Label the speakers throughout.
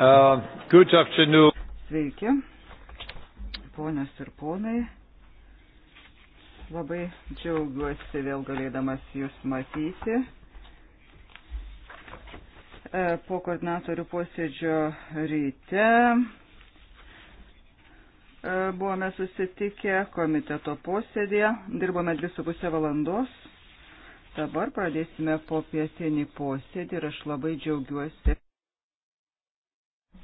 Speaker 1: Uh, good afternoon. Sveiki, ponios ir ponai. Labai džiaugiuosi vėl galėdamas Jūs matyti. Uh, po koordinatorių posėdžio ryte uh, buvome susitikę komiteto posėdėje, dirbome 2,5 valandos. Dabar pradėsime po pietinį posėdį ir aš labai džiaugiuosi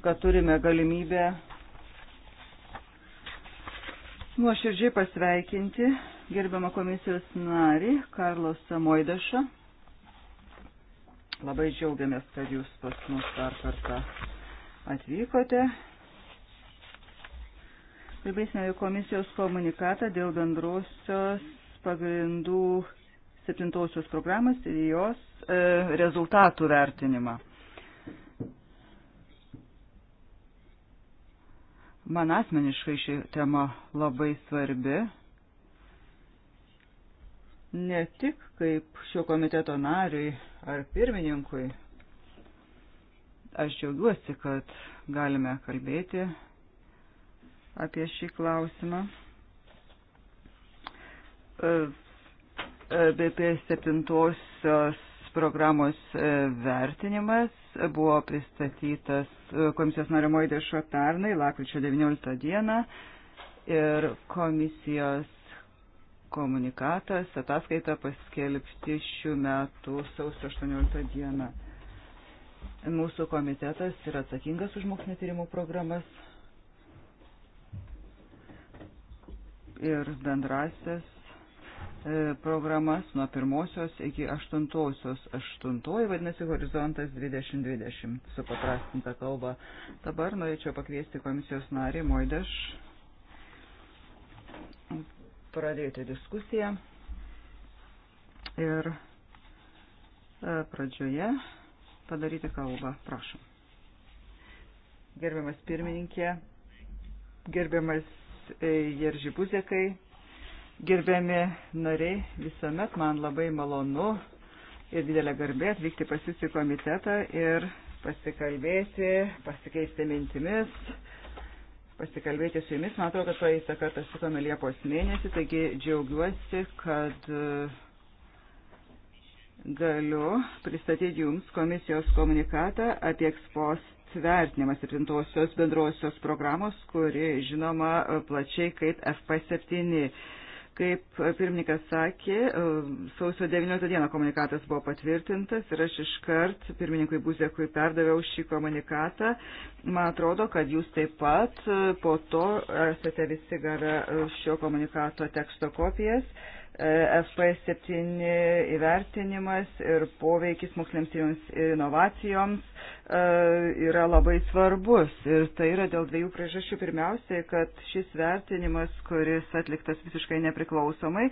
Speaker 1: kad turime galimybę nuoširdžiai pasveikinti gerbiamą komisijos narį Karlosą Moidašą. Labai džiaugiamės, kad jūs pas mus dar kartą atvykote. Kalbėsime apie komisijos komunikatą dėl bendrosios pagrindų septintosios programos ir jos e, rezultatų vertinimą. Man asmeniškai ši tema labai svarbi. Ne tik kaip šio komiteto nariui ar pirmininkui. Aš džiaugiuosi, kad galime kalbėti apie šį klausimą. BP 7 programos e, vertinimas buvo pristatytas e, komisijos narimoje dešo pernai, lakryčio 19 dieną, ir komisijos komunikatas, ataskaita paskelbti šių metų sausio 18 dieną. Mūsų komitetas yra atsakingas už mokslinio tyrimų programas ir bendrasias E, programas nuo pirmosios iki aštuntosios. Aštuntoji vadinasi Horizontas 2020, supaprastinta kalba. Dabar norėčiau pakviesti komisijos narį Moideš pradėti diskusiją. Ir e, pradžioje padaryti kalbą. Prašom. Gerbiamas pirmininkė, gerbiamas e, Jerži Buzekai, Gerbiami nariai, visuomet man labai malonu ir didelė garbė atvykti pas jūsų komitetą ir pasikalbėti, pasikeisti mintimis, pasikalbėti su jumis. Man atrodo, kad praeitą kartą sutikome Liepos mėnesį, taigi džiaugiuosi, kad e, galiu pristatyti jums komisijos komunikatą apie ekspost vertinimą septintosios bendrosios programos, kuri žinoma plačiai kaip FP7 Kaip pirmininkas sakė, e, sausio 19 dieną komunikatas buvo patvirtintas ir aš iškart pirmininkui Buzekui perdaviau šį komunikatą. Man atrodo, kad jūs taip pat e, po to esate visi gavę e, šio komunikato teksto kopijas. FP7 įvertinimas ir poveikis moksliniams tyrimams ir inovacijoms, E, yra labai svarbus ir tai yra dėl dviejų priežasčių. Pirmiausiai, kad šis vertinimas, kuris atliktas visiškai nepriklausomai,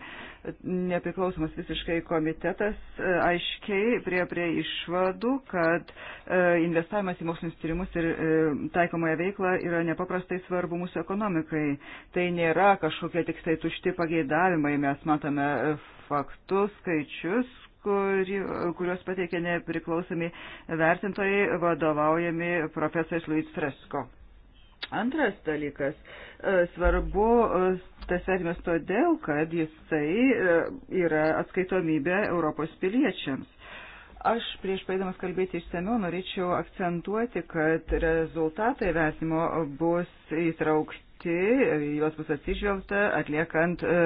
Speaker 1: nepriklausomas visiškai komitetas, e, aiškiai prie prie išvadų, kad e, investavimas į mokslinius tyrimus ir taikomąją veiklą yra nepaprastai svarbu mūsų ekonomikai. Tai nėra kažkokie tik tai tušti pageidavimai, mes matome faktus, skaičius, kuri, kuriuos pateikė nepriklausomi vertintojai, vadovaujami profesorius Luis Fresko. Antras dalykas, e, svarbu e, tas vertimas todėl, kad jisai e, yra atskaitomybė Europos piliečiams. Aš prieš paėdamas kalbėti išsamiau norėčiau akcentuoti, kad rezultatai vertimo bus įtraukti pateikti, juos bus atsižvelgta atliekant e,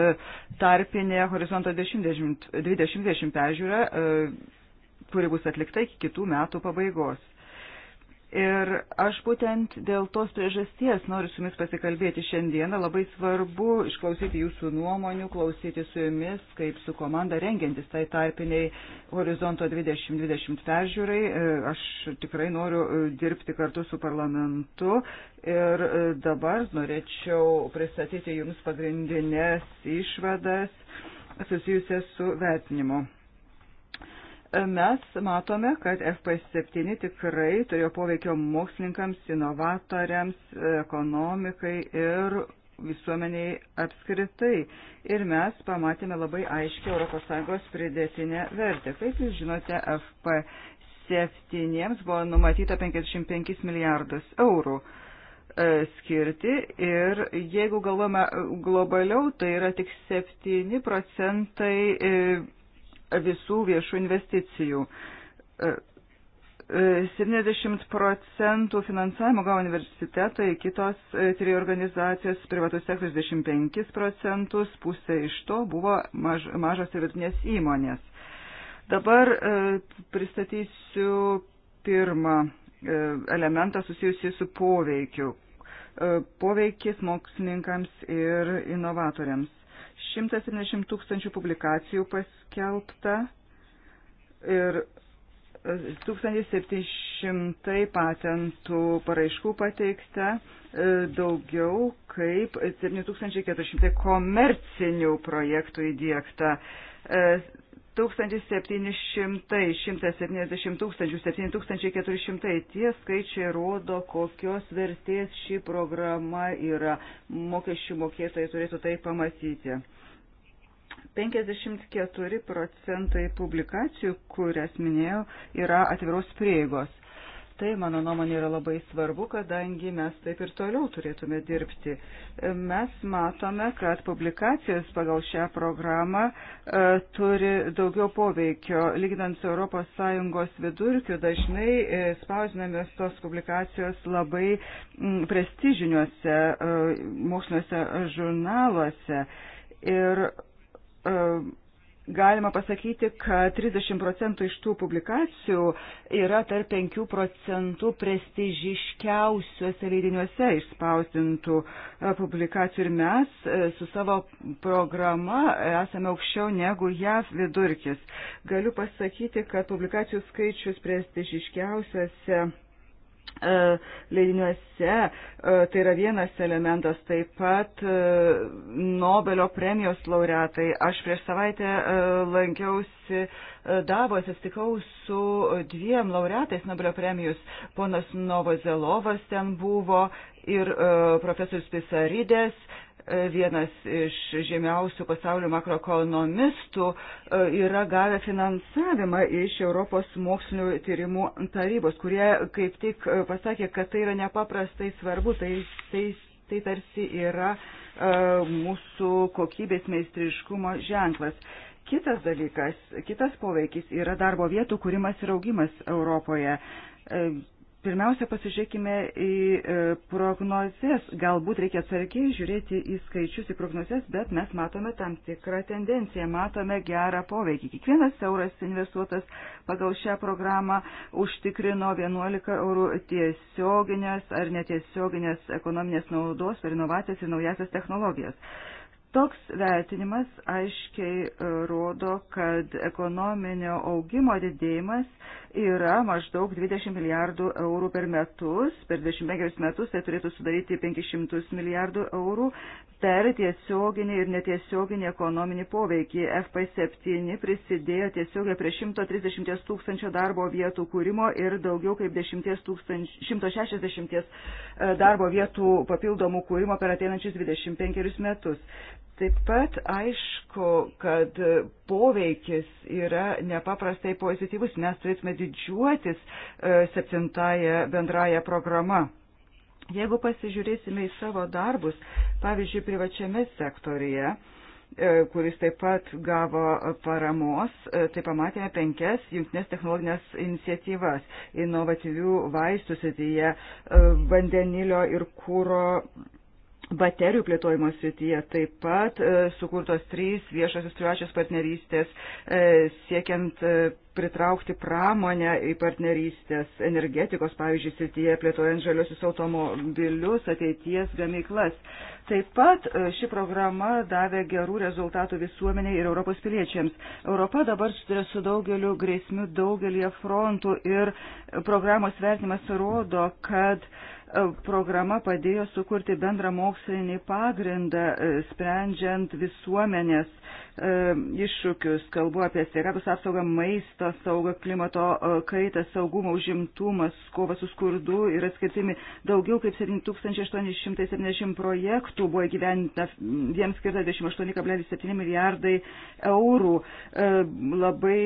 Speaker 1: tarpinę horizonto 2020 peržiūrą, e, kuri bus atlikta iki kitų metų pabaigos. Ir aš būtent dėl tos priežasties noriu su jumis pasikalbėti šiandieną. Labai svarbu išklausyti jūsų nuomonių, klausyti su jumis, kaip su komanda rengiantis tai tarpiniai horizonto 2020 peržiūrai. E, aš tikrai noriu e, dirbti kartu su parlamentu ir e, dabar norėčiau pristatyti jums pagrindinės išvadas susijusias su vertinimu mes matome, kad FP7 tikrai turėjo poveikio mokslininkams, inovatoriams, ekonomikai ir visuomeniai apskritai. Ir mes pamatėme labai aiškiai ES pridėtinę vertę. Kaip jūs žinote, FP7 buvo numatyta 55 milijardus eurų e, skirti ir jeigu galvome globaliau, tai yra tik 7 procentai e, visų viešų investicijų. 70 e, e, procentų finansavimo gavo universitetai, kitos e, trijų organizacijos, privatus sektorius 25 procentus, pusė iš to buvo maž, mažos ir vidutinės įmonės. Dabar e, pristatysiu pirmą e, elementą susijusį su poveikiu. E, poveikis mokslininkams ir inovatoriams. 170 tūkstančių publikacijų paskelbta ir 1700 e, patentų paraiškų pateikta, e, daugiau kaip 7400 komercinių projektų įdėkta. E, 1700, 170 tūkstančių, 7400. Tie skaičiai rodo, kokios vertės ši programa yra. Mokesčių mokėtojai turėtų tai pamatyti. 54 procentai publikacijų, kurias minėjau, yra atviros prieigos. Tai, mano nuomonė, yra labai svarbu, kadangi mes taip ir toliau turėtume dirbti. Mes matome, kad publikacijos pagal šią programą e, turi daugiau poveikio. Lyginant su ES vidurkiu, dažnai e, spausinamės tos publikacijos labai m, prestižiniuose e, moksliniuose žurnaluose. Ir, e, galima pasakyti, kad 30 procentų iš tų publikacijų yra tarp 5 procentų prestižiškiausiuose leidiniuose išspausdintų e, publikacijų ir mes e, su savo programa esame aukščiau negu JAV vidurkis. Galiu pasakyti, kad publikacijų skaičius prestižiškiausiuose E, leidiniuose. E, tai yra vienas elementas. Taip pat e, Nobelio premijos laureatai. Aš prieš savaitę lankiausi Davos, susitikau su dviem laureatais Nobelio premijus. Ponas Novozelovas ten buvo ir profesorius Pisaridės vienas iš žemiausių pasaulio makroekonomistų e, yra gavę finansavimą iš Europos mokslinio tyrimų tarybos, kurie kaip tik e, pasakė, kad tai yra nepaprastai svarbu, tai, tai, tai tarsi yra e, mūsų kokybės meistriškumo ženklas. Kitas dalykas, kitas poveikis yra darbo vietų kūrimas ir augimas Europoje Pirmiausia, pasižiūrėkime į e, prognozes. Galbūt reikia atsargiai žiūrėti į skaičius, į prognozes, bet mes matome tam tikrą tendenciją, matome gerą poveikį. Kiekvienas euras investuotas pagal šią programą užtikrino 11 eurų tiesioginės ar netiesioginės ekonominės naudos per inovacijas ir naujasias technologijas. Toks vertinimas aiškiai e, rodo, kad ekonominio augimo didėjimas yra maždaug 20 milijardų eurų per metus, per 25 metus tai turėtų sudaryti 500 milijardų eurų per tiesioginį ir netiesioginį ekonominį poveikį. FP7 prisidėjo tiesiogiai prie 130 tūkstančio darbo vietų kūrimo ir daugiau kaip 10 tūkstanč, 160 darbo vietų papildomų kūrimo per ateinančius 25 metus. Taip pat aišku, kad poveikis yra nepaprastai pozityvus. Mes turėtume didžiuotis e, septintąją bendrąją programą. Jeigu pasižiūrėsime į savo darbus, pavyzdžiui, privačiame sektorije, kuris taip pat gavo paramos, e, tai pamatėme penkias jungtinės technologinės iniciatyvas - inovatyvių vaistų srityje, e, vandenilio ir kūro baterijų plėtojimo srityje taip pat e, sukurtos trys viešosios privačios partnerystės e, siekiant e, pritraukti pramonę į partnerystės energetikos, pavyzdžiui, srityje plėtojant žaliosius automobilius, ateities gamyklas. Taip pat ši programa davė gerų rezultatų visuomeniai ir Europos piliečiams. Europa dabar susiduria su daugeliu grėsmių daugelie frontų ir programos vertimas rodo, kad uh, E, programa padėjo sukurti bendrą mokslinį pagrindą, e, sprendžiant visuomenės E, iššūkius. Kalbu apie sveikatos apsaugą, maisto saugą, klimato e, kaitą, saugumą, užimtumas, kovą su skurdu ir atskirtimi. Daugiau kaip 7870 projektų buvo gyventa, jiems skirta 28,7 milijardai eurų. E, labai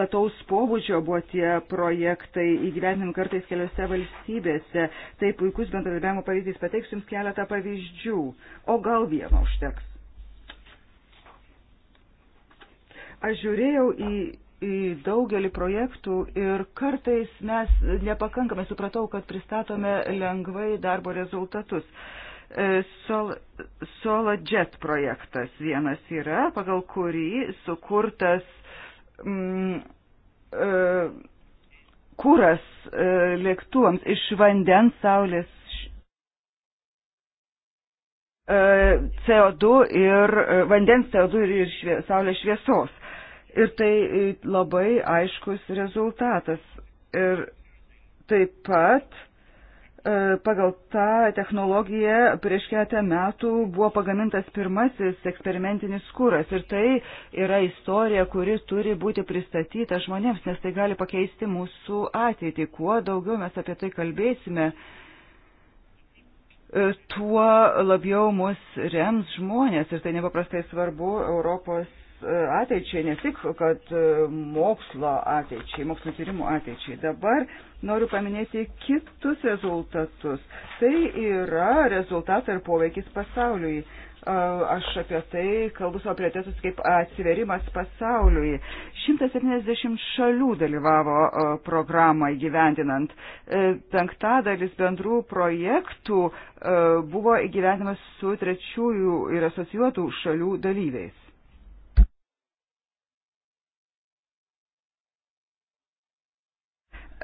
Speaker 1: plataus pobūdžio buvo tie projektai įgyvendinami kartais keliose valstybėse. Tai puikus bendradarbiavimo pavyzdys. Pateiksiu Jums keletą pavyzdžių, o gal vieno užteks Aš žiūrėjau į, į daugelį projektų ir kartais mes nepakankamai supratau, kad pristatome lengvai darbo rezultatus. E, Sol, SolaJet projektas vienas yra, pagal kurį sukurtas mm, e, kuras e, lėktuvams iš vandens saulės e, CO2 ir e, vandens CO2 ir švie, saulės šviesos. Ir tai labai aiškus rezultatas. Ir taip pat e, pagal tą technologiją prieš keletą metų buvo pagamintas pirmasis eksperimentinis kūras ir tai yra istorija, kuri turi būti pristatyta žmonėms, nes tai gali pakeisti mūsų ateitį. Kuo daugiau mes apie tai kalbėsime, e, tuo labiau mus rems žmonės ir tai nepaprastai svarbu Europos ateičiai, ne tik, kad e, mokslo ateičiai, mokslo tyrimų ateičiai. Dabar noriu paminėti kitus rezultatus. Tai yra rezultatai ir poveikis pasauliui. Aš apie tai kalbu savo prioritetus kaip atsiverimas pasauliui. 170 šalių dalyvavo programą įgyvendinant. E, penktadalis bendrų projektų buvo įgyvendinamas su trečiųjų ir asocijuotų šalių dalyviais.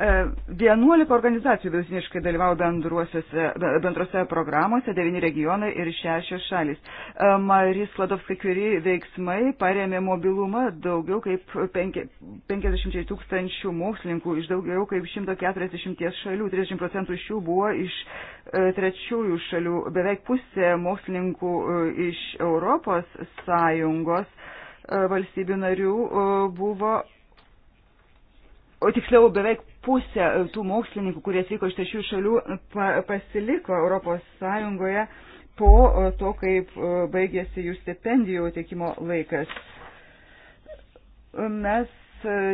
Speaker 1: 11 e, organizacijų vidutiniškai dalyvau bendrose programuose, 9 regionai ir 6 šalis. E, Maris Ladovskai Kiri veiksmai paremė mobilumą daugiau kaip 50 tūkstančių mokslininkų iš daugiau kaip 140 šalių, 30 procentų iš jų buvo iš e, trečiųjų šalių, beveik pusė mokslininkų iš Europos Sąjungos valstybių narių buvo o tiksliau beveik pusė tų mokslininkų, kurie atvyko iš tešių šalių, pasiliko Europos Sąjungoje po e, to, kaip e, baigėsi jų stipendijų teikimo laikas. Mes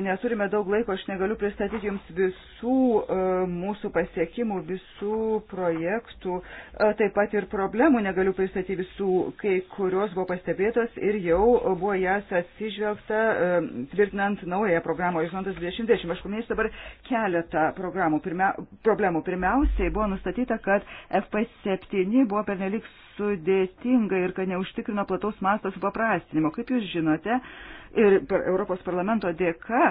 Speaker 1: neturime daug laiko, aš negaliu pristatyti jums visų e, mūsų pasiekimų, visų projektų, e, taip pat ir problemų negaliu pristatyti visų, kai kurios buvo pastebėtos ir jau buvo jas atsižvelgta e, tvirtinant naują programą Horizontas 2020. Aš paminėsiu dabar keletą programų. Pirmia, problemų. Pirmiausiai buvo nustatyta, kad FP7 buvo pernelik sudėtinga ir kad neužtikrino plataus masto supaprastinimo. Kaip jūs žinote, ir Europos parlamento dėka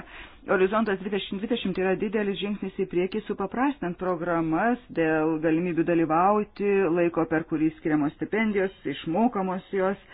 Speaker 1: Horizontas 2020 yra didelis žingsnis į priekį supaprastinant programas dėl galimybių dalyvauti, laiko per kurį skiriamos stipendijos, išmokamos jos.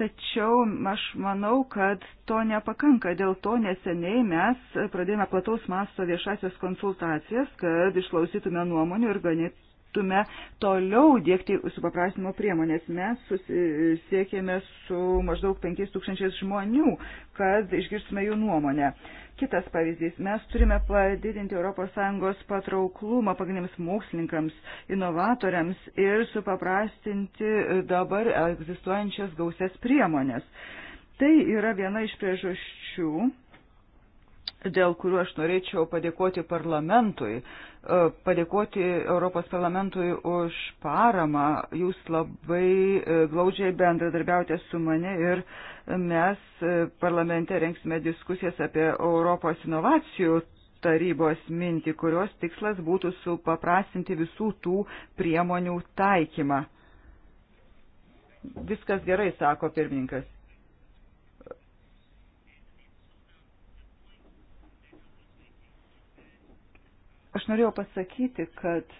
Speaker 1: Tačiau aš manau, kad to nepakanka. Dėl to neseniai mes pradėjome plataus masto viešasias konsultacijas, kad išklausytume nuomonių ir ganėt galėtume toliau dėkti supaprastinimo priemonės. Mes susisiekėme su maždaug 5000 žmonių, kad išgirstume jų nuomonę. Kitas pavyzdys. Mes turime padidinti ES patrauklumą pagrindiniams mokslininkams, inovatoriams ir supaprastinti dabar egzistuojančias gausias priemonės. Tai yra viena iš priežasčių dėl kurių aš norėčiau padėkoti parlamentui, e, padėkoti Europos parlamentui už paramą. Jūs labai e, glaudžiai bendradarbiaujate su mane ir mes e, parlamente renksime diskusijas apie Europos inovacijų tarybos mintį, kurios tikslas būtų supaprastinti visų tų priemonių taikymą. Viskas gerai, sako pirmininkas. Aš norėjau pasakyti, kad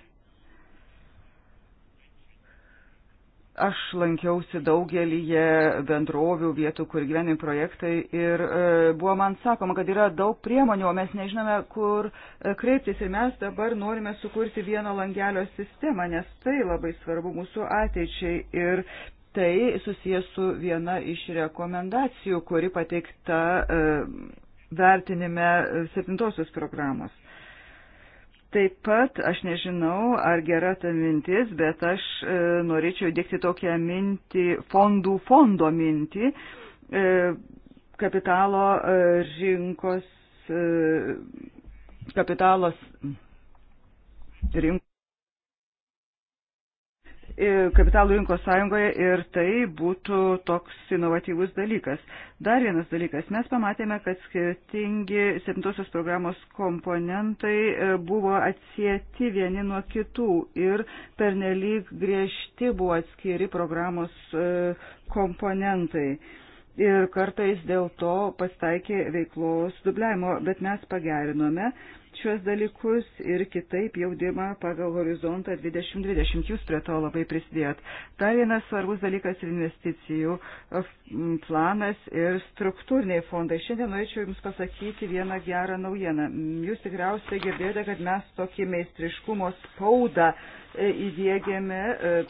Speaker 1: aš lankiausi daugelįje bendrovių vietų, kur gyvenim projektai ir e, buvo man sakoma, kad yra daug priemonių, o mes nežinome, kur e, kreiptis ir mes dabar norime sukurti vieno langelio sistemą, nes tai labai svarbu mūsų ateičiai ir tai susijęs su viena iš rekomendacijų, kuri pateikta e, vertinime e, septintosios programos. Taip pat aš nežinau, ar gera ta mintis, bet aš e, norėčiau dėkti tokią mintį, fondų fondo mintį, e, kapitalo e, rinkos, e, kapitalos rinkos kapitalų rinkos sąjungoje ir tai būtų toks inovatyvus dalykas. Dar vienas dalykas. Mes pamatėme, kad skirtingi septintosios programos komponentai e, buvo atsieti vieni nuo kitų ir pernelyg griežti buvo atskiri programos e, komponentai. Ir kartais dėl to pastaikė veiklos dubliavimo, bet mes pagerinome uh, šiuos dalykus ir kitaip jau dirba pagal horizontą 2020. Jūs prie to labai prisidėjot. Dar vienas svarbus dalykas ir investicijų e, planas ir struktūriniai fondai. Šiandien norėčiau Jums pasakyti vieną gerą naujieną. Jūs tikriausiai girdėjote, kad mes tokį meistriškumo spaudą E, įdėgėme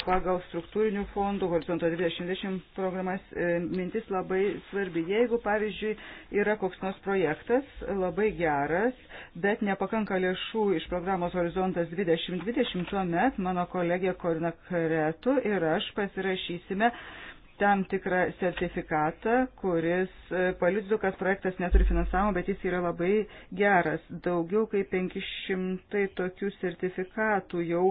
Speaker 1: pagal struktūrinių fondų horizonto 2020 programas. E, mintis labai svarbi. Jeigu, pavyzdžiui, yra koks nors projektas labai geras, bet nepakanka lėšų iš programos horizontas 2020, tuomet mano kolegė Korina Kretu ir aš pasirašysime tam tikrą sertifikatą, kuris e, paliudytų, kad projektas neturi finansavimo, bet jis yra labai geras. Daugiau kaip 500 tokių sertifikatų jau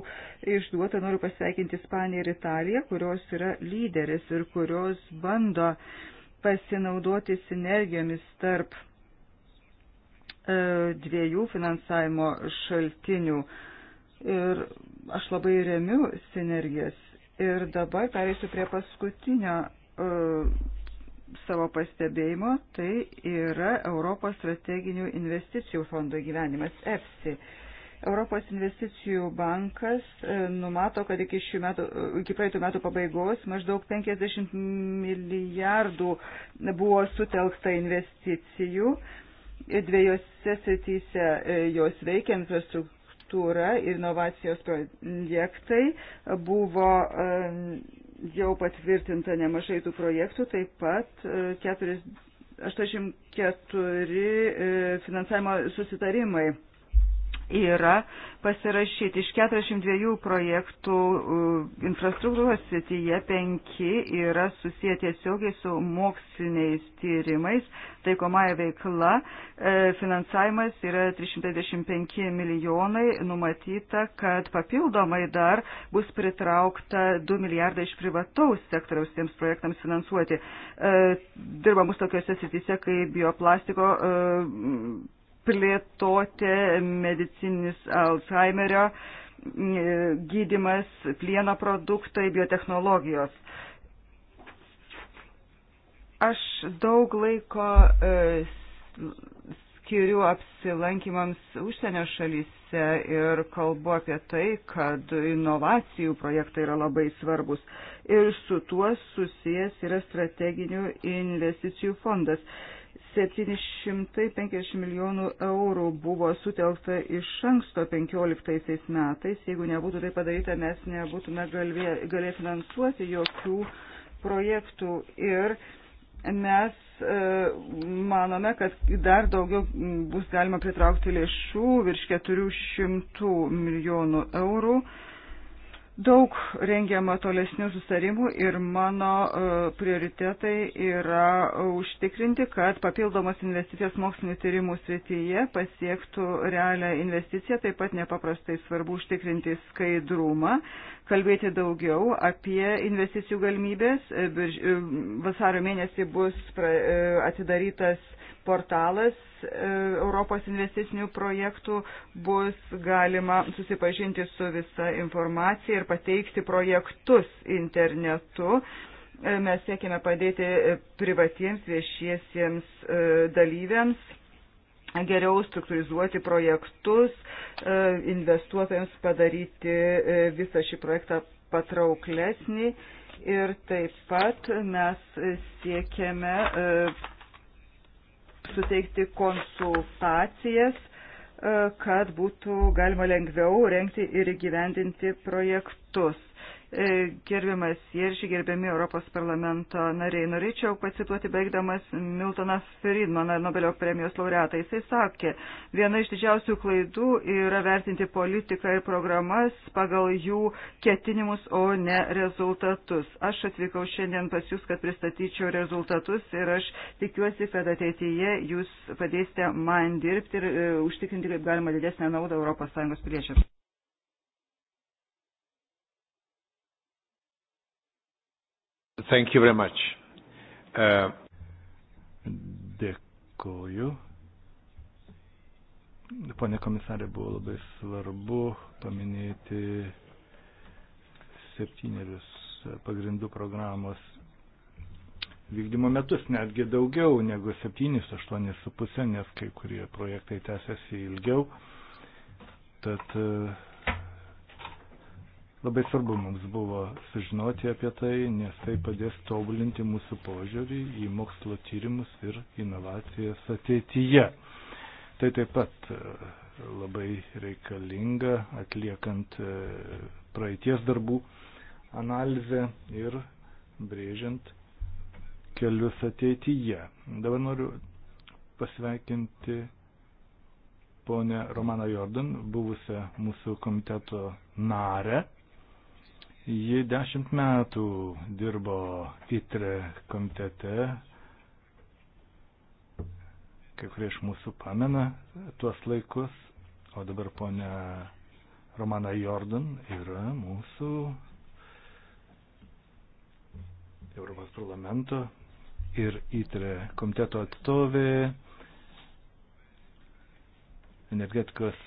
Speaker 1: išduota. Noriu pasveikinti Ispaniją ir Italiją, kurios yra lyderis ir kurios bando pasinaudoti sinergijomis tarp e, dviejų finansavimo šaltinių. Ir aš labai remiu sinergijas Ir dabar pereisiu prie paskutinio uh, savo pastebėjimo, tai yra Europos strateginių investicijų fondo gyvenimas EFSI. Europos investicijų bankas e, numato, kad iki, metų, e, iki praeitų metų pabaigos maždaug 50 milijardų buvo sutelkta investicijų dviejose srityse jos veikia infrastruktūra infrastruktūra ir inovacijos projektai buvo jau patvirtinta nemažai tų projektų, taip pat 84 e, e, finansavimo susitarimai yra pasirašyti. Iš 42 projektų uh, infrastruktūros sityje 5 yra susiję tiesiogiai su moksliniais tyrimais, taikomąją veiklą. Uh, finansavimas yra 325 milijonai, numatyta, kad papildomai dar bus pritraukta 2 milijardai iš privataus sektoriaus tiems projektams finansuoti. Uh, dirba mus tokiuose sityse kaip bioplastiko plėtoti medicinis Alzheimerio e, gydimas, plieno produktai, biotehnologijos. Aš daug laiko e, skiriu apsilankimams užsienio šalyse ir kalbu apie tai, kad inovacijų projektai yra labai svarbus. Ir su tuo susijęs yra strateginių investicijų fondas. 750 milijonų eurų buvo sutelkta iš anksto 15 metais. Jeigu nebūtų tai padaryta, mes nebūtume galėję finansuoti jokių projektų. Ir mes e, manome, kad dar daugiau bus galima pritraukti lėšų virš 400 milijonų eurų. Daug rengiama tolesnių sustarimų ir mano e, prioritetai yra užtikrinti, kad papildomos investicijos mokslinio tyrimų srityje pasiektų realią investiciją, taip pat nepaprastai svarbu užtikrinti skaidrumą, kalbėti daugiau apie investicijų galimybės. E, e, vasario mėnesį bus atidarytas portalas e, Europos investicinių projektų bus galima susipažinti su visa informacija ir pateikti projektus internetu. E, mes siekime padėti privatiems viešiesiems e, dalyviams geriau struktūrizuoti projektus, investuotojams padaryti visą šį projektą patrauklesnį ir taip pat mes siekiame suteikti konsultacijas, e, kad būtų galima lengviau renkti ir įgyvendinti projektus. E, gerbiamas Jerži, gerbiami Europos parlamento nariai, norėčiau pacituoti baigdamas Miltoną Feridmaną, Nobelio premijos laureatą. Jisai sakė, viena iš didžiausių klaidų yra vertinti politiką ir programas pagal jų ketinimus, o ne rezultatus. Aš atvykau šiandien pas Jūs, kad pristatyčiau rezultatus ir aš tikiuosi, kad ateityje Jūs padėsite man dirbti ir e, užtikrinti kaip galima didesnę naudą ES piliečiams.
Speaker 2: Thank you very much.
Speaker 3: Uh, Dėkuoju. Pone komisarė, buvo labai svarbu paminėti septynerius pagrindų programos vykdymo metus, netgi daugiau negu septynis, aštuonis su pusė, nes kai kurie projektai tęsiasi ilgiau. Tad uh, Labai svarbu mums buvo sužinoti apie tai, nes tai padės tobulinti mūsų požiūrį į mokslo tyrimus ir inovacijas ateityje. Tai taip pat e, labai reikalinga atliekant e, praeities darbų analizę ir brėžiant kelius ateityje. Dabar noriu pasveikinti ponę Romaną Jordan, buvusią mūsų komiteto narę Ji dešimt metų dirbo ITRE komitete, kai kurie iš mūsų pamena tuos laikus, o dabar ponia Romana Jordan yra mūsų Europos parlamento ir ITRE komiteto atstovė energetikos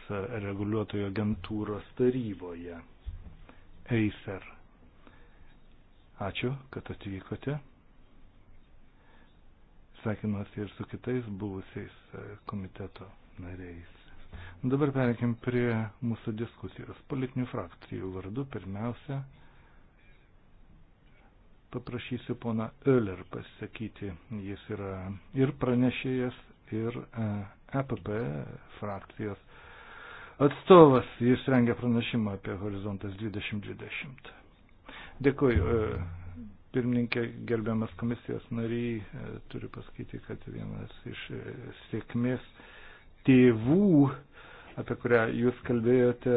Speaker 3: reguliuotojų agentūros taryboje. Eifer. Ačiū, kad atvykote. Sveikinuosi ir su kitais buvusiais e, komiteto nariais. Dabar perėkim prie mūsų diskusijos. Politinių frakcijų vardu pirmiausia paprašysiu pona Öller pasisakyti. Jis yra ir pranešėjas, ir EPP e frakcijos atstovas, jis rengia pranešimą apie Horizontas 2020. Dėkuoju, e, pirmininkė, gerbiamas komisijos nariai, e, turiu pasakyti, kad vienas iš e, sėkmės tėvų, apie kurią jūs kalbėjote,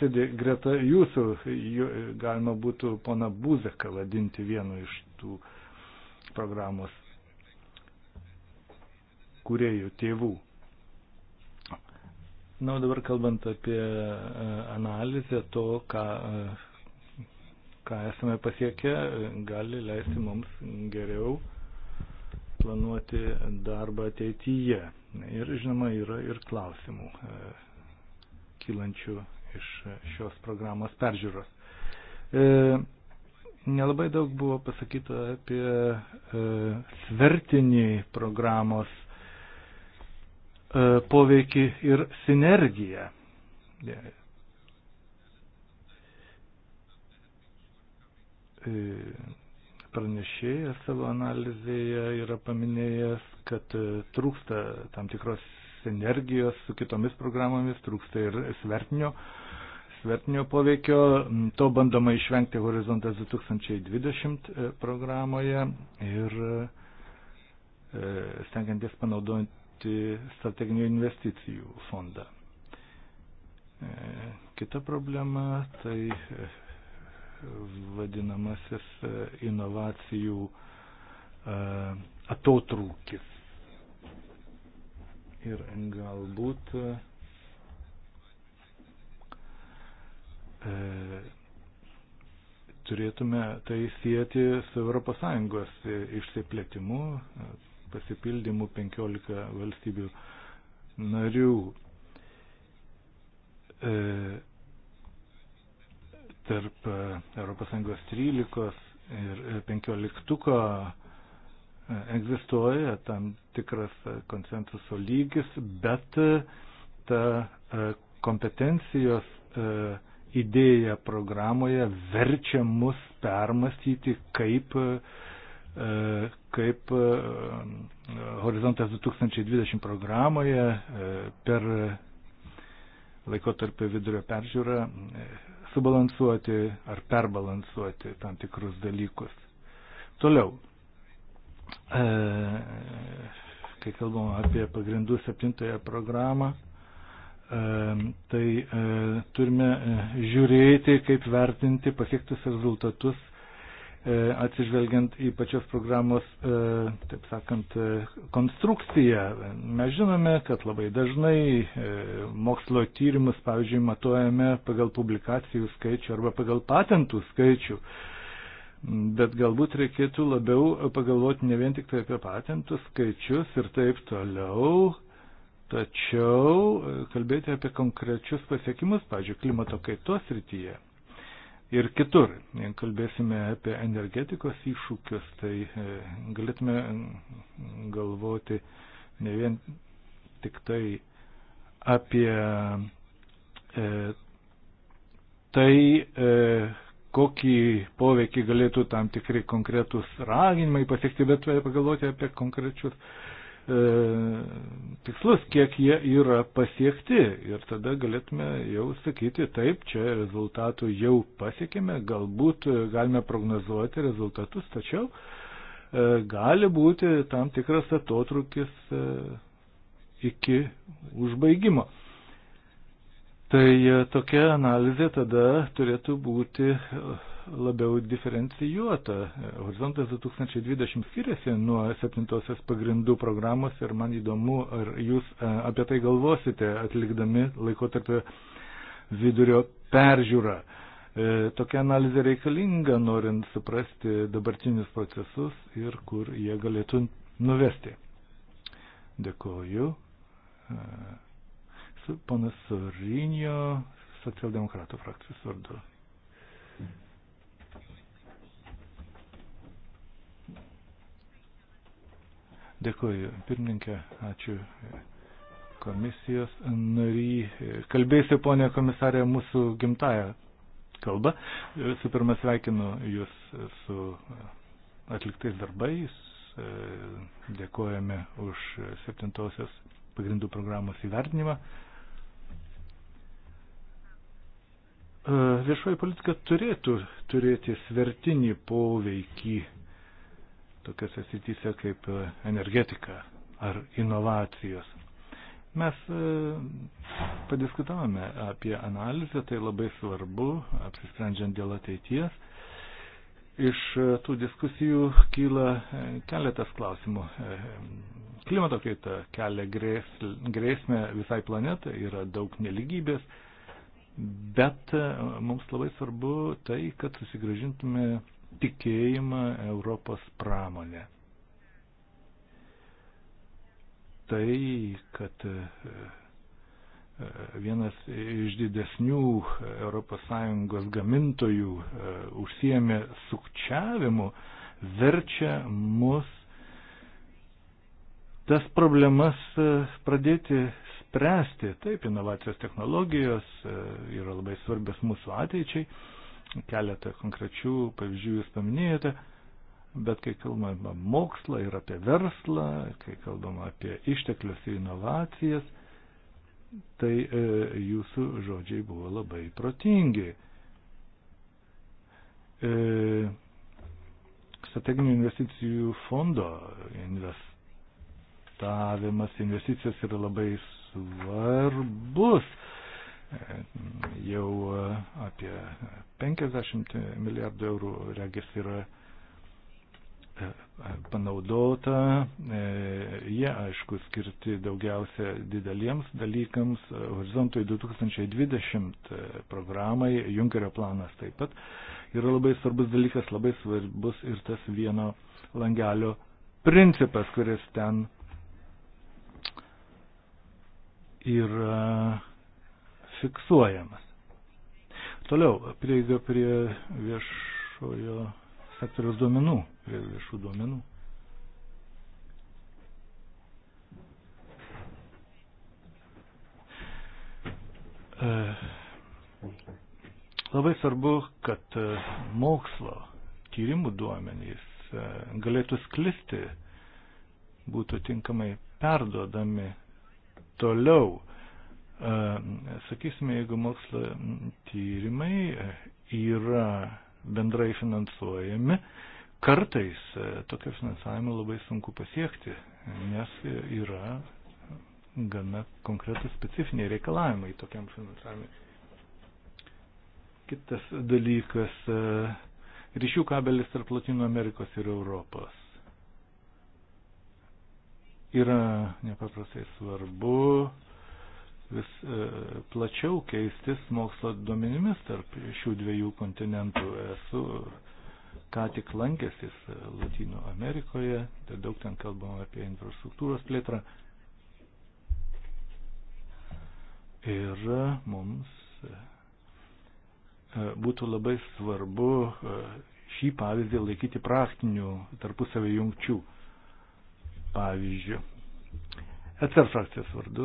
Speaker 3: sėdė greta jūsų, galima būtų pona Buzeką vadinti vienu iš tų programos kuriejų tėvų. Na, dabar kalbant apie e, analizę to, ką, e, ką esame pasiekę, gali leisti mums geriau planuoti darbą ateityje. Ir, žinoma, yra ir klausimų e, kylančių iš šios programos peržiūros. Nelabai daug buvo pasakyta apie svertinį programos E, poveikį ir sinergiją. E, pranešėjas savo analizėje yra paminėjęs, kad e, trūksta tam tikros sinergijos su kitomis programomis, trūksta ir svertinio, svertinio poveikio. To bandoma išvengti Horizontas 2020 programoje ir stengiantis panaudojant įsteigti strateginių investicijų fondą. E, kita problema tai e, vadinamasis e, inovacijų atotrūkis. Ir galbūt turėtume tai sieti su ES išsiplėtimu, pasipildymų 15 valstybių narių. E, tarp ES 13 ir 15 e, e, egzistuoja tam tikras e, konsensuso lygis, bet ta kompetencijos idėja programoje verčia mus permastyti, kaip E, kaip e, Horizontas 2020 programoje e, per laikotarpio vidurio peržiūrą subalansuoti ar perbalansuoti tam tikrus dalykus. Toliau, kai kalbam apie pagrindų septintąją programą, tai turime žiūrėti, kaip vertinti pasiektus rezultatus E, atsižvelgiant į pačios programos, e, taip sakant, e, konstrukciją. Mes žinome, kad labai dažnai mokslo tyrimus, pavyzdžiui, matuojame pagal publikacijų skaičių arba pagal patentų skaičių. Bet galbūt reikėtų labiau pagalvoti ne vien tik tai apie patentų skaičius ir taip toliau, tačiau kalbėti apie konkrečius pasiekimus, pavyzdžiui, klimato kaitos rytyje ir kitur. Jei kalbėsime apie energetikos iššūkius, tai e, galėtume mm, galvoti ne vien tik tai apie e, tai, e, kokį poveikį galėtų tam tikri konkretus raginimai pasiekti, bet e, pagalvoti apie konkrečius E, tikslus, kiek jie yra pasiekti. Ir tada galėtume jau sakyti, taip, čia rezultatų jau pasiekime, galbūt galime prognozuoti rezultatus, tačiau e, gali būti tam tikras atotrukis e, iki užbaigimo. Tai tokia analizė tada turėtų būti labiau diferencijuota. Horizontas 2020 skiriasi nuo septintosios pagrindų programos ir man įdomu, ar jūs e, apie tai galvosite atlikdami laikotarpio vidurio peržiūrą. E, tokia analizė reikalinga, norint suprasti dabartinius procesus ir kur jie galėtų nuvesti. Dėkoju. E, ponas Sorinio, socialdemokratų frakcijos vardu. Dėkuoju, pirmininkė, ačiū komisijos nary. Kalbėsiu, ponė komisarė, mūsų gimtają kalbą. Visų pirma, sveikinu Jūs su atliktais darbais. Dėkojame už septintosios pagrindų programos įvertinimą. Viešoji politika turėtų turėti svertinį poveikį tokiuose sityse kaip e, energetika ar inovacijos. Mes e, padiskutavome apie analizę, tai labai svarbu, apsisprendžiant dėl ateities. Iš e, tų diskusijų kyla keletas klausimų. Klimato kaita kelia grėsmę visai planetai, yra daug neligybės, bet mums labai svarbu tai, kad susigražintume tikėjimą Europos pramonę. Tai, kad e, e, vienas iš didesnių ES gamintojų e, užsiemė sukčiavimu, verčia mus tas problemas pradėti spręsti. Taip, inovacijos technologijos yra labai svarbios mūsų ateičiai, Keletą konkrečių pavyzdžių jūs paminėjote, bet kai kalbame apie mokslą ir apie verslą, kai kalbame apie išteklius ir inovacijas, tai e, jūsų žodžiai buvo labai protingi. E, strateginių investicijų fondo investavimas, investicijos yra labai svarbus jau e, apie 50 milijardų eurų regis yra e, e, panaudota. Jie, aišku, skirti daugiausia dideliems dalykams. Horizontui 2020 programai, Junkerio planas taip pat yra labai svarbus dalykas, labai svarbus ir tas vieno langelio principas, kuris ten yra fiksuojamas. Toliau, prieiga prie viešojo sektoriaus duomenų, prie viešų duomenų. E, labai svarbu, kad e, mokslo tyrimų duomenys e, galėtų sklisti, būtų tinkamai perduodami toliau. Sakysime, jeigu mokslo tyrimai yra bendrai finansuojami, kartais e, tokio finansavimo labai sunku pasiekti, nes yra gana konkretus specifiniai reikalavimai tokiam finansavimui. Kitas dalykas e, - ryšių kabelis tarp Latino Amerikos ir Europos. Yra nepaprastai svarbu vis e, plačiau keistis mokslo duomenimis tarp šių dviejų kontinentų. Esu ką tik lankęsis Latino Amerikoje, tai daug ten kalbama apie infrastruktūros plėtrą. Ir mums e, būtų labai svarbu e, šį pavyzdį laikyti praktinių tarpusavio jungčių pavyzdžių. ECR frakcijos vardu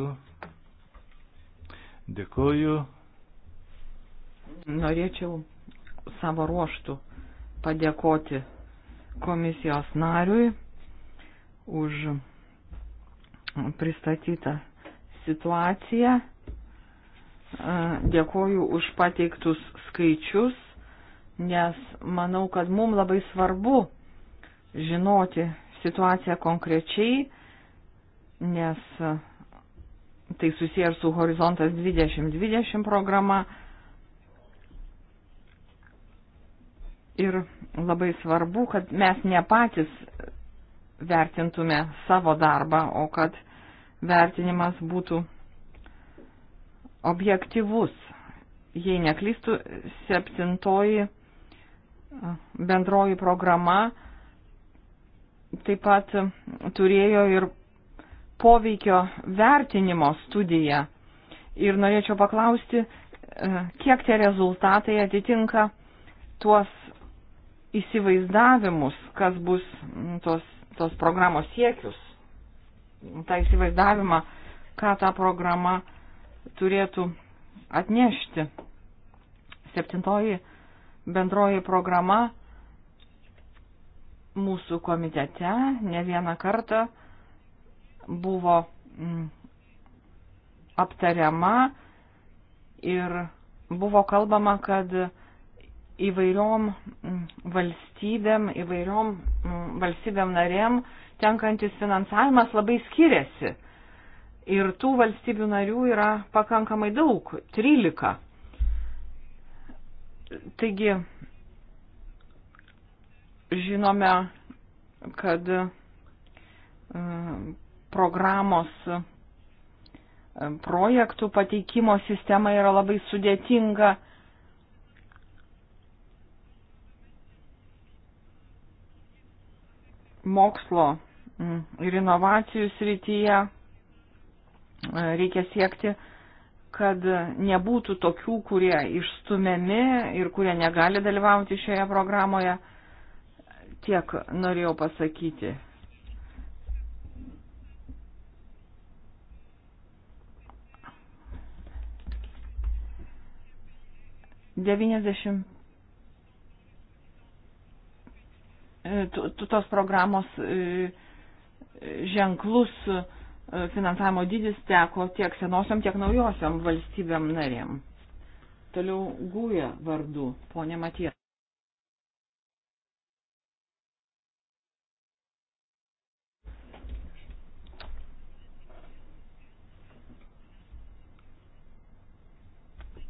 Speaker 3: Dėkuoju.
Speaker 4: Norėčiau savo ruoštų padėkoti komisijos nariui už pristatytą situaciją. Dėkuoju už pateiktus skaičius, nes manau, kad mums labai svarbu žinoti situaciją konkrečiai, nes tai susiję ir su Horizontas 2020 programa. Ir labai svarbu, kad mes ne patys vertintume savo darbą, o kad vertinimas būtų objektivus. Jei neklystų, septintoji bendroji programa taip pat turėjo ir poveikio vertinimo studiją. Ir norėčiau paklausti, e, kiek tie rezultatai atitinka tuos įsivaizdavimus, kas bus mm, tos, tos programos siekius, tą įsivaizdavimą, ką ta programa turėtų atnešti. Septintoji bendroji programa mūsų komitete ne vieną kartą buvo mm, aptariama ir buvo kalbama, kad įvairiom mm, valstybėm, įvairiom mm, valstybėm narėm tenkantis finansavimas labai skiriasi. Ir tų valstybių narių yra pakankamai daug - 13. Taigi, žinome, kad programos projektų pateikimo sistema yra labai sudėtinga. Mokslo ir inovacijų srityje e, reikia siekti, kad nebūtų tokių, kurie išstumiami ir kurie negali dalyvauti šioje programoje. Tiek norėjau pasakyti. 90 e, tos programos e, ženklus e, finansavimo dydis teko tiek senosiom, tiek naujosiom valstybėm narėm. Toliau gūja vardu, ponė Matija.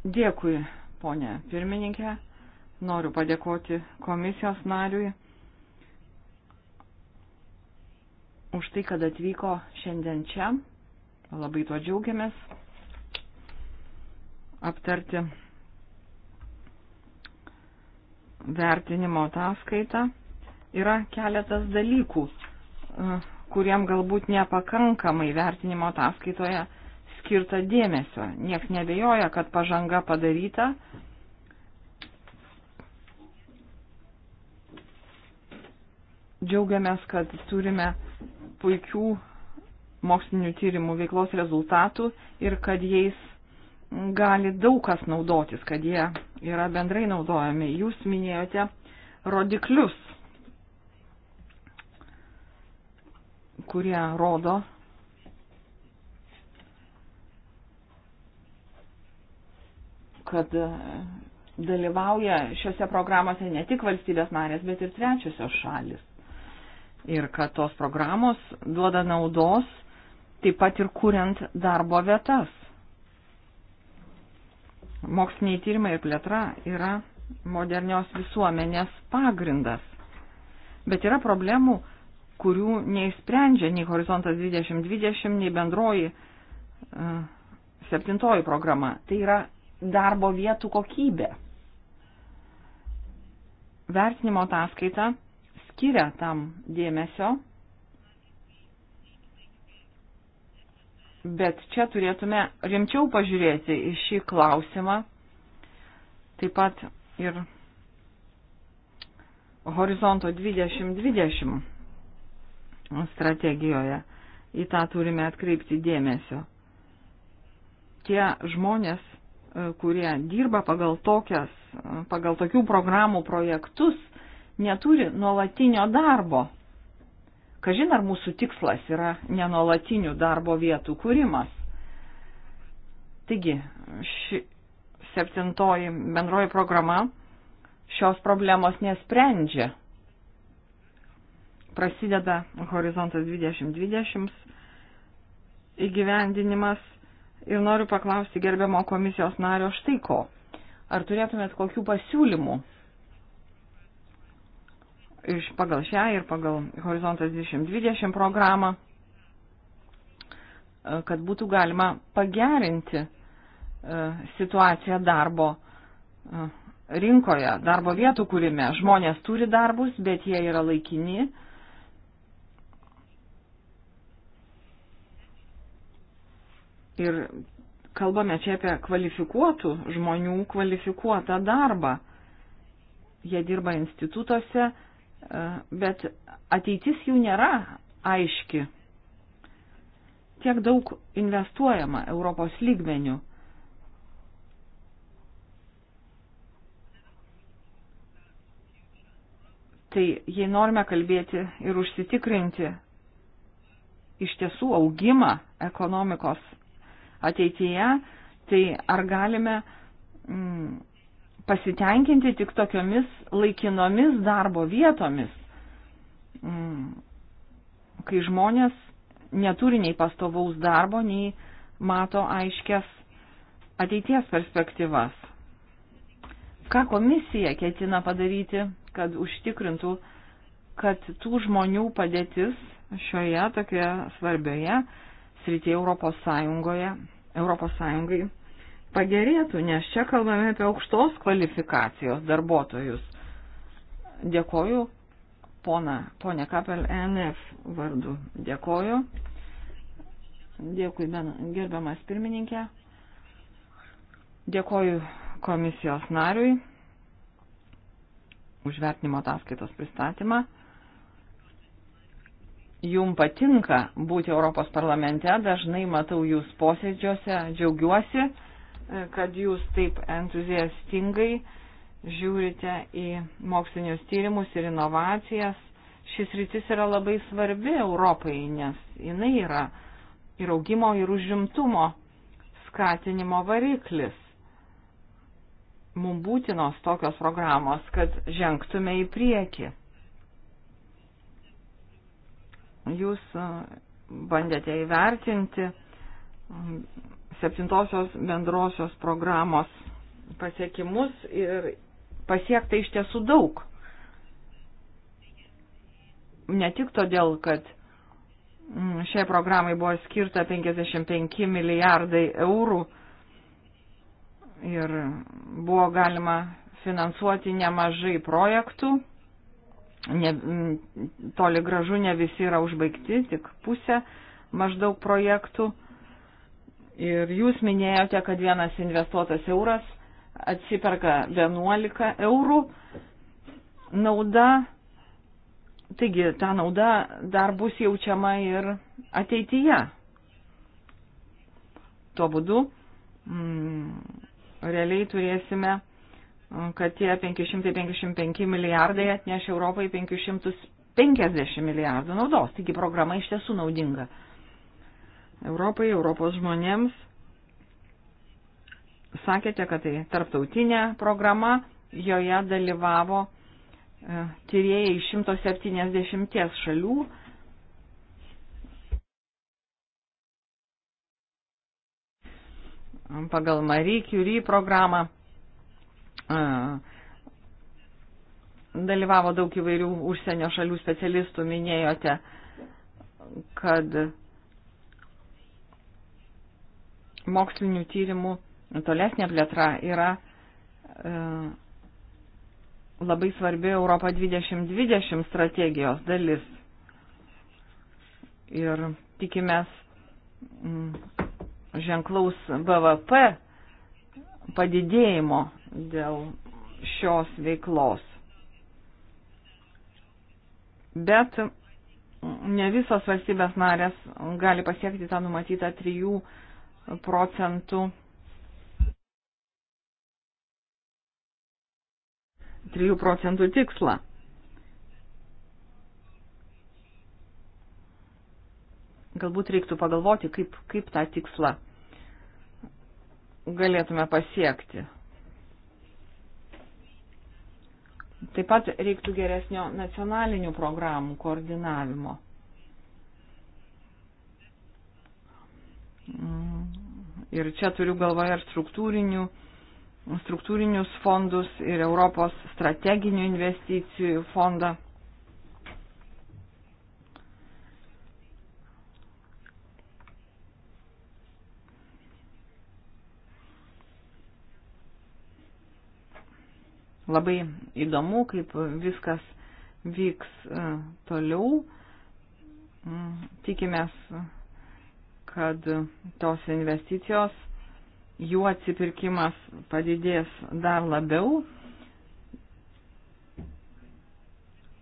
Speaker 4: Dėkui, ponė pirmininkė. Noriu padėkoti komisijos nariui už tai, kad atvyko šiandien čia. Labai tuo džiaugiamės aptarti vertinimo ataskaitą. Yra keletas dalykų, e, kuriem galbūt nepakankamai vertinimo ataskaitoje skirta dėmesio. Niekas nebejoja, kad pažanga padaryta. Džiaugiamės, kad turime puikių mokslinių tyrimų veiklos rezultatų ir kad jais gali daug kas naudotis, kad jie yra bendrai naudojami. Jūs minėjote rodiklius, kurie rodo, kad e, dalyvauja šiuose programuose ne tik valstybės narės, bet ir trečiosios šalis. Ir kad tos programos duoda naudos taip pat ir kuriant darbo vietas. Moksliniai tyrimai ir plėtra yra modernios visuomenės pagrindas. Bet yra problemų, kurių neįsprendžia nei Horizontas 2020, nei bendroji uh, septintoji programa. Tai yra darbo vietų kokybė. Vertinimo ataskaita skiria tam dėmesio, bet čia turėtume rimčiau pažiūrėti į šį klausimą. Taip pat ir horizonto 2020 strategijoje į tą turime atkreipti dėmesio. Tie žmonės, kurie dirba pagal, tokias, pagal tokių programų projektus, neturi nuolatinio darbo. Kažin ar mūsų tikslas yra nenolatinių darbo vietų kūrimas. Taigi, ši septintoji bendroji programa šios problemos nesprendžia. Prasideda Horizontas 2020 įgyvendinimas ir noriu paklausti gerbiamo komisijos nario štai ko. Ar turėtumėt kokių pasiūlymų iš pagal šią ir pagal Horizontas 2020 programą, e, kad būtų galima pagerinti e, situaciją darbo e, rinkoje, darbo vietų kūrime. Žmonės turi darbus, bet jie yra laikini Ir kalbame čia apie kvalifikuotų žmonių kvalifikuotą darbą. Jie dirba institutuose, e, bet ateitis jų nėra aiški. Tiek daug investuojama Europos lygmenių. Tai jei norime kalbėti ir užsitikrinti iš tiesų augimą ekonomikos ateityje, tai ar galime mm, pasitenkinti tik tokiomis laikinomis darbo vietomis, mm, kai žmonės neturi nei pastovaus darbo, nei mato aiškias ateities perspektyvas. Ką komisija ketina padaryti, kad užtikrintų, kad tų žmonių padėtis šioje tokioje svarbioje srityje Europos Sąjungoje, Europos Sąjungai pagerėtų, nes čia kalbame apie aukštos kvalifikacijos darbuotojus. Dėkoju pona, ponė Kapel NF vardu. Dėkoju. Dėkui, gerbiamas pirmininkė. Dėkoju komisijos nariui už vertinimo ataskaitos pristatymą jum patinka būti Europos parlamente, dažnai matau jūs posėdžiuose, džiaugiuosi, e, kad jūs taip entuziastingai žiūrite į mokslinius tyrimus ir inovacijas. Šis rytis yra labai svarbi Europai, nes jinai yra ir augimo, ir užimtumo skatinimo variklis. Mums būtinos tokios programos, kad žengtume į priekį. Jūs bandėte įvertinti septintosios bendrosios programos pasiekimus ir pasiekta iš tiesų daug. Ne tik todėl, kad šiai programai buvo skirta 55 milijardai eurų ir buvo galima finansuoti nemažai projektų, ne, mm, toli gražu ne visi yra užbaigti, tik pusė maždaug projektų. Ir jūs minėjote, kad vienas investuotas euras atsiperka 11 eurų nauda. Taigi ta nauda dar bus jaučiama ir ateityje. Tuo būdu mm, realiai turėsime kad tie 555 milijardai atneš Europai 550 milijardų naudos. Taigi programa iš tiesų naudinga. Europai, Europos žmonėms. Sakėte, kad tai tarptautinė programa, joje dalyvavo e, tyrėjai iš 170 šalių. Pagal Marie Curie programą Dalyvavo daug įvairių užsienio šalių specialistų, minėjote, kad mokslinių tyrimų tolesnė plėtra yra e, labai svarbi Europa 2020 strategijos dalis. Ir tikimės mm, ženklaus BVP padidėjimo dėl šios veiklos. Bet ne visos valstybės narės gali pasiekti tą numatytą 3 procentų 3 procentų tikslą. Galbūt reiktų pagalvoti, kaip, kaip tą tikslą galėtume pasiekti. Taip pat reiktų geresnio nacionalinių programų koordinavimo. Mm. Ir čia turiu galvoje ir struktūrinių, struktūrinius fondus, ir Europos strateginių investicijų fondą. labai įdomu, kaip viskas vyks e, toliau. Mm, tikimės, kad tos investicijos, jų atsipirkimas padidės dar labiau.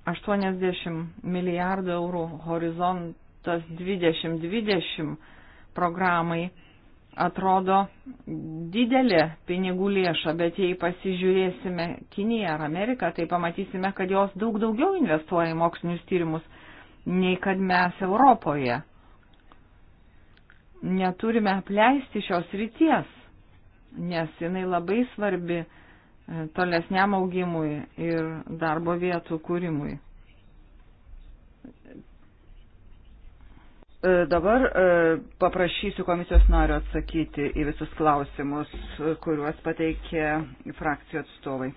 Speaker 4: 80 milijardų eurų horizontas 2020 programai atrodo didelė pinigų lėša, bet jei pasižiūrėsime Kiniją ar Ameriką, tai pamatysime, kad jos daug daugiau investuoja į mokslinius tyrimus nei kad mes Europoje. Neturime apleisti šios ryties, nes jinai labai svarbi e, tolesniam augimui ir darbo vietų kūrimui. E, dabar e, paprašysiu komisijos nario atsakyti
Speaker 1: į visus klausimus, e, kuriuos pateikė frakcijų atstovai.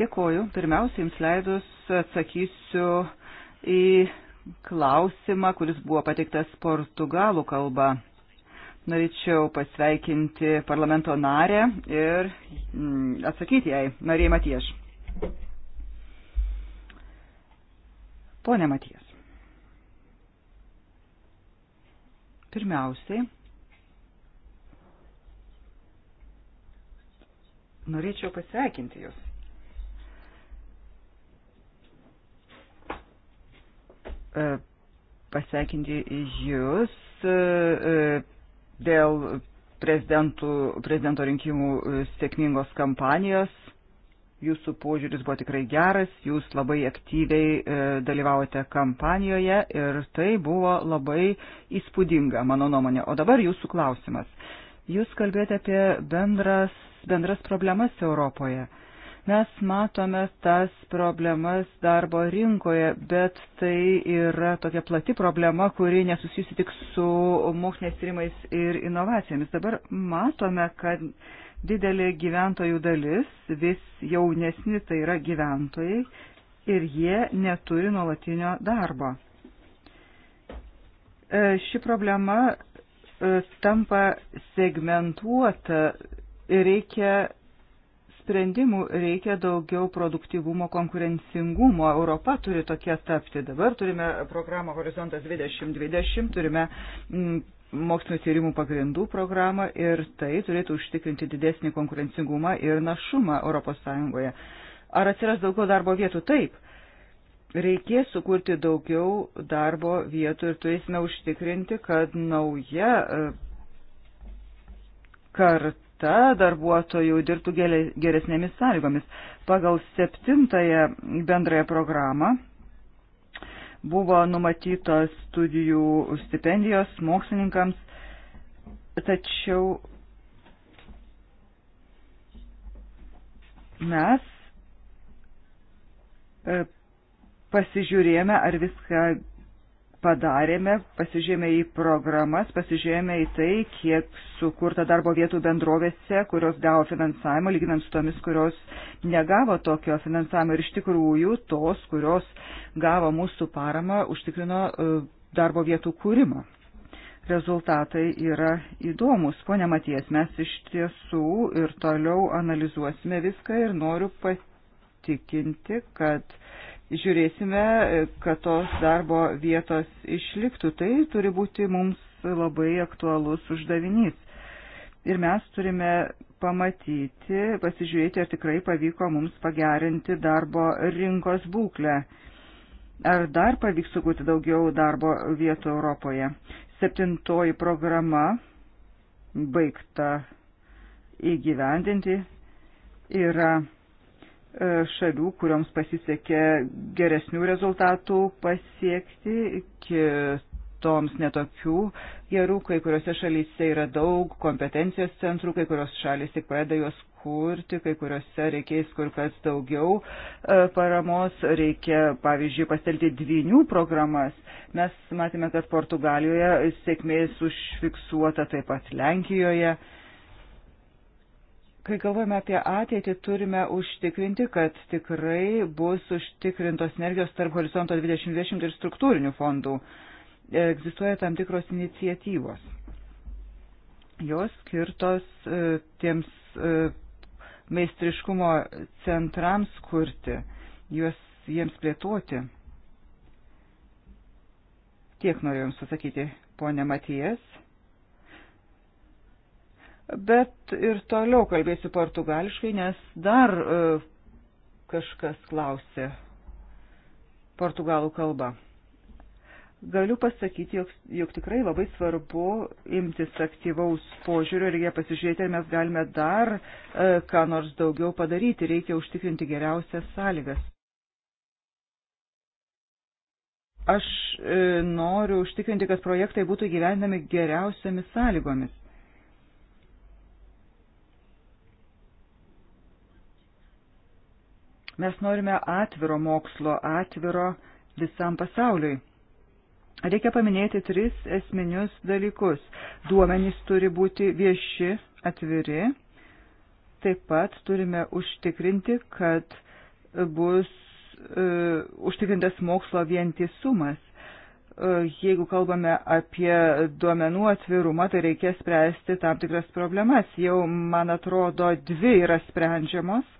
Speaker 1: Dėkoju. Pirmiausia, jums leidus atsakysiu į klausimą, kuris buvo pateiktas portugalų kalba. Norėčiau pasveikinti parlamento narę ir mm, atsakyti jai, narė Matieš. Pone Matieš. Pirmiausiai, norėčiau pasveikinti Jūs. E, pasveikinti Jūs e, e, dėl prezidento rinkimų sėkmingos kampanijos Jūsų požiūris buvo tikrai geras, jūs labai aktyviai e, dalyvavote kampanijoje ir tai buvo labai įspūdinga, mano nuomonė. O dabar jūsų klausimas. Jūs kalbėjote apie bendras, bendras problemas Europoje. Mes matome tas problemas darbo rinkoje, bet tai yra tokia plati problema, kuri nesusijusi tik su moksliniais tyrimais ir inovacijomis. Dabar matome, kad didelė gyventojų dalis, vis jaunesni tai yra gyventojai ir jie neturi nuolatinio darbo. E, ši problema e, tampa segmentuota ir reikia sprendimų reikia daugiau produktivumo, konkurencingumo. Europa turi tokia tapti. Dabar turime programą Horizontas 2020, turime mokslinio tyrimų pagrindų programą ir tai turėtų užtikrinti didesnį konkurencingumą ir našumą ES. Ar atsiras daugiau darbo vietų? Taip. Reikės sukurti daugiau darbo vietų ir turėsime užtikrinti, kad nauja e, karta darbuotojų dirbtų geresnėmis sąlygomis. Pagal septintąją bendrąją programą Buvo numatytos studijų stipendijos mokslininkams, tačiau mes e, pasižiūrėjome, ar viską padarėme, pasižiūrėjome į programas, pasižiūrėjome į tai, kiek sukurta darbo vietų bendrovėse, kurios gavo finansavimą, lyginant su tomis, kurios negavo tokio finansavimo. Ir iš tikrųjų tos, kurios gavo mūsų paramą, užtikrino e, darbo vietų kūrimą. Rezultatai yra įdomus. Pone Maties, mes iš tiesų ir toliau analizuosime viską ir noriu patikinti, kad žiūrėsime, e, kad tos darbo vietos išliktų. Tai turi būti mums labai aktualus uždavinys. Ir mes turime pamatyti, pasižiūrėti, ar tikrai pavyko mums pagerinti darbo rinkos būklę. Ar dar pavyks sukurti daugiau darbo vietų Europoje. Septintoji programa baigta įgyvendinti yra E, šalių, kurioms pasisekė geresnių rezultatų pasiekti, kitoms netokių gerų, kai kuriuose šalyse yra daug kompetencijos centrų, kai kurios šalys tik pradeda juos kurti, kai kuriuose reikės kur kas daugiau e, paramos, reikia, pavyzdžiui, pastelti dvinių programas. Mes matėme, kad Portugalijoje sėkmės užfiksuota taip pat Lenkijoje. Kai galvojame apie ateitį, turime užtikrinti, kad tikrai bus užtikrintos energijos tarp horizonto 2020 ir struktūrinių fondų. Egzistuoja tam tikros iniciatyvos. Jos skirtos e, tiems e, meistriškumo centrams kurti, juos jiems plėtoti. Tiek noriu Jums pasakyti, ponė Matijas bet ir toliau kalbėsiu portugališkai, nes dar e, kažkas klausė portugalų kalbą. Galiu pasakyti, jog, jog tikrai labai svarbu imtis aktyvaus požiūrio ir jie pasižiūrėti, ar mes galime dar e, ką nors daugiau padaryti. Reikia užtikrinti geriausias sąlygas. Aš e, noriu užtikrinti, kad projektai būtų gyvendami geriausiamis sąlygomis Mes norime atviro mokslo, atviro visam pasauliui. Reikia paminėti tris esminius dalykus. Duomenys turi būti vieši, atviri. Taip pat turime užtikrinti, kad bus e, užtikrintas mokslo vientisumas. E, jeigu kalbame apie duomenų atvirumą, tai reikia spręsti tam tikras problemas. Jau, man atrodo, dvi yra sprendžiamos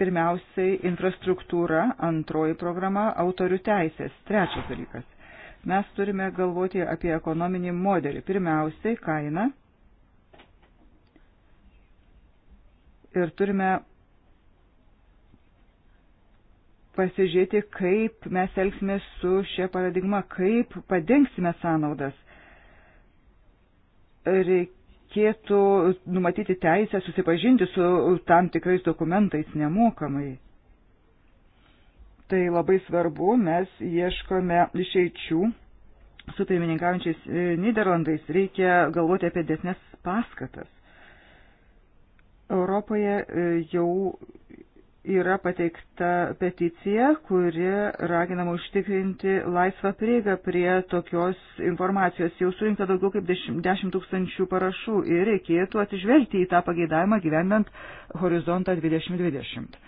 Speaker 1: Pirmiausiai infrastruktūra, antroji programa - autorių teisės. Trečias dalykas. Mes turime galvoti apie ekonominį modelį. Pirmiausiai kaina. Ir turime pasižiūrėti, kaip mes elgsime su šia paradigma, kaip padengsime sąnaudas. Reikia reikėtų numatyti teisę susipažinti su tam tikrais dokumentais nemokamai. Tai labai svarbu, mes ieškome išeičių su pirmininkaujančiais e, Niderlandais, reikia galvoti apie desnes paskatas. Europoje e, jau yra pateikta peticija, kuri raginama užtikrinti laisvą prieigą prie tokios informacijos. Jau surinkta daugiau kaip 10 tūkstančių parašų ir reikėtų atsižvelgti į tą pageidavimą gyvenant horizontą 2020.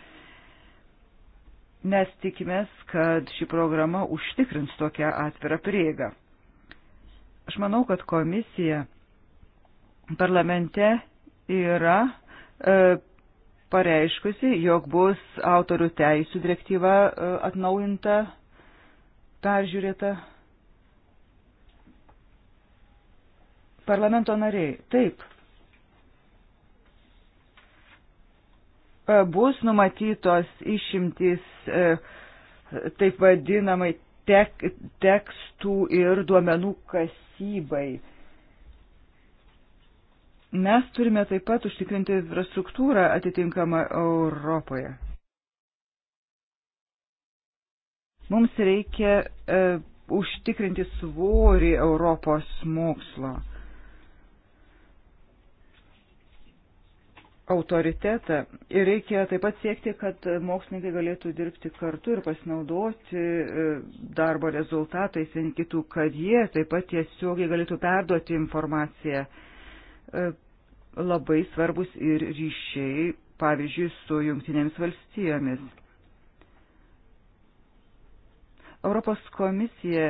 Speaker 1: Mes tikimės, kad ši programa užtikrins tokią atvirą prieigą. Aš manau, kad komisija parlamente yra e, pareiškusi, jog bus autorių teisų direktyva e, atnaujinta, peržiūrėta. Parlamento nariai, taip. E, bus numatytos išimtis e, taip vadinamai tek, tekstų ir duomenų kasybai Mes turime taip pat užtikrinti infrastruktūrą atitinkamą Europoje. Mums reikia e, užtikrinti svorį Europos mokslo. autoritetą ir reikia taip pat siekti, kad mokslininkai galėtų dirbti kartu ir pasinaudoti e, darbo rezultatais vieni kitų, kad jie taip pat tiesiogiai galėtų perduoti informaciją E, labai svarbus ir ryšiai, pavyzdžiui, su jungtinėmis valstijomis. Europos komisija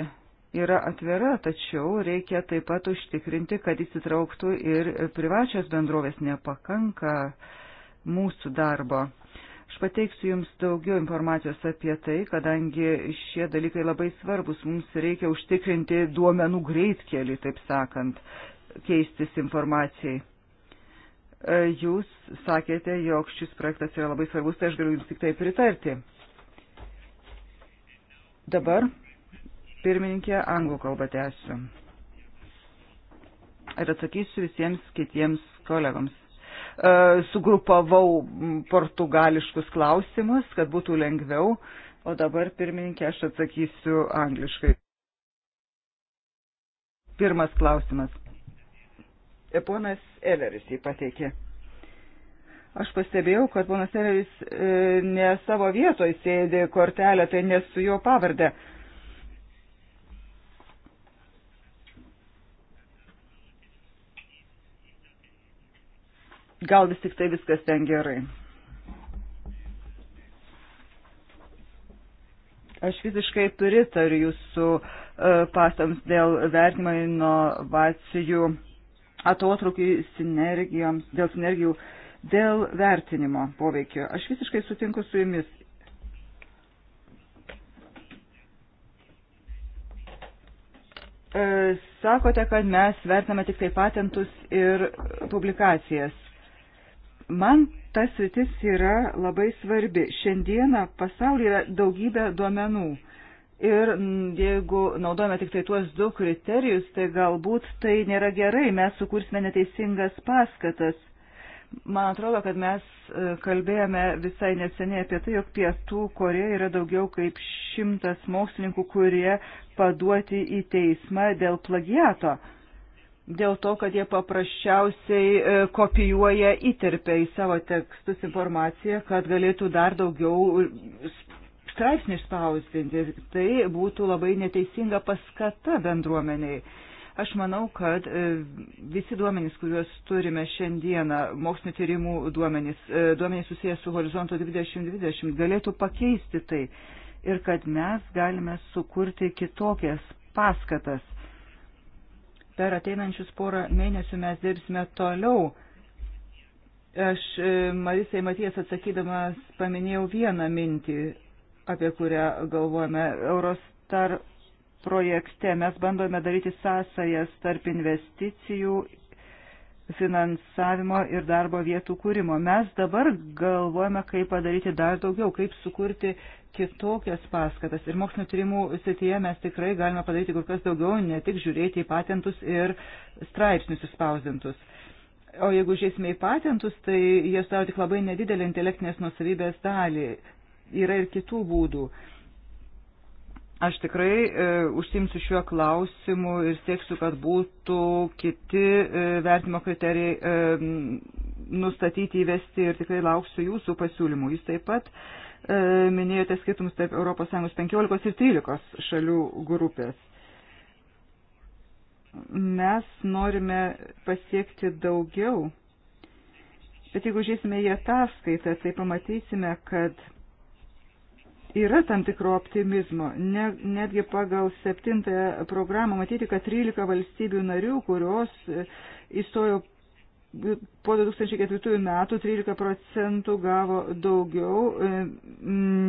Speaker 1: yra atvira, tačiau reikia taip pat užtikrinti, kad įsitrauktų ir privačios bendrovės nepakanka mūsų darbo. Aš pateiksiu Jums daugiau informacijos apie tai, kadangi šie dalykai labai svarbus. Mums reikia užtikrinti duomenų greitkelį, taip sakant keistis informacijai. E, jūs sakėte, jog šis projektas yra labai svarbus, tai aš galiu jums tik tai pritarti. Dabar pirmininkė anglų kalbą tęsiu. Ir atsakysiu visiems kitiems kolegams. E, sugrupavau portugališkus klausimus, kad būtų lengviau, o dabar pirmininkė aš atsakysiu angliškai. Pirmas klausimas E, ponas Eleris jį pateikė. Aš pastebėjau, kad ponas Eleris e, ne savo vietoje sėdė kortelę, tai ne su jo pavardė. Gal vis tik tai viskas ten gerai. Aš visiškai pritariu jūsų e, pastams dėl vertimo inovacijų atotrukiai sinergijoms, dėl sinergijų, dėl vertinimo poveikio. Aš visiškai sutinku su jumis. E, sakote, kad mes vertiname tik tai patentus ir publikacijas. Man tas rytis yra labai svarbi. Šiandieną pasaulyje yra daugybė duomenų. Ir jeigu naudojame tik tai tuos du kriterijus, tai galbūt tai nėra gerai, mes sukursime neteisingas paskatas. Man atrodo, kad mes e, kalbėjome visai neseniai apie tai, jog pietų Koreja yra daugiau kaip šimtas mokslininkų, kurie paduoti į teismą dėl plagiato. Dėl to, kad jie paprasčiausiai e, kopijuoja įterpę į savo tekstus informaciją, kad galėtų dar daugiau straipsnį išspausdinti. Tai būtų labai neteisinga paskata bendruomeniai. Aš manau, kad e, visi duomenys, kuriuos turime šiandieną, mokslinio tyrimų duomenys, e, duomenys susijęs su horizonto 2020, galėtų pakeisti tai ir kad mes galime sukurti kitokias paskatas. Per ateinančius porą mėnesių mes dirbsime toliau. Aš e, Marisai Matijas atsakydamas paminėjau vieną mintį apie kurią galvojame Eurostar projekte. Mes bandome daryti sąsajas tarp investicijų, finansavimo ir darbo vietų kūrimo. Mes dabar galvojame, kaip padaryti dar daugiau, kaip sukurti kitokias paskatas. Ir mokslinio tyrimų srityje mes tikrai galime padaryti kur kas daugiau, ne tik žiūrėti į patentus ir straipsnius išspausdintus. O jeigu žiūrėsime į patentus, tai jie sudaro tik labai nedidelį intelektinės nusavybės dalį yra ir kitų būdų. Aš tikrai e, užsimsiu šiuo klausimu ir sieksiu, kad būtų kiti e, vertimo kriterijai e, nustatyti įvesti ir tikrai lauksiu jūsų pasiūlymų. Jūs taip pat e, minėjote skirtumus tarp ES 15 ir 13 šalių grupės. Mes norime pasiekti daugiau, bet jeigu žiūrėsime į ataskaitą, tai pamatysime, kad yra tam tikro optimizmo. Ne, netgi pagal septintąją programą matyti, kad 13 valstybių narių, kurios e, įstojo po 2004 metų, 13 procentų gavo daugiau e,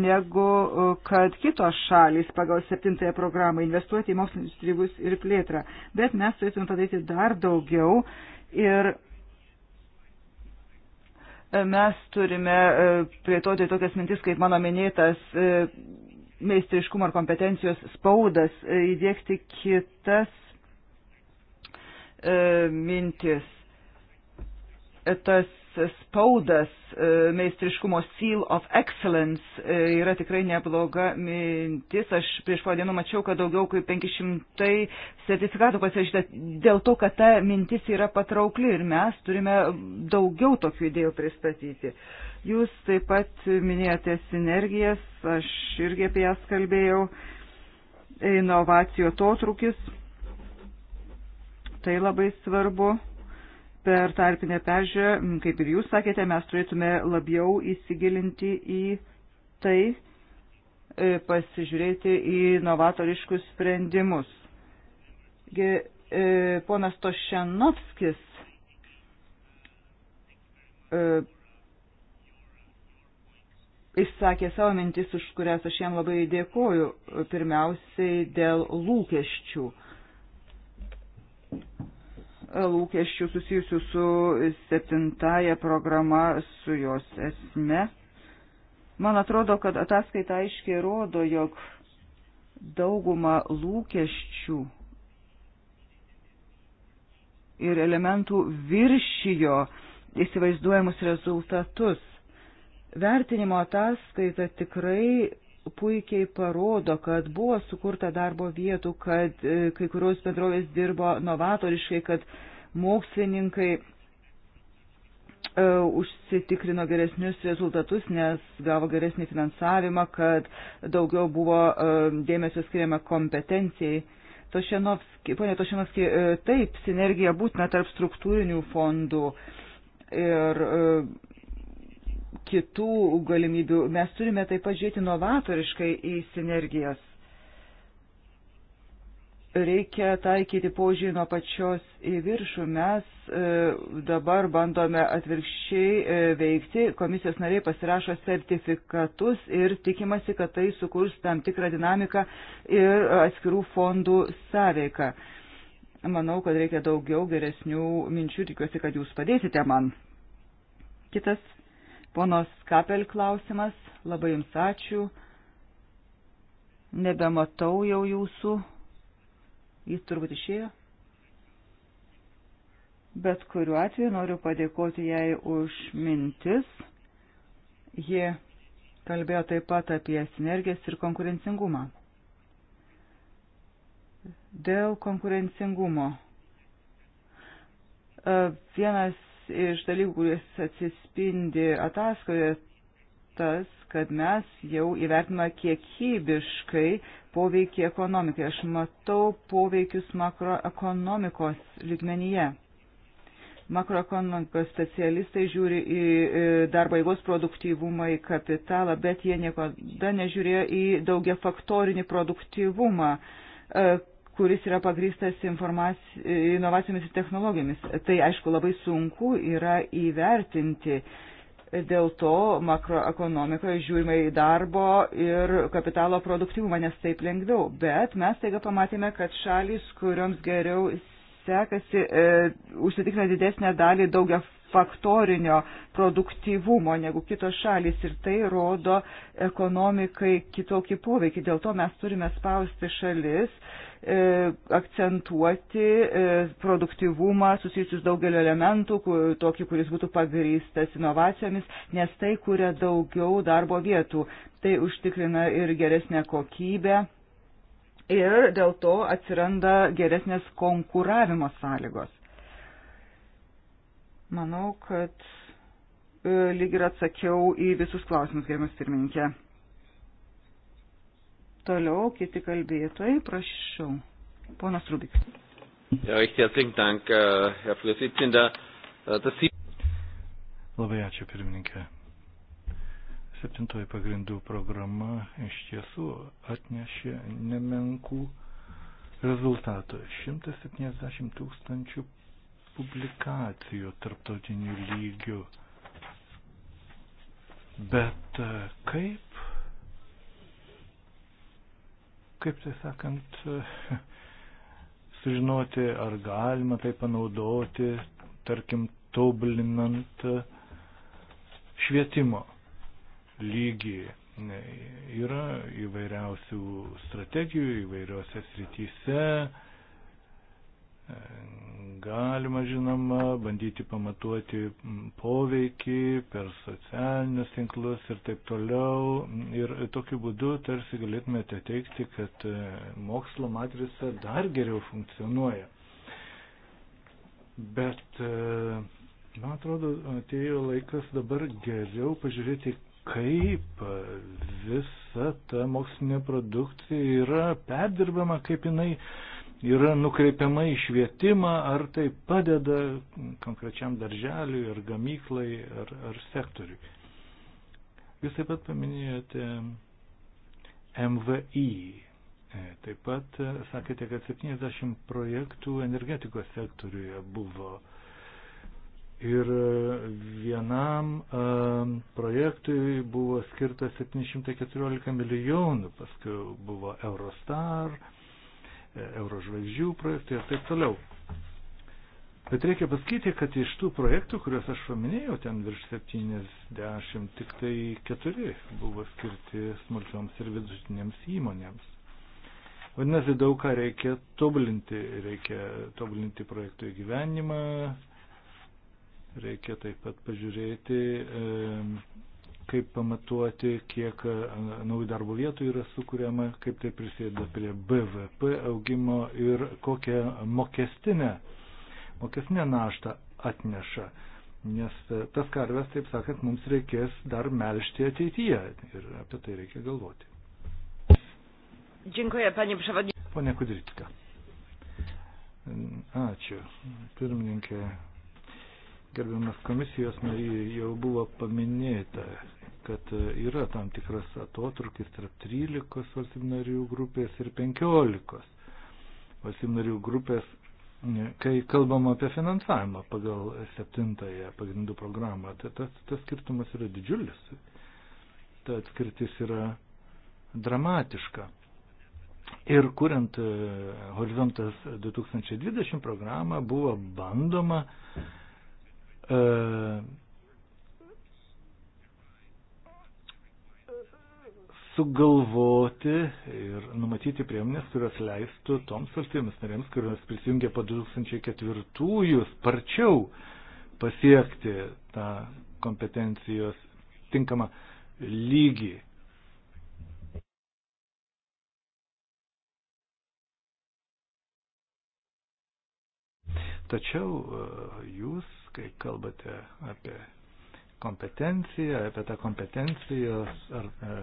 Speaker 1: negu e, kad kitos šalys pagal septintąją programą investuoti į mokslinius tyrimus ir plėtrą. Bet mes turėtume padaryti dar daugiau ir mes turime e, plėtoti tokias mintis, kaip mano minėtas e, meistriškumo ar kompetencijos spaudas, e, įdėkti kitas mintis. Tas spaudas e, meistriškumo Seal of Excellence e, yra tikrai nebloga mintis. Aš prieš porą dienų mačiau, kad daugiau kaip 500 sertifikatų pasirašyta dėl to, kad ta mintis yra patraukli ir mes turime daugiau tokių idėjų pristatyti. Jūs taip pat minėjote sinergijas, aš irgi apie jas kalbėjau, inovacijų atotrukis. Tai labai svarbu per tarpinę peržiūrą, kaip ir jūs sakėte, mes turėtume labiau įsigilinti į tai, e, pasižiūrėti į novatoriškus sprendimus. E, ponas Tošenovskis e, išsakė savo mintis, už kurias aš jam labai dėkoju, pirmiausiai dėl lūkesčių lūkesčių susijusių su septintaja programa, su jos esme. Man atrodo, kad ataskaita aiškiai rodo, jog dauguma lūkesčių ir elementų viršijo įsivaizduojamus rezultatus. Vertinimo ataskaita tikrai puikiai parodo, kad buvo sukurta darbo vietų, kad e, kai kurios bendrovės dirbo novatoriškai, kad mokslininkai e, užsitikrino geresnius rezultatus, nes gavo geresnį finansavimą, kad daugiau buvo e, dėmesio skiriama kompetencijai. Tošenovski, ponė Tošenovski, taip, sinergija būtina tarp struktūrinių fondų ir kitų galimybių. Mes turime taip pat žiūrėti novatoriškai į sinergijas. Reikia taikyti požiūrį nuo pačios į viršų. Mes e, dabar bandome atvirkščiai e, veikti. Komisijos nariai pasirašo sertifikatus ir tikimasi, kad tai sukurs tam tikrą dinamiką ir atskirų fondų sąveiką. Manau, kad reikia daugiau geresnių minčių. Tikiuosi, kad jūs padėsite man. Kitas Ponos Kapel klausimas, labai jums ačiū. Nebematau jau jūsų. Jis turbūt išėjo. Bet kuriuo atveju noriu padėkoti jai už mintis. Ji kalbėjo taip pat apie sinergijas ir konkurencingumą. Dėl konkurencingumo. Vienas iš dalykų, kuris atsispindi ataskoje, tas, kad mes jau įvertiname kiekybiškai poveikį ekonomikai. Aš matau poveikius makroekonomikos lygmenyje. Makroekonomikos specialistai žiūri į darbo jėgos produktyvumą, į kapitalą, bet jie niekada nežiūrėjo į daugia faktorinį produktyvumą e, kuris yra pagrįstas inovacijomis ir technologijomis. Tai aišku labai sunku yra įvertinti. Dėl to makroekonomikoje žiūrime į darbo ir kapitalo produktyvumą, nes taip lengviau. Bet mes taiga pamatėme, kad šalis, kurioms geriau sekasi, e, užsitikrina didesnę dalį daugia faktorinio produktyvumo negu kitos šalis ir tai rodo ekonomikai kitokį poveikį. Dėl to mes turime spausti šalis E, akcentuoti e, produktivumą susijusius daugelio elementų, tokį, kuris būtų pagrįstas inovacijomis, nes tai kuria daugiau darbo vietų. Tai užtikrina ir geresnę kokybę ir dėl to atsiranda geresnės konkuravimo sąlygos. Manau, kad e, lyg ir atsakiau į visus klausimus, gerbiamas pirmininkė. Toliau kiti kalbėtojai, praš, Prašau, ponas Rubiks.
Speaker 2: Äh, äh,
Speaker 3: Labai ačiū, pirmininkė. Septintoji pagrindų programa iš tiesų atnešė nemenkų rezultatų. 170 tūkstančių publikacijų tarptautinių lygių. Bet e, kaip kaip tai sakant, sužinoti, ar galima tai panaudoti, tarkim, tobulinant švietimo lygį. Yra įvairiausių strategijų įvairiose srityse, Galima, žinoma, bandyti pamatuoti poveikį per socialinius tinklus ir taip toliau. Ir tokiu būdu tarsi galėtumėte teikti, kad e, mokslo matrica dar geriau funkcionuoja. Bet, e, man atrodo, atėjo laikas dabar geriau pažiūrėti, kaip visa ta mokslinė produkcija yra perdirbama, kaip jinai uh, yra nukreipiama į švietimą, ar tai padeda konkrečiam darželiui, ar gamyklai, ar, ar sektoriui. Jūs taip pat paminėjote MVI. E, taip pat e, sakėte, kad 70 projektų energetikos sektoriuje buvo. Ir e, vienam projektui buvo skirta 714 milijonų, paskui buvo Eurostar, eurožvaigždžių projektai ir taip toliau. Bet reikia pasakyti, kad iš tų projektų, kuriuos aš paminėjau, ten virš 70, tik tai keturi buvo skirti smulkioms ir vidutinėms įmonėms. Vadinasi, daug ką reikia tobulinti. Reikia tobulinti projektų įgyvenimą, reikia taip pat pažiūrėti, kaip pamatuoti, kiek e, naujų darbo vietų yra sukūriama, kaip tai prisėda prie BVP augimo ir kokią mokestinę, mokestinę naštą atneša. Nes e, tas karves, taip sakant, mums reikės dar melžti ateityje ir apie tai reikia galvoti.
Speaker 4: Dziękuję, panie przewodniczący.
Speaker 3: Pone Kudrytka. Ačiū. Pirmininkė, gerbiamas komisijos nariai, jau buvo paminėta, kad yra tam tikras atotrukis tarp 13 valstybinarių grupės ir 15 valstybinarių grupės, kai kalbam apie finansavimą pagal septintąją pagrindų programą. Tas, tas ta skirtumas yra didžiulis. Ta atskirtis yra dramatiška. Ir kuriant e, Horizontas 2020 programą buvo bandoma uh, E, sugalvoti ir numatyti priemonės, kurios leistų toms valstybėms narėms, kurios prisijungė po 2004-ųjų, sparčiau pasiekti tą kompetencijos tinkamą lygį. Tačiau e, jūs kai kalbate apie kompetenciją, apie tą kompetencijos ar e,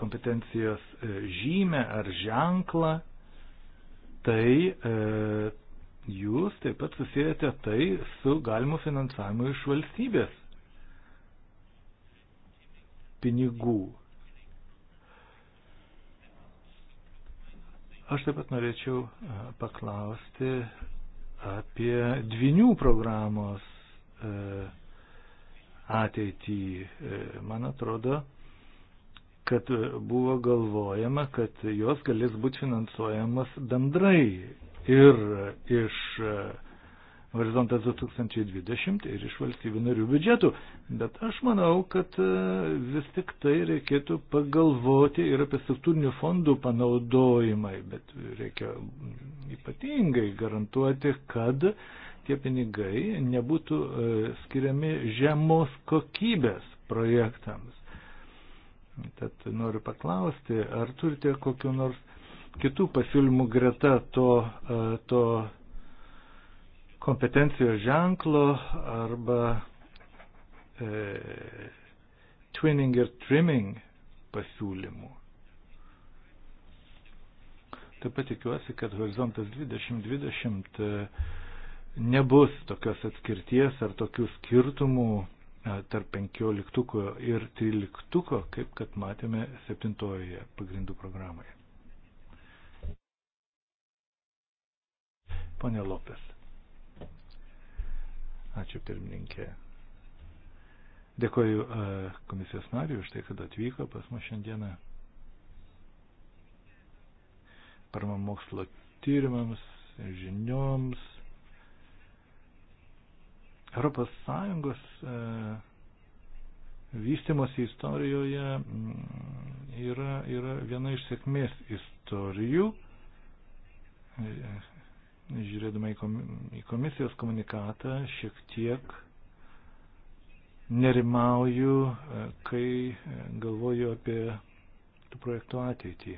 Speaker 3: kompetencijos e, žymę ar ženklą, tai e, jūs taip pat susijęte tai su galimu finansavimu iš valstybės pinigų. Aš taip pat norėčiau e, paklausti, apie dvinių programos e, ateitį. E, man atrodo, kad buvo galvojama, kad jos galės būti finansuojamas bendrai ir iš e, horizontas 2020 ir iš valstybių narių biudžetų. Bet aš manau, kad e, vis tik tai reikėtų pagalvoti ir apie struktūrinių fondų panaudojimą, bet reikia ypatingai garantuoti, kad tie pinigai nebūtų e, skiriami žemos kokybės projektams. Tad noriu paklausti, ar turite kokiu nors kitų pasiūlymų greta to, e, to kompetencijos ženklo arba e, twinning ir trimming pasiūlymų. Taip pat tikiuosi, kad horizontas 2020 e, nebus tokios atskirties ar tokių skirtumų e, tarp 15 ir 13, kaip kad matėme 7 pagrindų programoje. Pone Lopes. Ačiū pirmininkė. Dėkoju e, komisijos nariui už tai, kad atvyko pas mus šiandieną. Parma mokslo tyrimams, žinioms. Europos Sąjungos e, vystimosi istorijoje mm, yra, yra viena iš sėkmės istorijų e, žiūrėdama į komisijos komunikatą, šiek tiek nerimauju, e, kai e, galvoju apie tų projektų ateitį.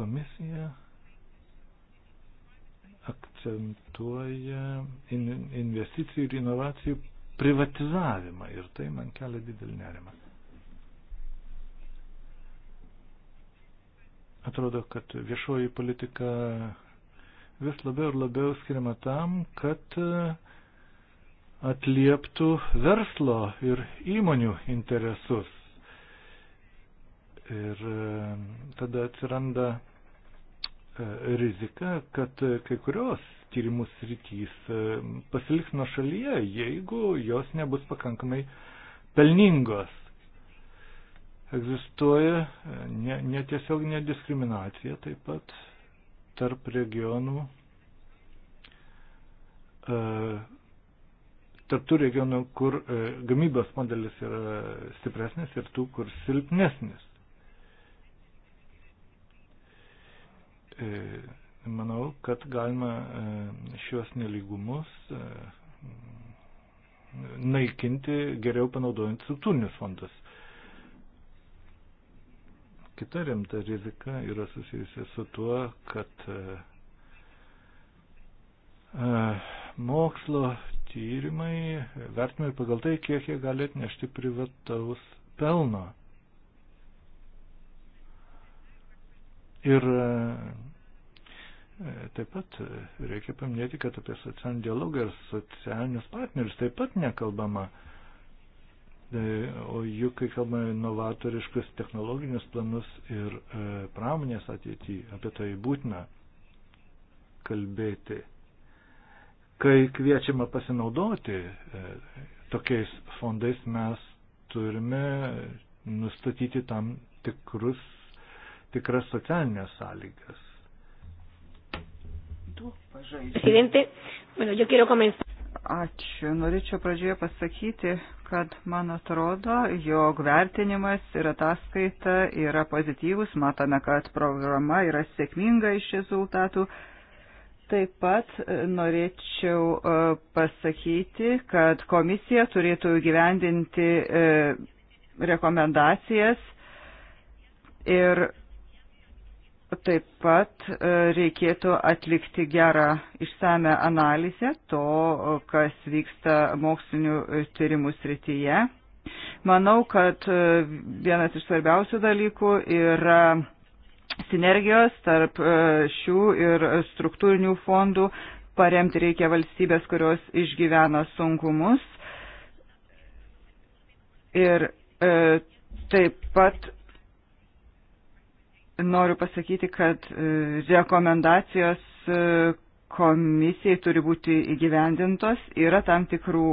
Speaker 3: Komisija akcentuoja investicijų ir inovacijų privatizavimą ir tai man kelia didelį nerimą. Atrodo, kad viešoji politika vis labiau ir labiau skiriama tam, kad e, atlieptų verslo ir įmonių interesus. Ir e, tada atsiranda e, rizika, kad kai kurios tyrimus rytys pasiliks nuo šalyje, jeigu jos nebus pakankamai pelningos. Egzistuoja netiesioginė ne diskriminacija taip pat tarp regionų, e, tarp tų regionų, kur e, gamybos modelis yra stipresnis ir tų, kur silpnesnis. E, manau, kad galima šios neligumus naikinti geriau panaudojant struktūrinius fondus. Kita rimta rizika yra susijusi su tuo, kad e, e, mokslo tyrimai vertinami pagal tai, kiek jie gali atnešti privataus pelno. Ir e, taip pat reikia paminėti, kad apie socialinį dialogą ir socialinius partnerius taip pat nekalbama. E, o juk, kai kalbame novatoriškus technologinius planus ir e, pramonės ateityje, apie tai būtina kalbėti. Kai kviečiama pasinaudoti e, tokiais fondais, mes turime nustatyti tam tikrus, tikras socialinės sąlygas.
Speaker 4: Presidente, bueno, yo quiero comenzar. Ačiū.
Speaker 1: Norėčiau pradžioje pasakyti, kad man atrodo, jog vertinimas ir ataskaita yra pozityvus. Matome, kad programa yra sėkminga iš rezultatų. Taip pat e, norėčiau e, pasakyti, kad komisija turėtų gyvendinti e, rekomendacijas ir Taip pat e, reikėtų atlikti gerą išsame analizę to, kas vyksta mokslinių e, tyrimų srityje. Manau, kad e, vienas iš svarbiausių dalykų yra sinergijos tarp šių ir struktūrinių fondų. Paremti reikia valstybės, kurios išgyvena sunkumus. Ir e, taip pat noriu pasakyti, kad e, rekomendacijos e, komisijai turi būti įgyvendintos. Yra tam tikrų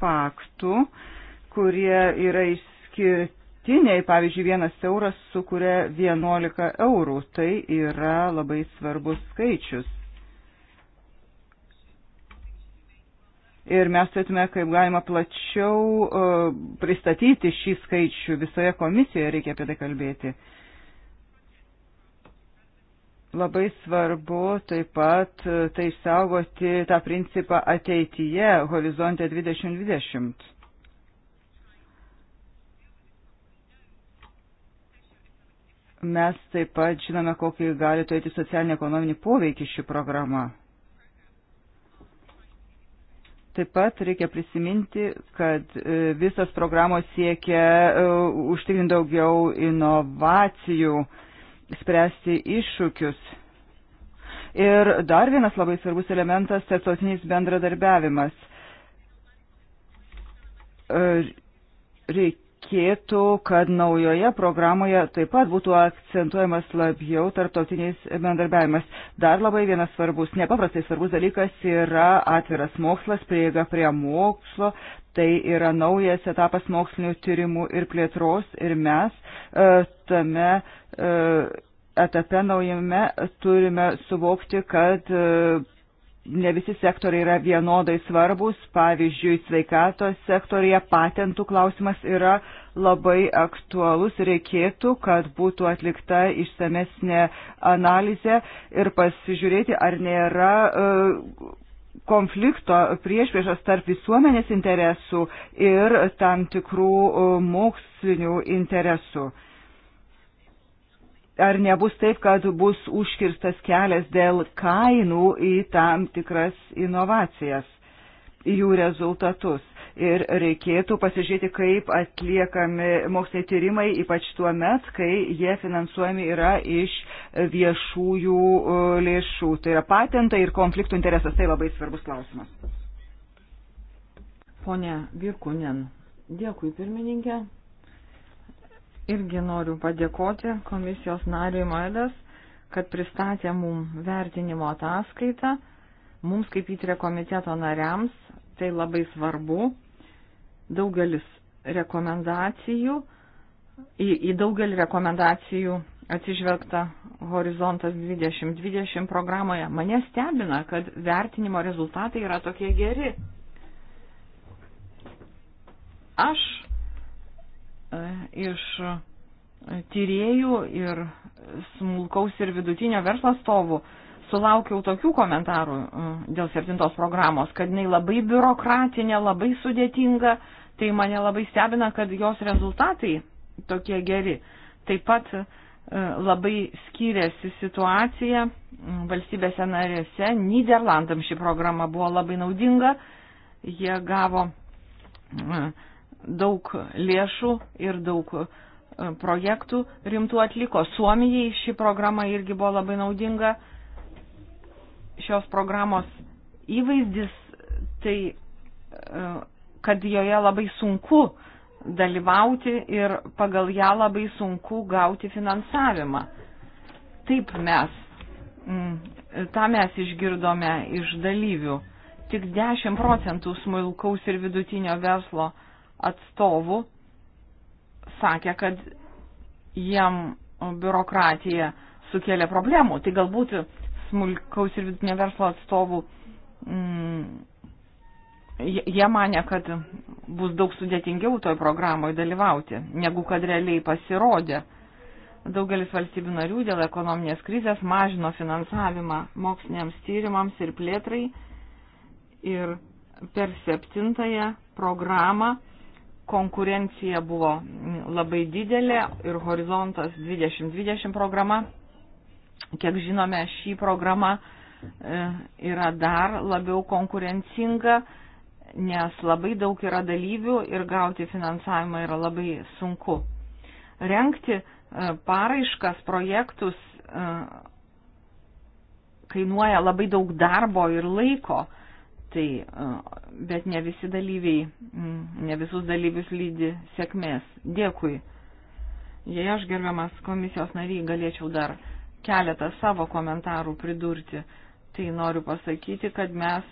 Speaker 1: faktų, kurie yra išskirtiniai. Pavyzdžiui, vienas euras sukuria 11 eurų. Tai yra labai svarbus skaičius. ir mes turėtume kaip galima plačiau e, pristatyti šį skaičių visoje komisijoje, reikia apie tai kalbėti. Labai svarbu taip pat e, tai saugoti tą principą ateityje, horizonte 2020. Mes taip pat žinome, kokį gali turėti socialinį ekonominį poveikį ši programa. Taip pat reikia prisiminti, kad e, visos programos siekia e, užtikrinti daugiau inovacijų, spręsti iššūkius. Ir dar vienas labai svarbus elementas - tarptautinis bendradarbiavimas. E, reikia reikėtų, kad naujoje programoje taip pat būtų akcentuojamas labiau tarptautinis bendarbiavimas. Dar labai vienas svarbus, nepaprastai svarbus dalykas yra atviras mokslas, prieiga prie mokslo. Tai yra naujas etapas mokslinių tyrimų ir plėtros ir mes e, tame. E, etape naujame turime suvokti, kad e, ne visi sektoriai yra vienodai svarbus, pavyzdžiui, sveikatos sektorija patentų klausimas yra labai aktualus ir reikėtų, kad būtų atlikta išsamesnė analizė ir pasižiūrėti, ar nėra e, konflikto priešpriešos tarp visuomenės interesų ir tam tikrų e, mokslinių interesų ar nebus taip, kad bus užkirstas kelias dėl kainų į tam tikras inovacijas, į jų rezultatus. Ir reikėtų pasižiūrėti, kaip atliekami moksliniai tyrimai, ypač tuo met, kai jie finansuojami yra iš viešųjų e, lėšų. Tai yra patentai ir konfliktų interesas. Tai labai svarbus klausimas.
Speaker 4: Pone Virkunen, dėkui pirmininkė irgi noriu padėkoti komisijos nariui Maedas, kad pristatė mum vertinimo ataskaitą. Mums kaip įtrė komiteto nariams tai labai svarbu. Daugelis rekomendacijų, į, į daugelį rekomendacijų atsižvelgta Horizontas 2020 programoje. Mane stebina, kad vertinimo rezultatai yra tokie geri. Aš iš tyriejų ir smulkaus ir vidutinio verslo atstovų sulaukiau tokių komentarų e, dėl septintos programos, kad jinai labai biurokratinė, labai sudėtinga, tai mane labai stebina, kad jos rezultatai tokie geri. Taip pat e, labai skiriasi situacija valstybėse narėse. Niderlandams ši programa buvo labai naudinga. Jie gavo daug lėšų ir daug e, projektų rimtų atliko. Suomijai ši programa irgi buvo labai naudinga. Šios programos įvaizdis tai, e, kad joje labai sunku dalyvauti ir pagal ją labai sunku gauti finansavimą. Taip mes, mm, tą mes išgirdome iš dalyvių. Tik 10 procentų smulkaus ir vidutinio verslo uh, atstovų sakė, kad jiem biurokratija sukėlė problemų. Tai galbūt smulkaus ir vidutinio verslo atstovų mm, jie mane, kad bus daug sudėtingiau toj programoje dalyvauti, negu kad realiai pasirodė. Daugelis valstybių narių dėl ekonominės krizės mažino finansavimą moksliniams tyrimams ir plėtrai ir per septintąją programą konkurencija buvo labai didelė ir Horizontas 2020 programa, kiek žinome, šį programą e, yra dar labiau konkurencinga, nes labai daug yra dalyvių ir gauti finansavimą yra labai sunku. Renkti e, paraiškas, projektus e, kainuoja labai daug darbo ir laiko Tai, bet ne visi dalyviai, ne visus dalyvius lydi sėkmės. Dėkui. Jei aš gerbiamas komisijos nariai galėčiau dar keletą savo komentarų pridurti, tai noriu pasakyti, kad mes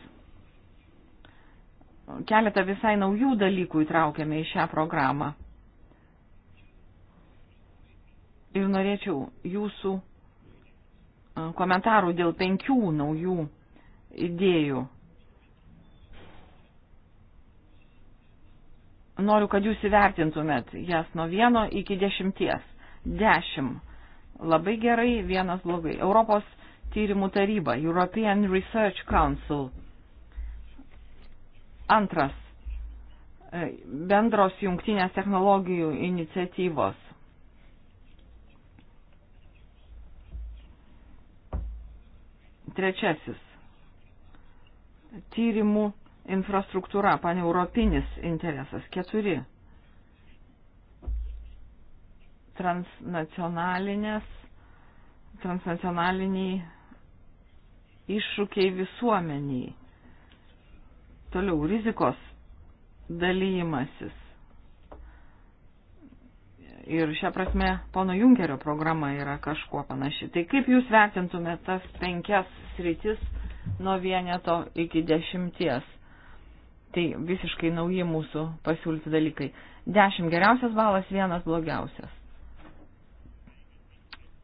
Speaker 4: keletą visai naujų dalykų įtraukėme į šią programą. Ir norėčiau jūsų komentarų dėl penkių naujų idėjų noriu, kad jūs įvertintumėt jas nuo vieno iki dešimties. Dešimt labai gerai, vienas blogai. Europos tyrimų taryba, European Research Council. Antras, e, bendros jungtinės technologijų iniciatyvos. Trečiasis, tyrimų infrastruktūra, paneuropinis interesas. Keturi. Transnacionalinės, transnacionaliniai iššūkiai visuomeniai. Toliau rizikos dalymasis. Ir šią prasme pono Junkerio programa yra kažkuo panaši. Tai kaip jūs vertintumėte tas penkias sritis nuo vieneto iki dešimties? Tai visiškai nauji mūsų pasiūlyti dalykai. Dešimt geriausias balas, vienas blogiausias.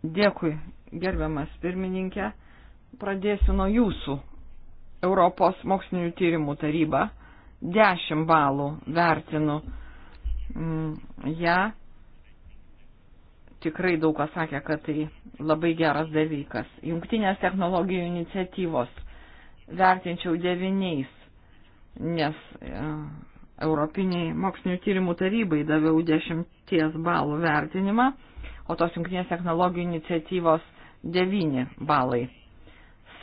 Speaker 4: Dėkui, gerbiamas pirmininkė. Pradėsiu nuo jūsų. Europos mokslinių tyrimų taryba. Dešimt balų vertinu mm, ją. Ja tikrai daug kas sakė, kad tai labai geras dalykas. Jungtinės technologijų iniciatyvos vertinčiau devyniais nes e, Europiniai mokslinio tyrimų tarybai daviau dešimties balų vertinimą, o tos jungtinės technologijų iniciatyvos devyni balai.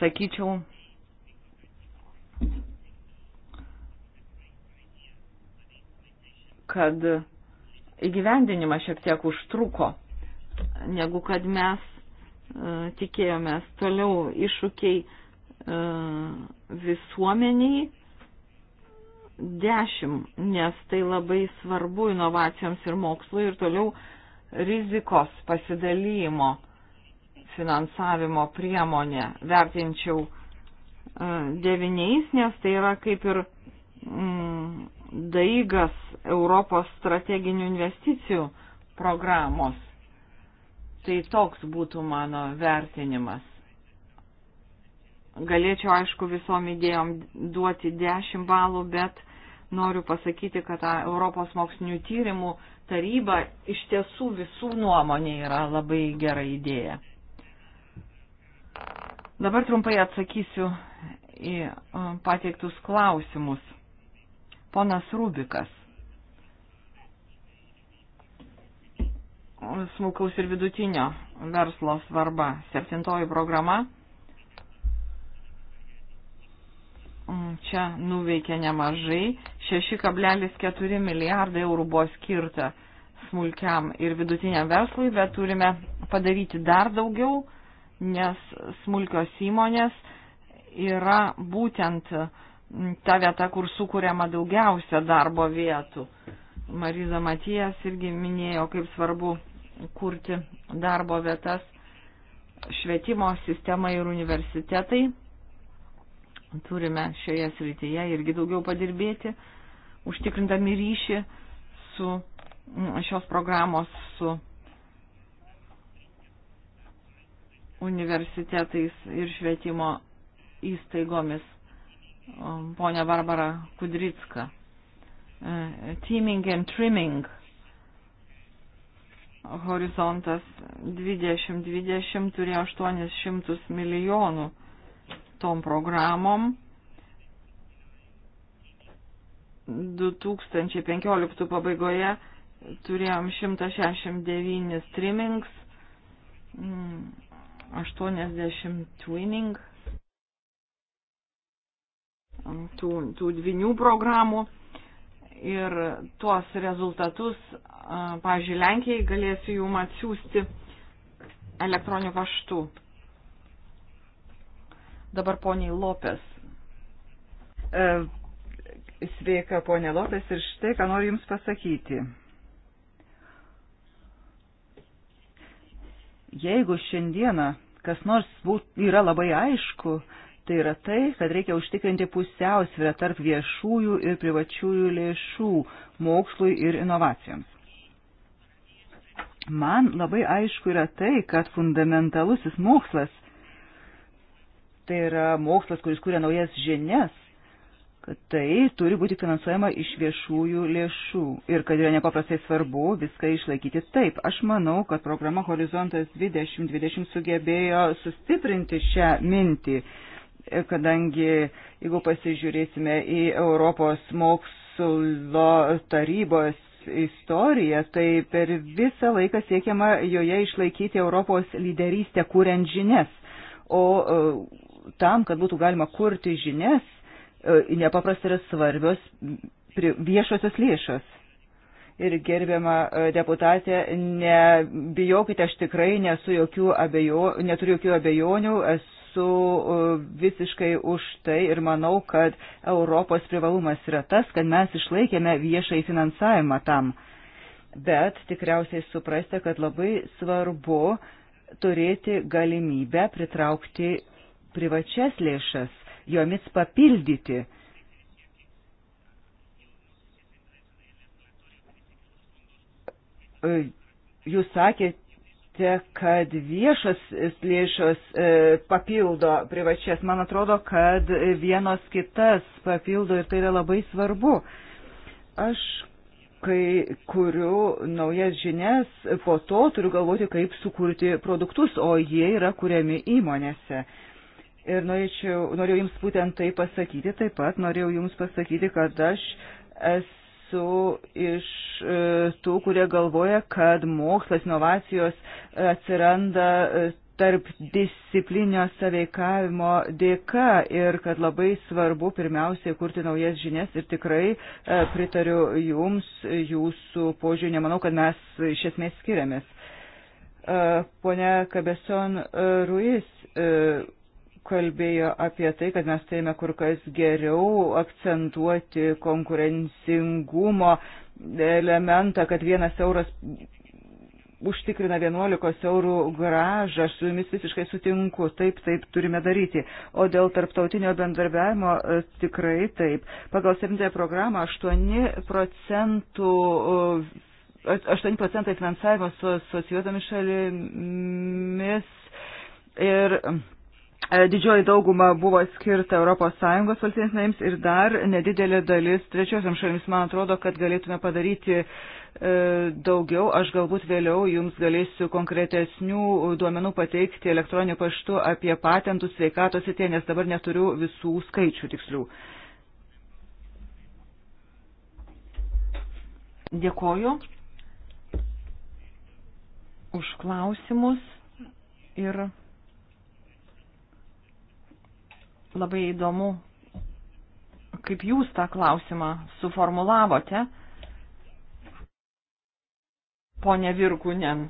Speaker 4: Sakyčiau, kad įgyvendinimas šiek tiek užtruko, negu kad mes e, tikėjomės toliau iššūkiai e, visuomeniai 10, nes tai labai svarbu inovacijoms ir mokslui ir toliau rizikos pasidalymo finansavimo priemonė vertinčiau 9, e, nes tai yra kaip ir mm, daigas Europos strateginių investicijų programos. Tai toks būtų mano vertinimas. Galėčiau, aišku, visom idėjom duoti 10 balų, bet noriu pasakyti, kad ta Europos mokslinių tyrimų taryba iš tiesų visų nuomonė yra labai gera idėja. Dabar trumpai atsakysiu į e, pateiktus klausimus. Ponas Rubikas. Smulkaus ir vidutinio verslo svarba. Septintoji programa Mm, čia nuveikė nemažai. 6,4 milijardai eurų buvo skirta smulkiam ir vidutiniam verslui, bet turime padaryti dar daugiau, nes smulkios įmonės yra būtent mm, ta vieta, kur sukūriama daugiausia darbo vietų. Mariza Matijas irgi minėjo, kaip svarbu kurti darbo vietas švietimo sistema ir universitetai Turime šioje srityje irgi daugiau padirbėti, užtikrindami ryšį su šios programos, su universitetais ir švietimo įstaigomis. Pone Barbara Kudricka. E, teaming and trimming horizontas 2020 turėjo 800 milijonų tom programom 2015 pabaigoje turėjom 169 streamings, 80 twinning, tų, tų dvinių programų ir tuos rezultatus, pažiūrėjau, Lenkijai galėsiu jum atsiųsti elektroniniu paštu. Dabar poniai Lopes. E,
Speaker 1: sveika, ponė Lopes, ir štai ką noriu Jums pasakyti. Jeigu šiandieną kas nors būt, yra labai aišku, tai yra tai, kad reikia užtikrinti pusiausvyrą tarp viešųjų ir privačiųjų lėšų mokslui ir inovacijoms. Man labai aišku yra tai, kad fundamentalusis mokslas tai yra mokslas, kuris kūrė naujas žinias, kad tai turi būti finansuojama iš viešųjų lėšų ir kad yra nepaprastai svarbu viską išlaikyti taip. Aš manau, kad programa Horizontas 2020 sugebėjo sustiprinti šią mintį, kadangi jeigu pasižiūrėsime į Europos mokslo tarybos istoriją, tai per visą laiką siekiama joje išlaikyti Europos lyderystę, kuriant žinias. O tam, kad būtų galima kurti žinias, e, nepaprastai yra svarbios viešosios lėšos. Ir gerbiama e, deputatė, nebijokite, aš tikrai nesu jokių abejo, neturiu jokių abejonių, esu e, visiškai už tai ir manau, kad Europos privalumas yra tas, kad mes išlaikėme viešai finansavimą tam. Bet tikriausiai suprasti, kad labai svarbu turėti galimybę pritraukti privačias lėšas, jomis papildyti. E, jūs sakėte, kad viešas lėšos e, papildo privačias. Man atrodo, kad vienos kitas papildo ir tai yra labai svarbu. Aš kai kuriu naujas žinias, po to turiu galvoti, kaip sukurti produktus, o jie yra kuriami įmonėse ir norėčiau, norėjau Jums būtent tai pasakyti, taip pat norėjau Jums pasakyti, kad aš esu iš e, tų, kurie galvoja, kad mokslas, inovacijos e, atsiranda e, tarp disciplinio saveikavimo dėka ir kad labai svarbu pirmiausiai kurti naujas žinias ir tikrai e, pritariu jums, jūsų požiūrį, nemanau, kad mes iš esmės skiriamės. E, pone Kabeson e, Ruiz, e, kalbėjo apie tai, kad mes turime kur kas geriau akcentuoti konkurencingumo elementą, kad vienas euras užtikrina 11 eurų gražą, aš su jumis visiškai sutinku, taip, taip turime daryti. O dėl tarptautinio bendarbiavimo e, tikrai taip. Pagal 7 programą 8 procentų. 8 e, procentai finansavimo su asociuotomis šalimis ir E, didžioji dauguma buvo skirta ES valstybės naims ir dar nedidelė dalis trečiosiam šalims. Man atrodo, kad galėtume padaryti e, daugiau. Aš galbūt vėliau jums galėsiu konkretesnių duomenų pateikti elektroniniu paštu apie patentų sveikatos įtie, nes dabar neturiu visų skaičių tikslių.
Speaker 4: Dėkoju už klausimus ir. Labai įdomu, kaip jūs tą klausimą suformulavote, ponė Virkunen.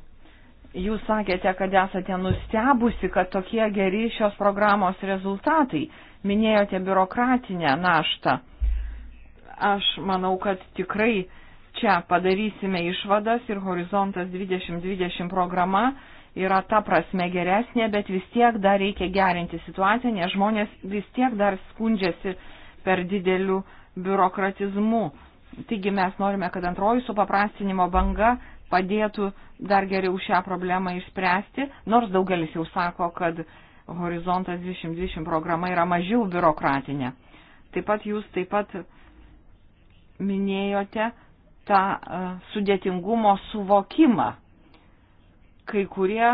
Speaker 4: Jūs sakėte, kad esate nustebusi, kad tokie geri šios programos rezultatai. Minėjote biurokratinę naštą. Aš manau, kad tikrai čia padarysime išvadas ir Horizontas 2020 programa yra ta prasme geresnė, bet vis tiek dar reikia gerinti situaciją, nes žmonės vis tiek dar skundžiasi per dideliu biurokratizmu. Taigi mes norime, kad antroji supaprastinimo banga padėtų dar geriau šią problemą išspręsti, nors daugelis jau sako, kad Horizontas 2020 programa yra mažiau biurokratinė. Taip pat jūs taip pat minėjote tą e, sudėtingumo suvokimą kai kurie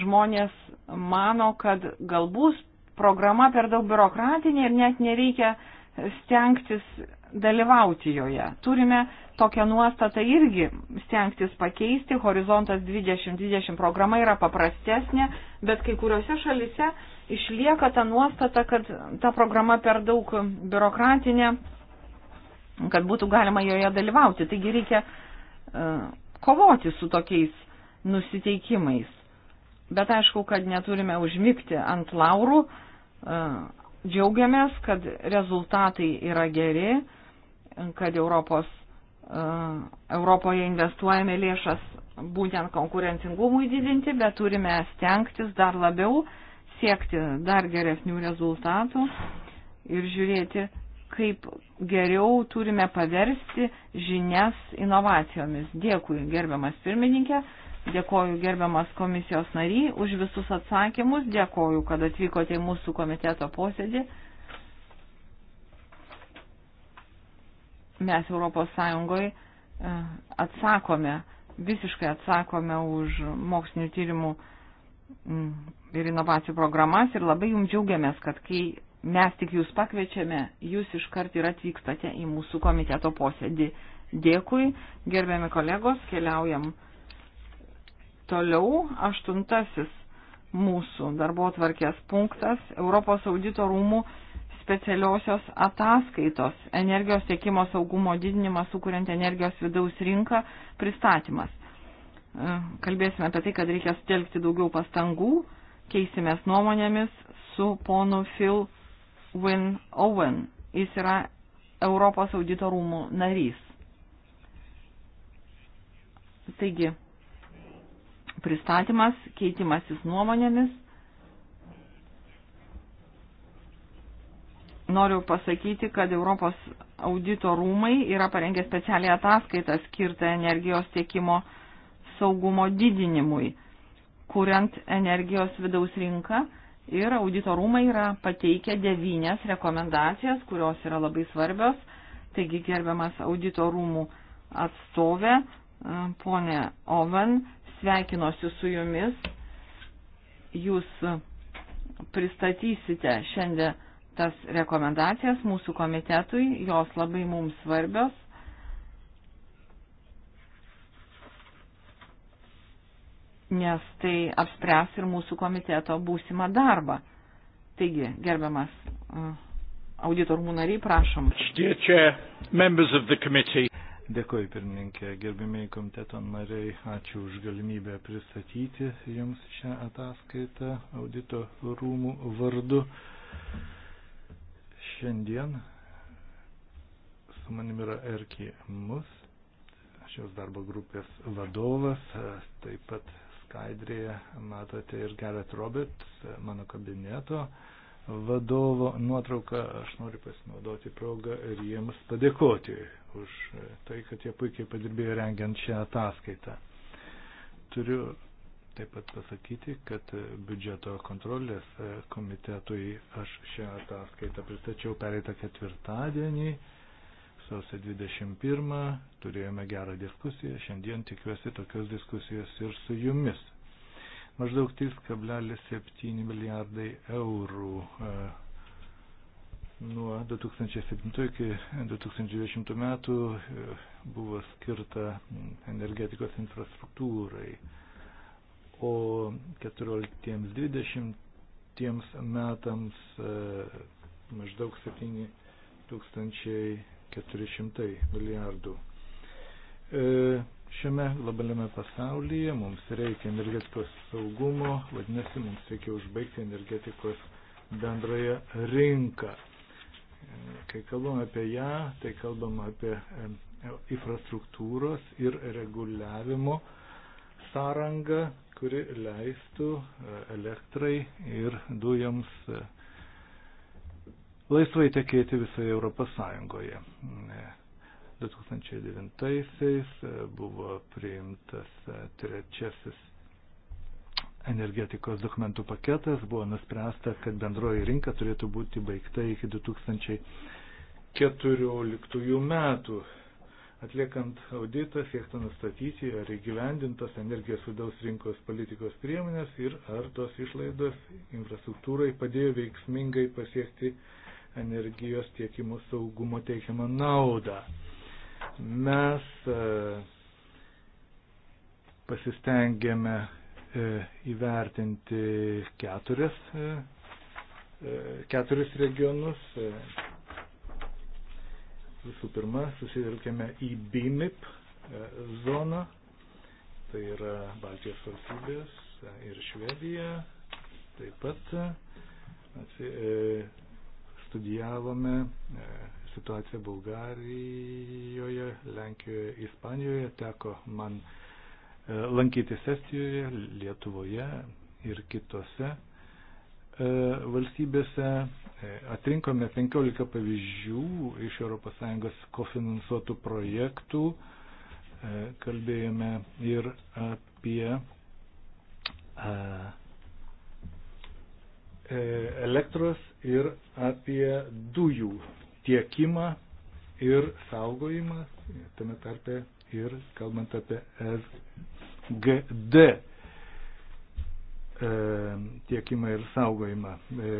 Speaker 4: žmonės mano, kad galbūt programa per daug biurokratinė ir net nereikia stengtis dalyvauti joje. Turime tokią nuostatą irgi stengtis pakeisti. Horizontas 2020 programa yra paprastesnė, bet kai kuriuose šalise išlieka ta nuostata, kad ta programa per daug biurokratinė, kad būtų galima joje dalyvauti. Taigi reikia uh, kovoti su tokiais nusiteikimais. Bet aišku, kad neturime užmygti ant laurų. E, džiaugiamės, kad rezultatai yra geri, kad Europos, e, Europoje investuojame lėšas būtent konkurencingumui didinti, bet turime stengtis dar labiau siekti dar geresnių rezultatų ir žiūrėti, kaip geriau turime paversti žinias inovacijomis. Dėkui, gerbiamas pirmininkė. Dėkoju gerbiamas komisijos nary už visus atsakymus, dėkoju, kad atvykote į mūsų komiteto posėdį. Mes Europos Sąjungoje e, atsakome, visiškai atsakome už mokslinių tyrimų ir inovacijų programas ir labai jums džiaugiamės, kad kai mes tik jūs pakviečiame, jūs iškart ir atvykstate į mūsų komiteto posėdį. Dėkui, gerbiami kolegos, keliaujam. Toliau aštuntasis mūsų darbo tvarkės punktas Europos audito rūmų specialiosios ataskaitos energijos tiekimo saugumo didinimas, sukuriant energijos vidaus rinką pristatymas. E, kalbėsime apie tai, kad reikia sutelkti daugiau pastangų, keisimės nuomonėmis su ponu Phil Win Owen. Jis yra Europos audito rūmų narys. Taigi, pristatymas, keitimasis nuomonėmis. Noriu pasakyti, kad Europos audito rūmai yra parengę specialią ataskaitą skirtą energijos tiekimo saugumo didinimui, kuriant energijos vidaus rinką. Ir audito rūmai yra pateikę devynės rekomendacijas, kurios yra labai svarbios. Taigi, gerbiamas audito rūmų atstovė, e, ponė Oven, sveikinuosi su jumis. Jūs pristatysite šiandien tas rekomendacijas mūsų komitetui, jos labai mums svarbios. Nes tai apspręs ir mūsų komiteto būsimą darbą. Taigi, gerbiamas uh, auditorų nariai, prašom. Dear
Speaker 3: chair, members of the committee, Dėkoju, pirmininkė, gerbimiai komiteto nariai, ačiū už galimybę pristatyti Jums šią ataskaitą audito rūmų vardu. Šiandien su manim yra Erki Mus, šios darbo grupės vadovas, taip pat skaidrėje matote ir Gareth Roberts, mano kabineto vadovo nuotrauką. Aš noriu pasinaudoti progą ir jiems padėkoti už tai, kad jie puikiai padirbėjo rengiant šią ataskaitą. Turiu taip pat pasakyti, kad biudžeto kontrolės komitetui aš šią ataskaitą pristačiau pereitą ketvirtadienį, sausio 21, turėjome gerą diskusiją, šiandien tikiuosi tokios diskusijos ir su jumis. Maždaug 3,7 milijardai eurų e, Nuo 2007 iki 2020 metų e, buvo skirta energetikos infrastruktūrai, o 14-20 metams e, maždaug 7400 milijardų. E, šiame globaliame pasaulyje mums reikia energetikos saugumo, vadinasi, mums reikia užbaigti energetikos bendrąją rinką Kai kalbam apie ją, tai kalbam apie e, infrastruktūros ir reguliavimo sąrangą, kuri leistų e, elektrai ir dujams e, laisvai tekėti visoje Europos Sąjungoje. 2009 buvo priimtas trečiasis energetikos dokumentų paketas buvo nuspręsta, kad bendroji rinka turėtų būti baigta iki 2014 metų. Atliekant auditą, siekta nustatyti, ar įgyvendintos energijos vidaus rinkos politikos priemonės ir ar tos išlaidos infrastruktūrai padėjo veiksmingai pasiekti energijos tiekimo saugumo teikiamą naudą. Mes e, pasistengėme E, įvertinti keturias, e, e, keturis regionus. Visų pirma, susitelkėme į BIMIP zoną, tai yra Baltijos valstybės ir Švedija. Taip pat studijavome situaciją Bulgarijoje, Lenkijoje, Ispanijoje, teko man uh, E, lankytis Estijoje, Lietuvoje ir kitose e, valstybėse. E, atrinkome 15 pavyzdžių iš ES kofinansuotų projektų. Kalbėjome ir apie elektros ir apie dujų tiekimą ir saugojimą, tame tarpe ir kalbant apie SGD e, tiekimą ir saugojimą. E,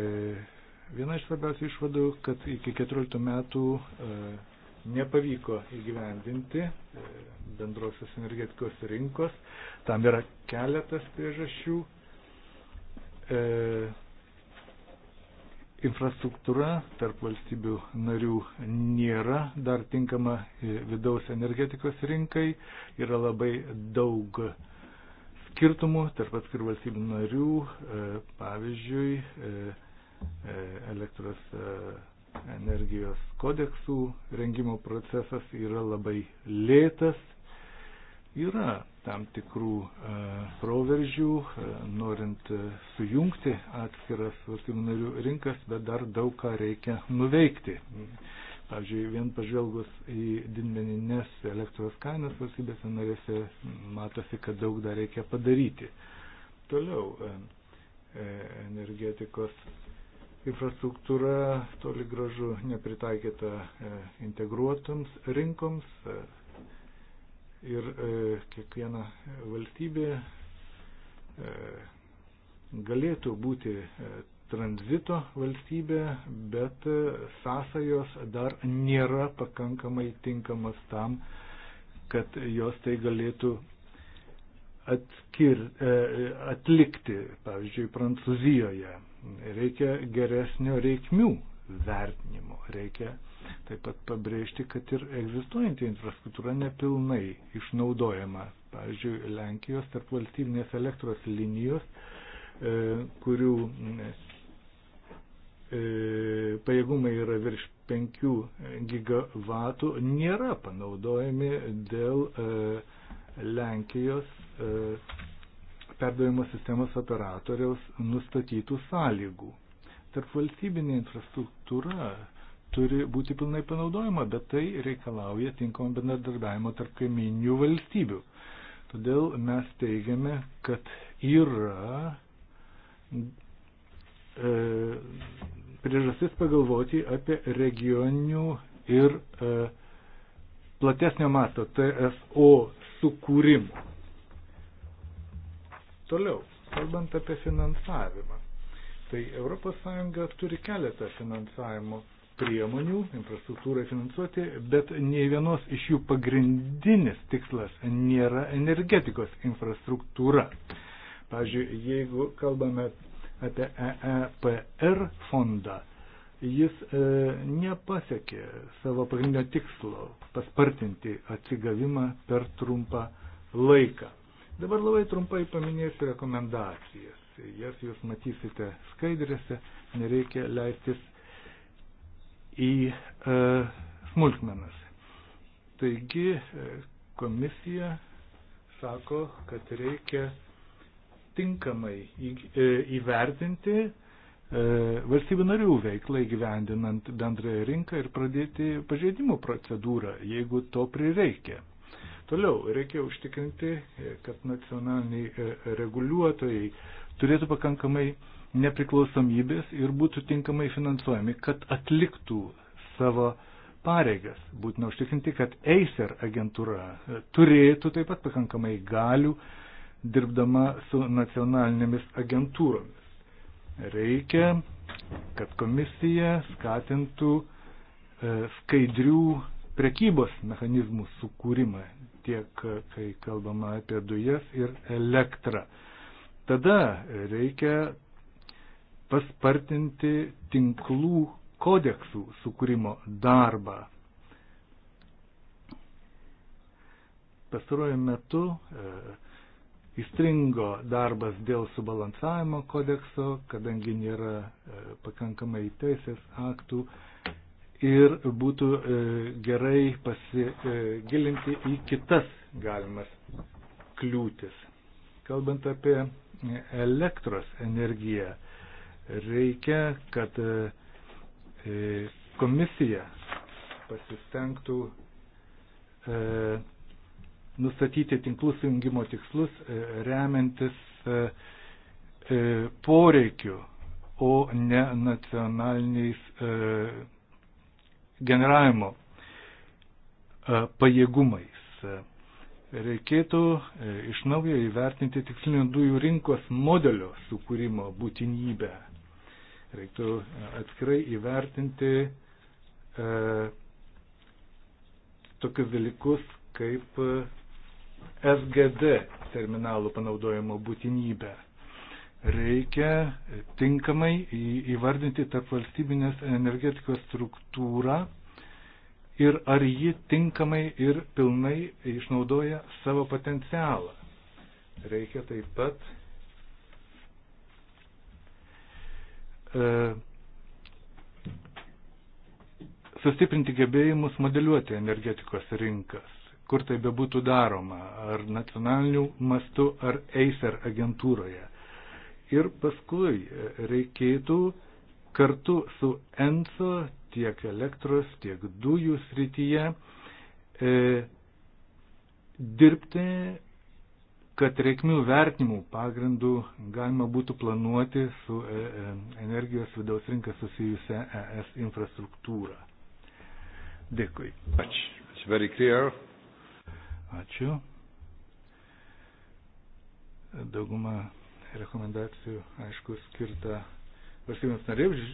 Speaker 3: viena iš svarbiausių išvadų, kad iki 14 metų e, nepavyko įgyvendinti bendrosios energetikos rinkos. Tam yra keletas priežasčių infrastruktūra tarp valstybių narių nėra dar tinkama e, vidaus energetikos rinkai, yra labai daug skirtumų tarp atskirų valstybių narių, e, pavyzdžiui, e, elektros energijos kodeksų rengimo procesas yra labai lėtas, yra tam tikrų e, proveržių, e, norint e, sujungti atskiras valstybių narių rinkas, bet dar daug ką reikia nuveikti. Pavyzdžiui, vien pažvelgus į didmeninės elektros kainas valstybėse narėse, matosi, kad daug dar reikia padaryti. Toliau, energetikos infrastruktūra toli gražu nepritaikyta integruotoms rinkoms, ir e, kiekviena valstybė e, galėtų būti e, tranzito valstybė, bet e, sąsajos dar nėra pakankamai tinkamas tam, kad jos tai galėtų atkir, e, atlikti, pavyzdžiui, Prancūzijoje. Reikia geresnio reikmių vertinimo, reikia taip pat pabrėžti, kad ir egzistuojanti infrastruktūra nepilnai išnaudojama. Pavyzdžiui, Lenkijos tarp valstybinės elektros linijos, e, kurių e, pajėgumai yra virš 5 gigavatų, nėra panaudojami dėl e, Lenkijos perdavimo sistemos operatoriaus nustatytų sąlygų. Tarp valstybinė infrastruktūra turi būti pilnai panaudojama, bet tai reikalauja tinkamo bendradarbiavimo tarp kaiminių valstybių. Todėl mes teigiame, kad yra e, priežastis pagalvoti apie regioninių ir e, platesnio masto TSO sukūrimą. Toliau, kalbant apie finansavimą, tai ES turi keletą finansavimo priemonių infrastruktūrai finansuoti, bet nei vienos iš jų pagrindinis tikslas nėra energetikos infrastruktūra. Pavyzdžiui, jeigu kalbame apie EEPR fondą, jis e, nepasiekė savo pagrindinio tikslo paspartinti atsigavimą per trumpą laiką. Dabar labai trumpai paminėsiu rekomendacijas. Jas jūs matysite skaidrėse, nereikia leistis į e, smulkmenas. Taigi e, komisija sako, kad reikia tinkamai į, e, įvertinti e, valstybių narių veiklą įgyvendinant bendrąją rinką ir pradėti pažeidimų procedūrą, jeigu to prireikia. Toliau reikia užtikrinti, e, kad nacionaliniai e, reguliuotojai turėtų pakankamai nepriklausomybės ir būtų tinkamai finansuojami, kad atliktų savo pareigas. Būtina užtikrinti, kad Acer agentūra e, turėtų taip pat pakankamai galių dirbdama su nacionalinėmis agentūromis. Reikia, kad komisija skatintų e, skaidrių prekybos mechanizmų sukūrimą tiek, e, kai kalbama apie dujas ir elektrą. Tada reikia paspartinti tinklų kodeksų sukūrimo darbą. Pastaruoju metu e, įstringo darbas dėl subalansavimo kodekso, kadangi nėra e, pakankamai teisės aktų ir būtų e, gerai pasigilinti e, į kitas galimas kliūtis. Kalbant apie e, elektros energiją, e, Reikia, kad e, komisija pasistengtų e, nustatyti tinklų sujungimo tikslus e, remiantis poreikiu, o ne nacionaliniais generavimo pajėgumais. Reikėtų iš naujo įvertinti tikslinių dujų rinkos modelio sukūrimo būtinybę Reiktų e, atskirai įvertinti e, tokius dalykus kaip e, SGD terminalų panaudojimo būtinybę. Reikia tinkamai įvardinti tarp valstybinės energetikos struktūrą ir ar ji tinkamai ir pilnai išnaudoja savo potencialą. Reikia taip pat E, sustiprinti gebėjimus modeliuoti energetikos rinkas, kur tai bebūtų daroma, ar nacionaliniu mastu, ar EISER agentūroje. Ir paskui e, reikėtų kartu su ENSO tiek elektros, tiek dujų srityje e, dirbti kad reikmių vertinimų pagrindų galima būtų planuoti su e, e, energijos vidaus rinka susijusią ES infrastruktūrą. Dėkui. Ačiū. Ačiū. Dauguma rekomendacijų, aišku, skirta valstybėms narėms,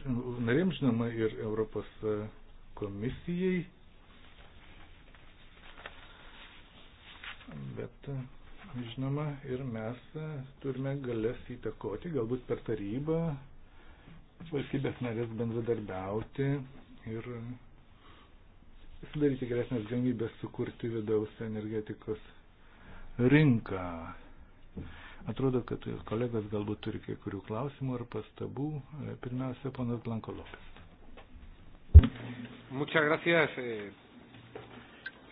Speaker 3: narėms, žinoma, ir Europos e, komisijai. Bet žinoma, ir mes e, turime galės įtakoti, galbūt per tarybą, valstybės narės bendradarbiauti ir sudaryti geresnės galimybės sukurti vidaus energetikos rinką. Atrodo, kad kolegas galbūt turi kai kurių klausimų ar pastabų. E, pirmiausia, ponas Blanko Lopes.
Speaker 2: Muchas gracias, eh,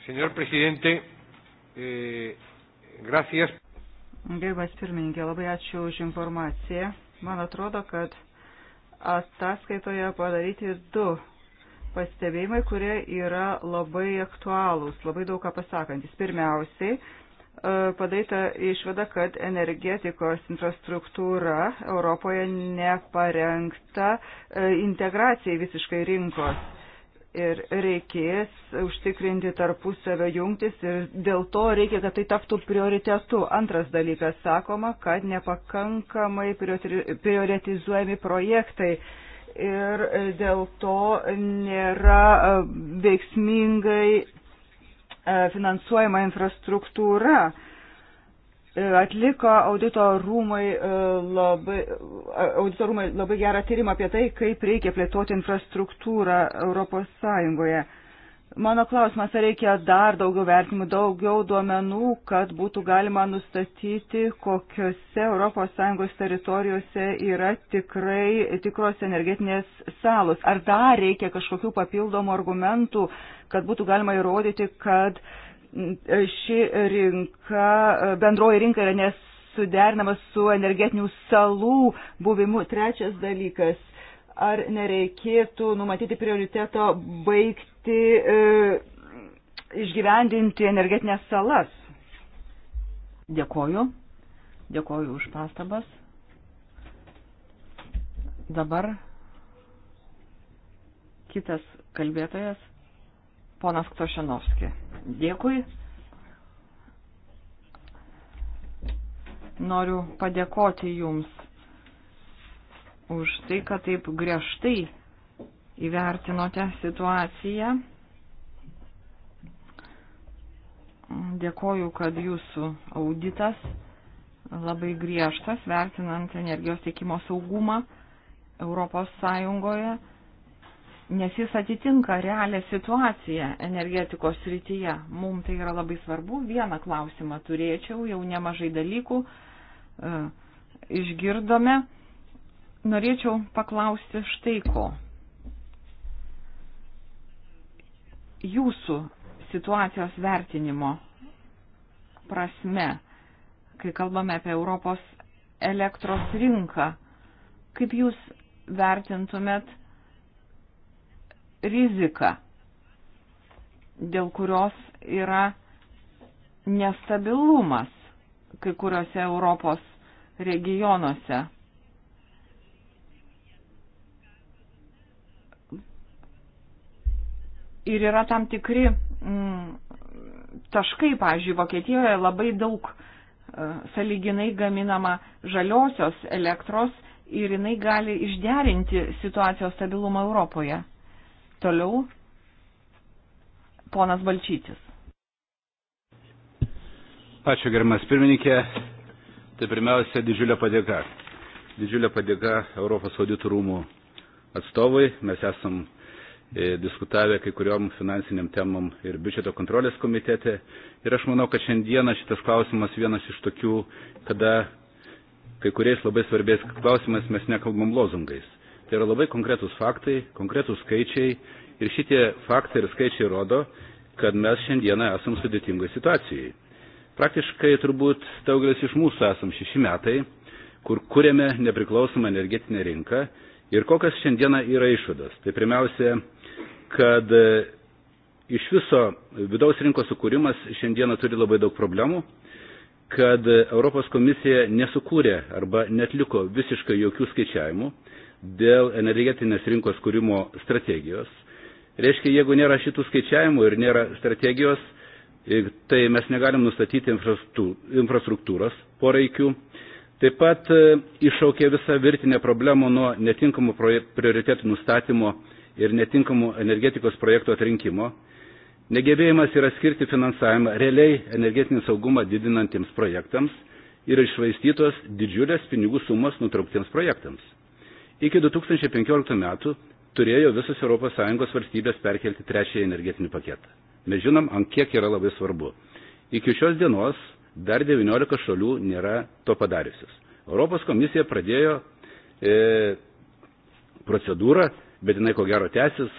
Speaker 5: señor presidente. Eh, Gracias.
Speaker 1: Gerbas pirmininkė, labai ačiū už informaciją. Man atrodo, kad ataskaitoje padaryti du pastebėjimai, kurie yra labai aktualūs, labai daug ką pasakantis. Pirmiausiai, e, padaryta išvada, kad energetikos infrastruktūra Europoje neparengta e, integracijai visiškai rinkos ir reikės užtikrinti tarpusavio jungtis ir dėl to reikia, kad tai taptų prioritetu. Antras dalykas sakoma, kad nepakankamai prioritizuojami projektai ir dėl to nėra e, veiksmingai e, finansuojama infrastruktūra E, atliko audito rūmai, e, labai, e, audito rūmai labai gerą tyrimą apie tai, kaip reikia plėtoti infrastruktūrą Europos Sąjungoje. Mano klausimas, ar reikia dar daugiau vertimų, daugiau duomenų, kad būtų galima nustatyti, kokiuose ES teritorijose yra tikrai tikros energetinės salos. Ar dar reikia kažkokių papildomų argumentų, kad būtų galima įrodyti, kad uh, ši rinka, bendroji rinka yra nesuderinama su energetinių salų buvimu. Trečias dalykas, ar nereikėtų numatyti prioriteto baigti e,
Speaker 4: išgyvendinti energetinės salas? Dėkoju. Dėkoju už pastabas. Dabar kitas kalbėtojas, ponas Ktošenovskis. Dėkui. Noriu padėkoti Jums už tai, kad taip griežtai įvertinote situaciją. Dėkoju, kad Jūsų auditas labai griežtas, vertinant energijos tiekimo saugumą Europos Sąjungoje nes jis atitinka realią situaciją energetikos srityje. Mums tai yra labai svarbu. Vieną klausimą turėčiau, jau nemažai dalykų e, išgirdome. Norėčiau paklausti štai ko. Jūsų situacijos vertinimo prasme, kai kalbame apie Europos elektros rinką, kaip jūs vertintumėt rizika, dėl kurios yra nestabilumas kai kuriuose Europos regionuose. Ir yra tam tikri mm, taškai, pavyzdžiui, Vokietijoje labai daug e, saliginai gaminama žaliosios elektros ir jinai gali išderinti situacijos stabilumą Europoje. Toliau ponas Balčytis.
Speaker 2: Ačiū, gerbiamas pirmininkė. Tai pirmiausia, didžiulė padėka. Didžiulė padėka Europos auditų rūmų atstovai. Mes esam e, diskutavę kai kuriom finansiniam temam ir biudžeto kontrolės komitete. Ir aš manau, kad šiandieną šitas klausimas vienas iš tokių, kada kai kuriais labai svarbiais klausimais mes nekalbam lozungais. Tai yra labai konkretūs faktai, konkretūs skaičiai ir šitie faktai ir skaičiai rodo, kad mes šiandieną esam sudėtingoje situacijoje. Praktiškai turbūt daugelis iš mūsų esam šeši metai, kur kūrėme nepriklausomą energetinę rinką ir kokias šiandieną yra išvadas. Tai pirmiausia, kad e, iš viso vidaus rinkos sukūrimas šiandieną turi labai daug problemų, kad Europos komisija nesukūrė arba netliko visiškai jokių skaičiavimų dėl energetinės rinkos kūrimo strategijos. Reiškia, jeigu nėra šitų skaičiavimų ir nėra strategijos, tai mes negalim nustatyti infrastruktūros poreikių. Taip pat e, iššaukė visą virtinę problemų nuo netinkamų prioritėtų nustatymo ir netinkamų energetikos projektų atrinkimo. Negebėjimas yra skirti finansavimą realiai energetinį saugumą didinantiems projektams ir išvaistytos didžiulės pinigų sumos nutrauktiems projektams. Iki 2015 metų turėjo visos ES valstybės perkelti trečiąjį energetinį paketą. Mes žinom, ant kiek yra labai svarbu. Iki šios dienos dar 19 šalių nėra to padariusios. Europos komisija pradėjo e, procedūrą, bet jinai ko gero tęsis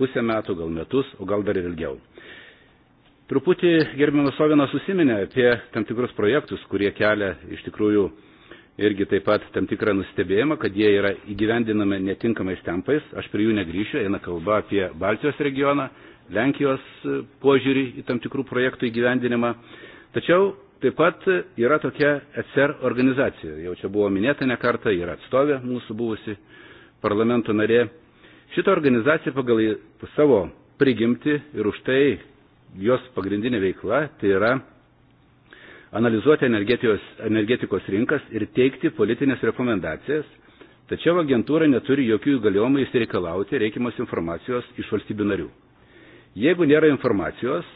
Speaker 2: pusę metų, gal metus, o gal dar ir ilgiau. Truputį gerbiamas Sovinas susiminė apie tam tikrus projektus, kurie kelia iš tikrųjų irgi taip pat tam tikrą nustebėjimą, kad jie yra įgyvendinami netinkamais tempais. Aš prie jų negrįšiu, eina kalba apie Baltijos regioną, Lenkijos e, požiūrį į tam tikrų projektų įgyvendinimą. Tačiau taip pat yra tokia ECR organizacija, jau čia buvo minėta ne kartą, yra atstovė mūsų buvusi parlamento narė. Šitą organizaciją pagal savo prigimti ir už tai jos pagrindinė veikla tai yra analizuoti energetikos rinkas ir teikti politinės rekomendacijas, tačiau agentūra neturi jokių įgaliojimų įsireikalauti reikiamos informacijos iš valstybių narių. Jeigu nėra informacijos,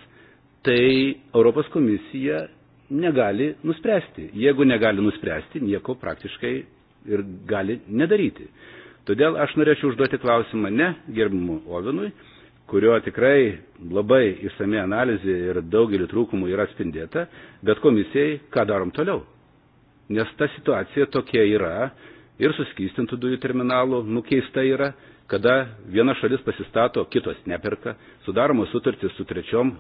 Speaker 2: tai Europos komisija negali nuspręsti. Jeigu negali nuspręsti, nieko praktiškai ir gali nedaryti. Todėl aš norėčiau užduoti klausimą ne gerbimu Ovinui, kurio tikrai labai įsame analizė ir daugelį trūkumų yra atspindėta, bet komisijai ką darom toliau. Nes ta situacija tokia yra ir suskystintų dujų terminalų nukeista yra, kada viena šalis pasistato, kitos neperka, sudaromos sutartys su trečiom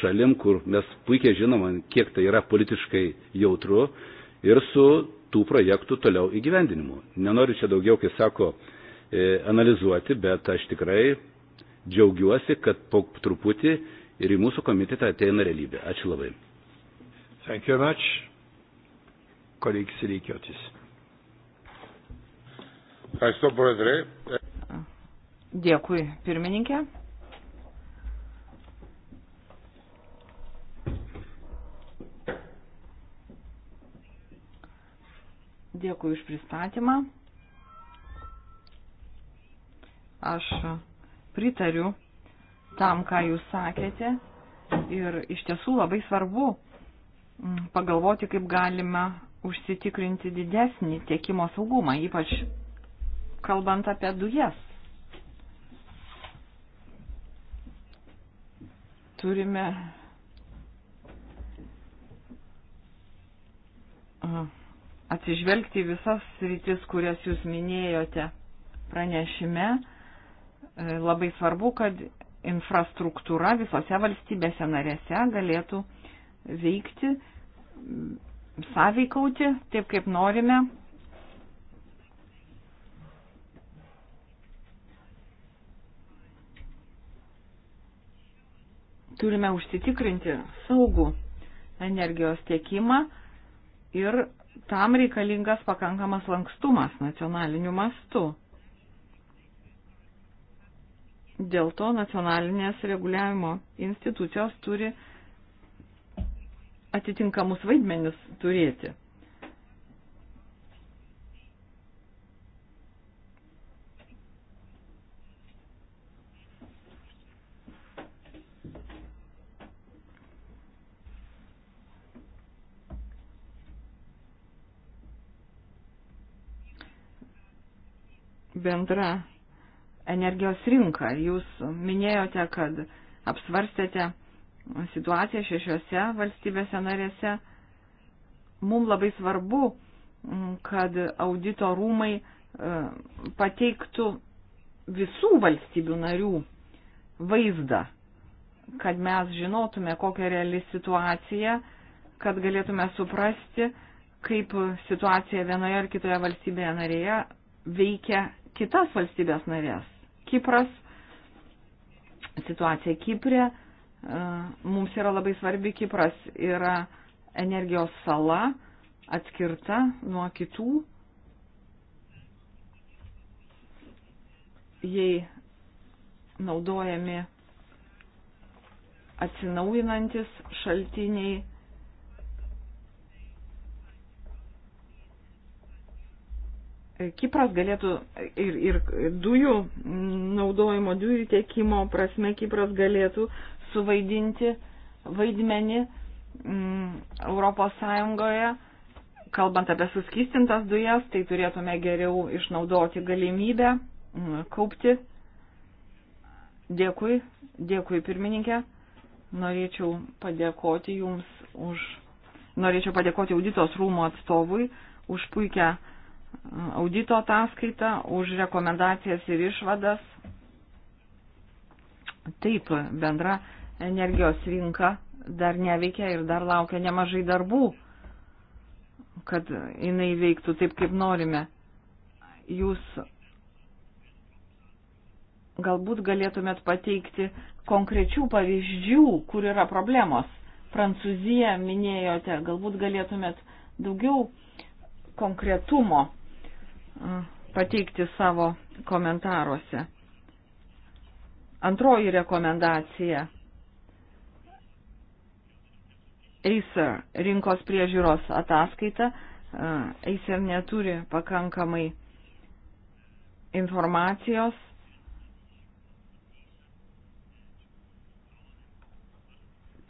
Speaker 2: šalim, kur mes puikiai žinom, kiek tai yra politiškai jautru ir su tų projektų toliau įgyvendinimu. Nenoriu čia daugiau, kai sako, e, analizuoti, bet aš tikrai džiaugiuosi, kad po truputį ir į mūsų komitetą ateina realybė. Ačiū labai. Thank you very much. Colleague Silikiotis.
Speaker 5: Ačiū, Brodrė.
Speaker 4: Dėkui, pirmininkė. Dėkui už pristatymą. Aš pritariu tam, ką jūs sakėte. Ir iš tiesų labai svarbu mm, pagalvoti, kaip galima užsitikrinti didesnį tiekimo saugumą, ypač kalbant apie dujas. Turime atsižvelgti visas rytis, kurias jūs minėjote pranešime E, labai svarbu, kad infrastruktūra visose valstybėse narėse galėtų veikti, sąveikauti taip, kaip norime. Turime užsitikrinti saugų energijos tiekimą ir tam reikalingas pakankamas lankstumas nacionaliniu mastu. Dėl to nacionalinės reguliavimo institucijos turi atitinkamus vaidmenis turėti. bendra energijos rinką. Jūs minėjote, kad apsvarstėte situaciją šešiose valstybėse narėse. Mums labai svarbu, mm, kad audito rūmai e, pateiktų visų valstybių narių vaizdą, kad mes žinotume, kokia reali situacija, kad galėtume suprasti, kaip situacija vienoje ar kitoje valstybėje narėje veikia kitas valstybės narės. Kipras. Situacija Kiprė e, mums yra labai svarbi. Kipras yra energijos sala atskirta nuo kitų. Jei naudojami atsinaujinantis šaltiniai Kipras galėtų ir, ir dujų naudojimo, dujų tiekimo prasme Kipras galėtų suvaidinti vaidmenį mm, Europos Sąjungoje. Kalbant apie suskistintas dujas, tai turėtume geriau išnaudoti galimybę mm, kaupti. Dėkui, dėkui pirmininkė. Norėčiau padėkoti Jums už, norėčiau padėkoti auditos rūmų atstovui už puikią audito ataskaitą, už rekomendacijas ir išvadas. Taip, bendra energijos rinka dar neveikia ir dar laukia nemažai darbų, kad jinai veiktų taip, kaip norime. Jūs galbūt galėtumėt pateikti konkrečių pavyzdžių, kur yra problemos. Prancūziją minėjote, galbūt galėtumėt daugiau konkretumo pateikti savo komentaruose. Antroji rekomendacija. Acer rinkos priežiūros ataskaita. Eh, Acer neturi pakankamai informacijos.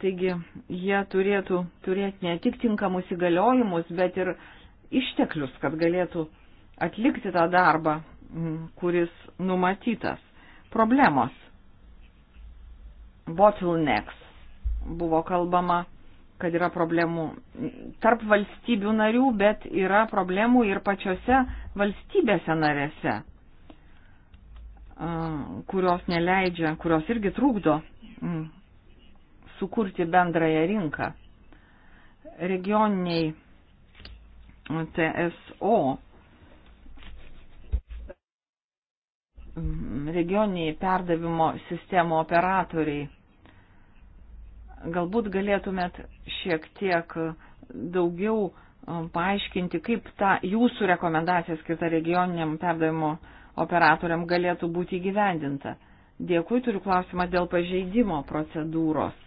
Speaker 4: Taigi jie turėtų turėti ne tik tinkamus įgaliojimus, bet ir išteklius, kad galėtų uh, atlikti tą darbą, kuris numatytas. Problemos. Bottlenecks. Buvo kalbama, kad yra problemų tarp valstybių narių, bet yra problemų ir pačiose valstybėse narėse, kurios neleidžia, kurios irgi trukdo sukurti bendrąją rinką. Regioniniai TSO Mm, regioniniai perdavimo sistemo operatoriai. Galbūt galėtumėt šiek tiek daugiau mm, paaiškinti, kaip ta jūsų rekomendacija skirta regioniniam perdavimo operatoriam galėtų būti įgyvendinta. Dėkui, turiu klausimą dėl pažeidimo procedūros.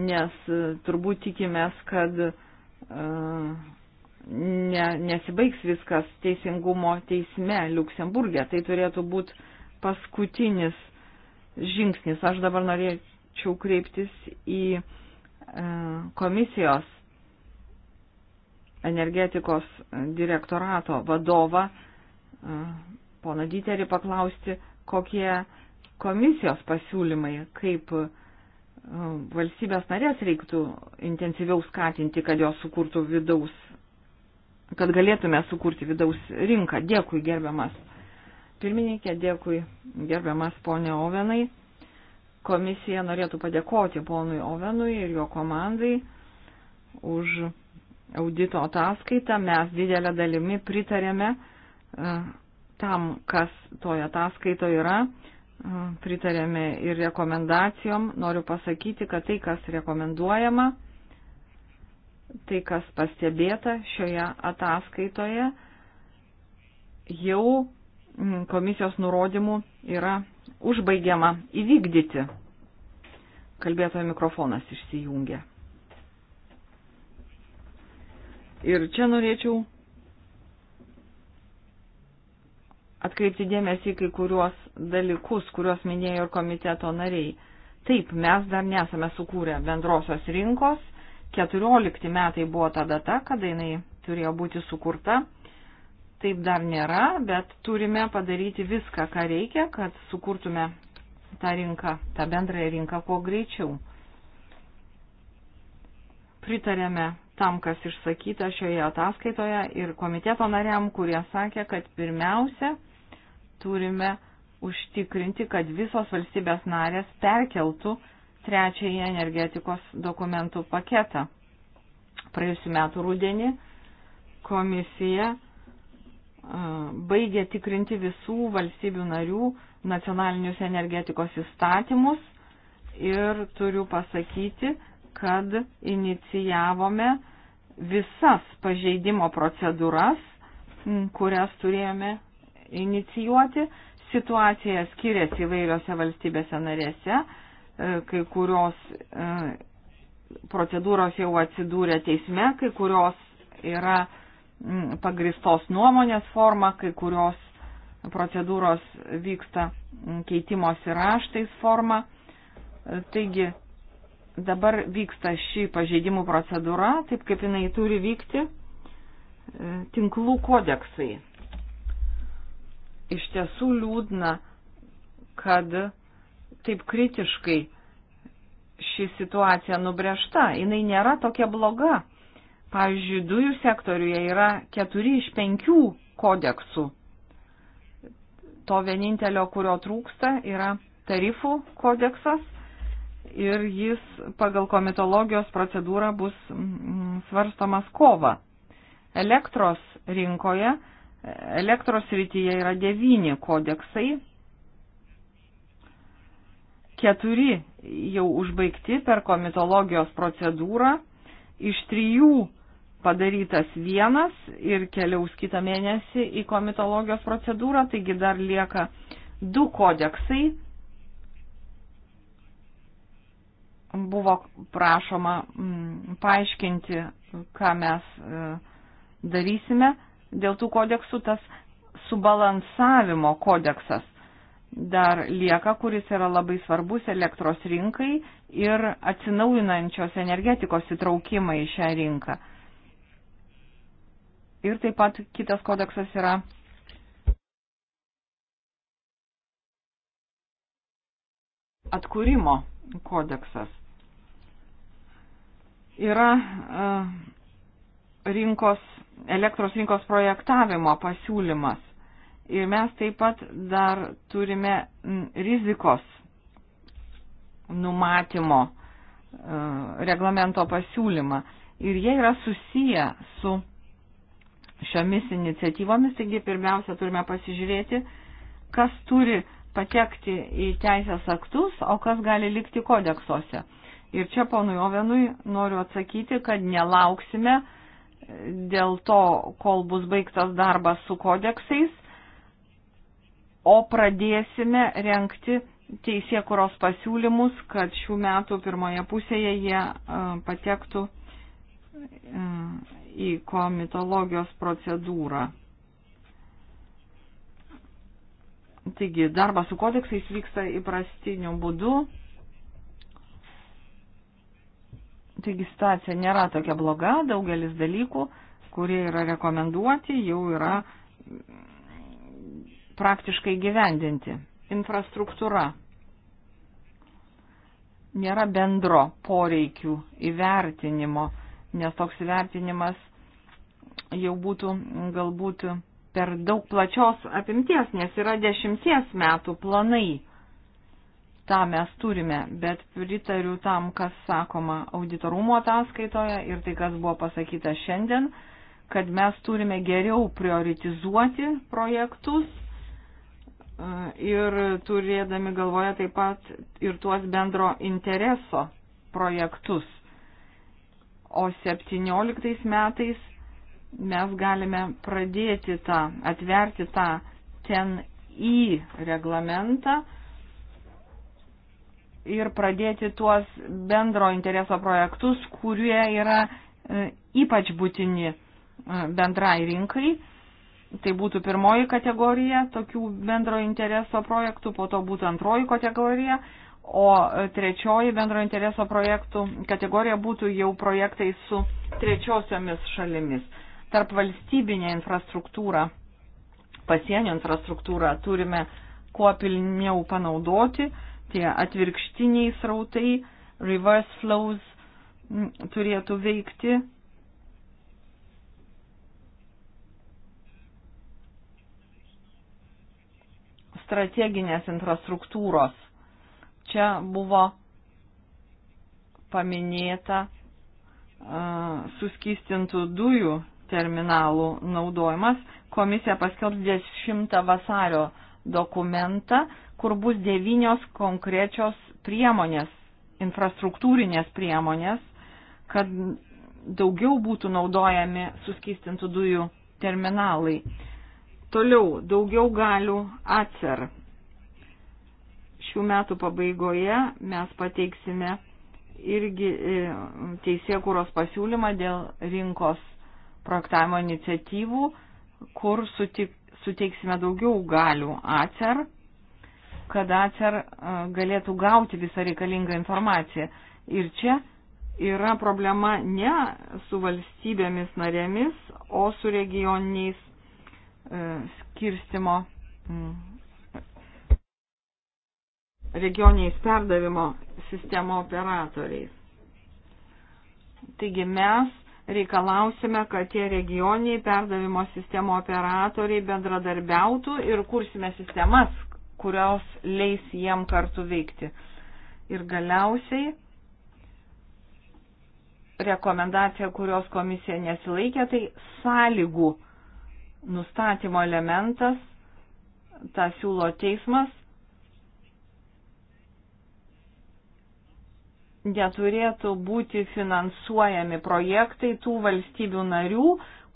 Speaker 4: Nes e, turbūt tikimės, kad uh, ne, nesibaigs viskas teisingumo teisme Luksemburgė. Tai turėtų būti paskutinis žingsnis. Aš dabar norėčiau kreiptis į e, komisijos energetikos direktorato vadovą, e, poną Diterį, paklausti, kokie komisijos pasiūlymai, kaip e, valstybės narės reiktų intensyviau skatinti, kad jos sukurtų vidaus kad galėtume sukurti vidaus rinką. Dėkui, gerbiamas pirmininkė, dėkui, gerbiamas ponė Ovenai. Komisija norėtų padėkoti ponui Ovenui ir jo komandai už audito ataskaitą. Mes didelę dalimi pritarėme e, tam, kas toje ataskaitoje yra. E, pritarėme ir rekomendacijom. Noriu pasakyti, kad tai, kas rekomenduojama, tai, kas pastebėta šioje ataskaitoje, jau mm, komisijos nurodymų yra užbaigiama įvykdyti. Kalbėtojo mikrofonas išsijungia. Ir čia norėčiau atkreipti dėmesį kai kuriuos dalykus, kuriuos minėjo ir komiteto nariai. Taip, mes dar nesame sukūrę bendrosios rinkos, 14 metai buvo ta data, kada jinai turėjo būti sukurta. Taip dar nėra, bet turime padaryti viską, ką reikia, kad sukurtume tą rinką, tą bendrąją rinką kuo greičiau. Pritarėme tam, kas išsakyta šioje ataskaitoje ir komiteto nariam, kurie sakė, kad pirmiausia turime užtikrinti, kad visos valstybės narės perkeltų trečiąjį energetikos dokumentų paketą. Praėjusiu metu rūdienį komisija baigė tikrinti visų valstybių narių nacionalinius energetikos įstatymus ir turiu pasakyti, kad inicijavome visas pažeidimo procedūras, kurias turėjome inicijuoti. Situacija skiriasi įvairiose valstybėse narėse E, kai kurios e, procedūros jau atsidūrė teisme, kai kurios yra pagristos nuomonės forma, kai kurios procedūros vyksta keitimosi raštais forma. E, taigi dabar vyksta šį pažeidimų procedūra, taip kaip jinai turi vykti, tinklų kodeksai. Iš tiesų liūdna, kad taip kritiškai ši situacija nubrėžta. Jinai nėra tokia bloga. Pavyzdžiui, dujų sektoriuje yra keturi iš penkių kodeksų. To vienintelio, kurio trūksta, yra tarifų kodeksas ir jis pagal komitologijos procedūrą bus mm, svarstomas kova. Elektros rinkoje, e, elektros rytyje yra devyni kodeksai, keturi jau užbaigti per komitologijos procedūrą, iš trijų padarytas vienas ir keliaus kitą mėnesį į komitologijos procedūrą, taigi dar lieka du kodeksai. Buvo prašoma m, mm, paaiškinti, ką mes e, darysime dėl tų kodeksų, tas subalansavimo kodeksas dar lieka, kuris yra labai svarbus elektros rinkai ir atsinaujinančios energetikos įtraukimai į šią rinką. Ir taip pat kitas kodeksas yra. Atkūrimo kodeksas. Yra uh, rinkos, elektros rinkos projektavimo pasiūlymas Ir mes taip pat dar turime rizikos numatymo e, reglamento pasiūlymą. Ir jie yra susiję su šiomis iniciatyvomis, taigi pirmiausia turime pasižiūrėti, kas turi patekti į teisės aktus, o kas gali likti kodeksuose. Ir čia ponui Ovenui noriu atsakyti, kad nelauksime dėl to, kol bus baigtas darbas su kodeksais o pradėsime renkti teisėkuros pasiūlymus, kad šių metų pirmoje pusėje jie e, patektų
Speaker 5: e,
Speaker 4: į komitologijos procedūrą. Taigi, darbas su kodeksais vyksta įprastiniu būdu. Taigi, situacija nėra tokia bloga, daugelis dalykų, kurie yra rekomenduoti, jau yra praktiškai gyvendinti. Infrastruktūra. Nėra bendro poreikių įvertinimo, nes toks įvertinimas jau būtų galbūt per daug plačios apimties, nes yra dešimties metų planai. Ta mes turime, bet pritariu tam, kas sakoma auditorumo ataskaitoje ir tai, kas buvo pasakyta šiandien, kad mes turime geriau prioritizuoti projektus ir turėdami galvoje taip pat ir tuos bendro intereso projektus. O 17 metais mes galime pradėti tą, atverti tą ten į reglamentą ir pradėti tuos bendro intereso projektus, kurie yra e, ypač būtini e, bendrai rinkai Tai būtų pirmoji kategorija tokių bendro intereso projektų, po to būtų antroji kategorija, o trečioji bendro intereso projektų kategorija būtų jau projektai su trečiosiomis šalimis. Tarp valstybinė infrastruktūra, pasienio infrastruktūra turime kuo pilniau panaudoti, tie atvirkštiniai srautai, reverse flows turėtų veikti strateginės infrastruktūros. Čia buvo paminėta uh, suskistintų dujų terminalų naudojimas. Komisija paskelbs 10 vasario dokumentą, kur bus devynios konkrečios priemonės, infrastruktūrinės priemonės, kad daugiau būtų naudojami suskistintų dujų terminalai. Toliau daugiau galių atsar. Šių metų pabaigoje mes pateiksime irgi e, teisėkūros pasiūlymą dėl rinkos projektavimo iniciatyvų, kur sutik, suteiksime daugiau galių atsar, kad atsar e, galėtų gauti visą reikalingą informaciją. Ir čia yra problema ne su valstybėmis narėmis, o su regioniniais E, skirstimo regioniais perdavimo sistemo operatoriais. Taigi mes reikalausime, kad tie regioniai perdavimo sistemo operatoriai bendradarbiautų ir kursime sistemas, kurios leis jiem kartu veikti. Ir galiausiai rekomendacija, kurios komisija nesilaikė, tai sąlygų nustatymo elementas, tą siūlo teismas, neturėtų būti finansuojami projektai tų valstybių narių,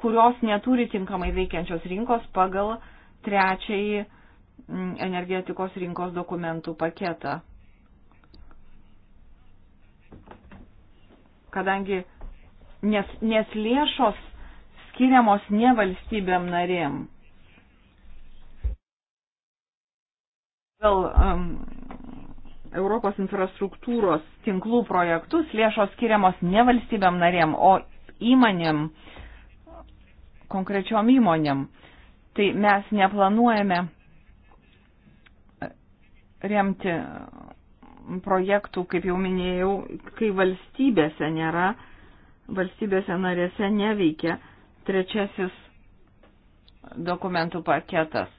Speaker 4: kurios neturi tinkamai veikiančios rinkos pagal trečiąjį mm, energetikos rinkos dokumentų paketą. Kadangi nes, nes lėšos skiriamos ne valstybėm narėm. Gal um, Europos infrastruktūros tinklų projektus lėšos skiriamos ne valstybėm narėm, o įmonėm, konkrečiom įmonėm. Tai mes neplanuojame e, remti projektų, kaip jau minėjau, kai valstybėse nėra, valstybėse narėse neveikia trečiasis dokumentų paketas.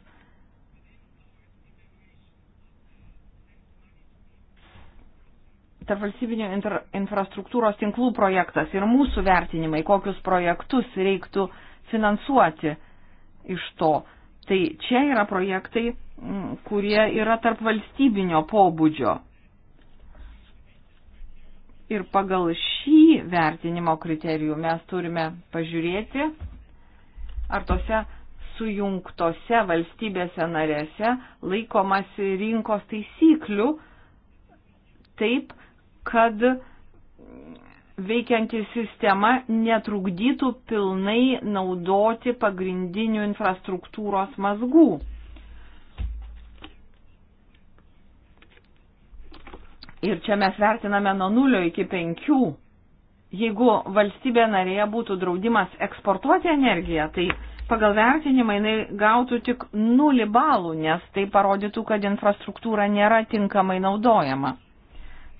Speaker 4: Tarp valstybinių inter, infrastruktūros tinklų projektas ir mūsų vertinimai, kokius projektus reiktų finansuoti iš to. Tai čia yra projektai, kurie yra tarp valstybinio pobūdžio. Ir pagal šį vertinimo kriterijų mes turime pažiūrėti, ar tose sujungtose valstybėse narėse laikomasi rinkos taisyklių taip, kad veikianti sistema netrukdytų pilnai naudoti pagrindinių infrastruktūros mazgų. Ir čia mes vertiname nuo 0 iki 5. Jeigu valstybė narėje būtų draudimas eksportuoti energiją, tai pagal vertinimą jinai gautų tik 0 balų, nes tai parodytų, kad infrastruktūra nėra tinkamai naudojama.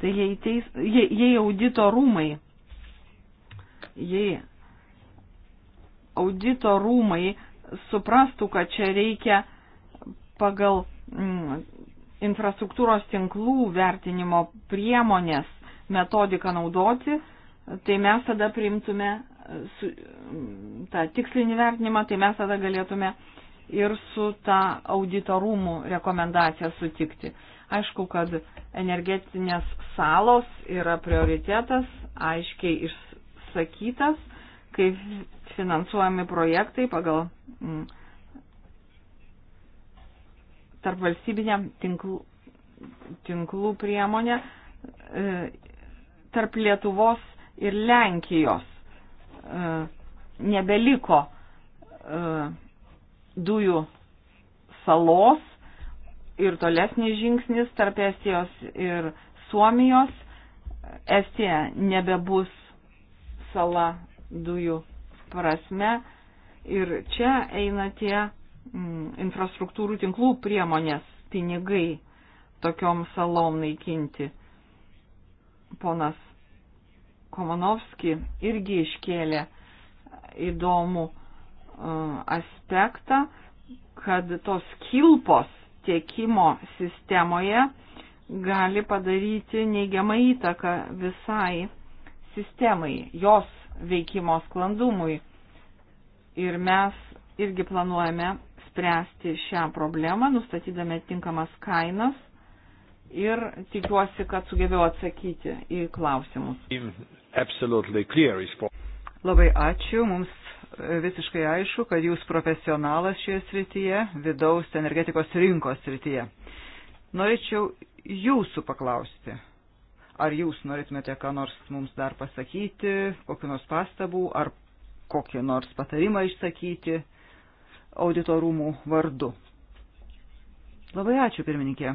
Speaker 4: Tai jei, teis, jei, jei audito rūmai, jei audito rūmai suprastų, kad čia reikia pagal mm, infrastruktūros tinklų vertinimo priemonės metodiką naudoti, tai mes tada priimtume su, tą tikslinį vertinimą, tai mes tada galėtume ir su tą auditorumų rekomendacija sutikti. Aišku, kad energetinės salos yra prioritetas, aiškiai išsakytas, kaip finansuojami projektai pagal. Mm, tarp valstybinė tinklų, tinklų priemonė e, tarp Lietuvos ir Lenkijos e, nebeliko e, dujų salos ir tolesnis žingsnis tarp Estijos ir Suomijos. Estija nebebus sala dujų prasme ir čia eina tie Mm, infrastruktūrų tinklų priemonės pinigai tokiom salom naikinti. Ponas Komanovski irgi iškėlė įdomų e, aspektą, kad tos kilpos tiekimo sistemoje gali padaryti neigiamą įtaką visai sistemai, jos veikimo sklandumui. Ir mes irgi planuojame spręsti šią problemą, nustatydami tinkamas kainas. Ir tikiuosi, kad sugebėjau atsakyti į klausimus.
Speaker 1: Labai ačiū, mums visiškai aišku, kad jūs profesionalas šioje srityje, vidaus energetikos rinkos srityje. Norėčiau jūsų paklausti, ar jūs norėtumėte ką nors mums dar pasakyti, kokiu nors pastabų, ar kokį nors patarimą išsakyti auditorumų vardu. Labai ačiū, pirmininkė.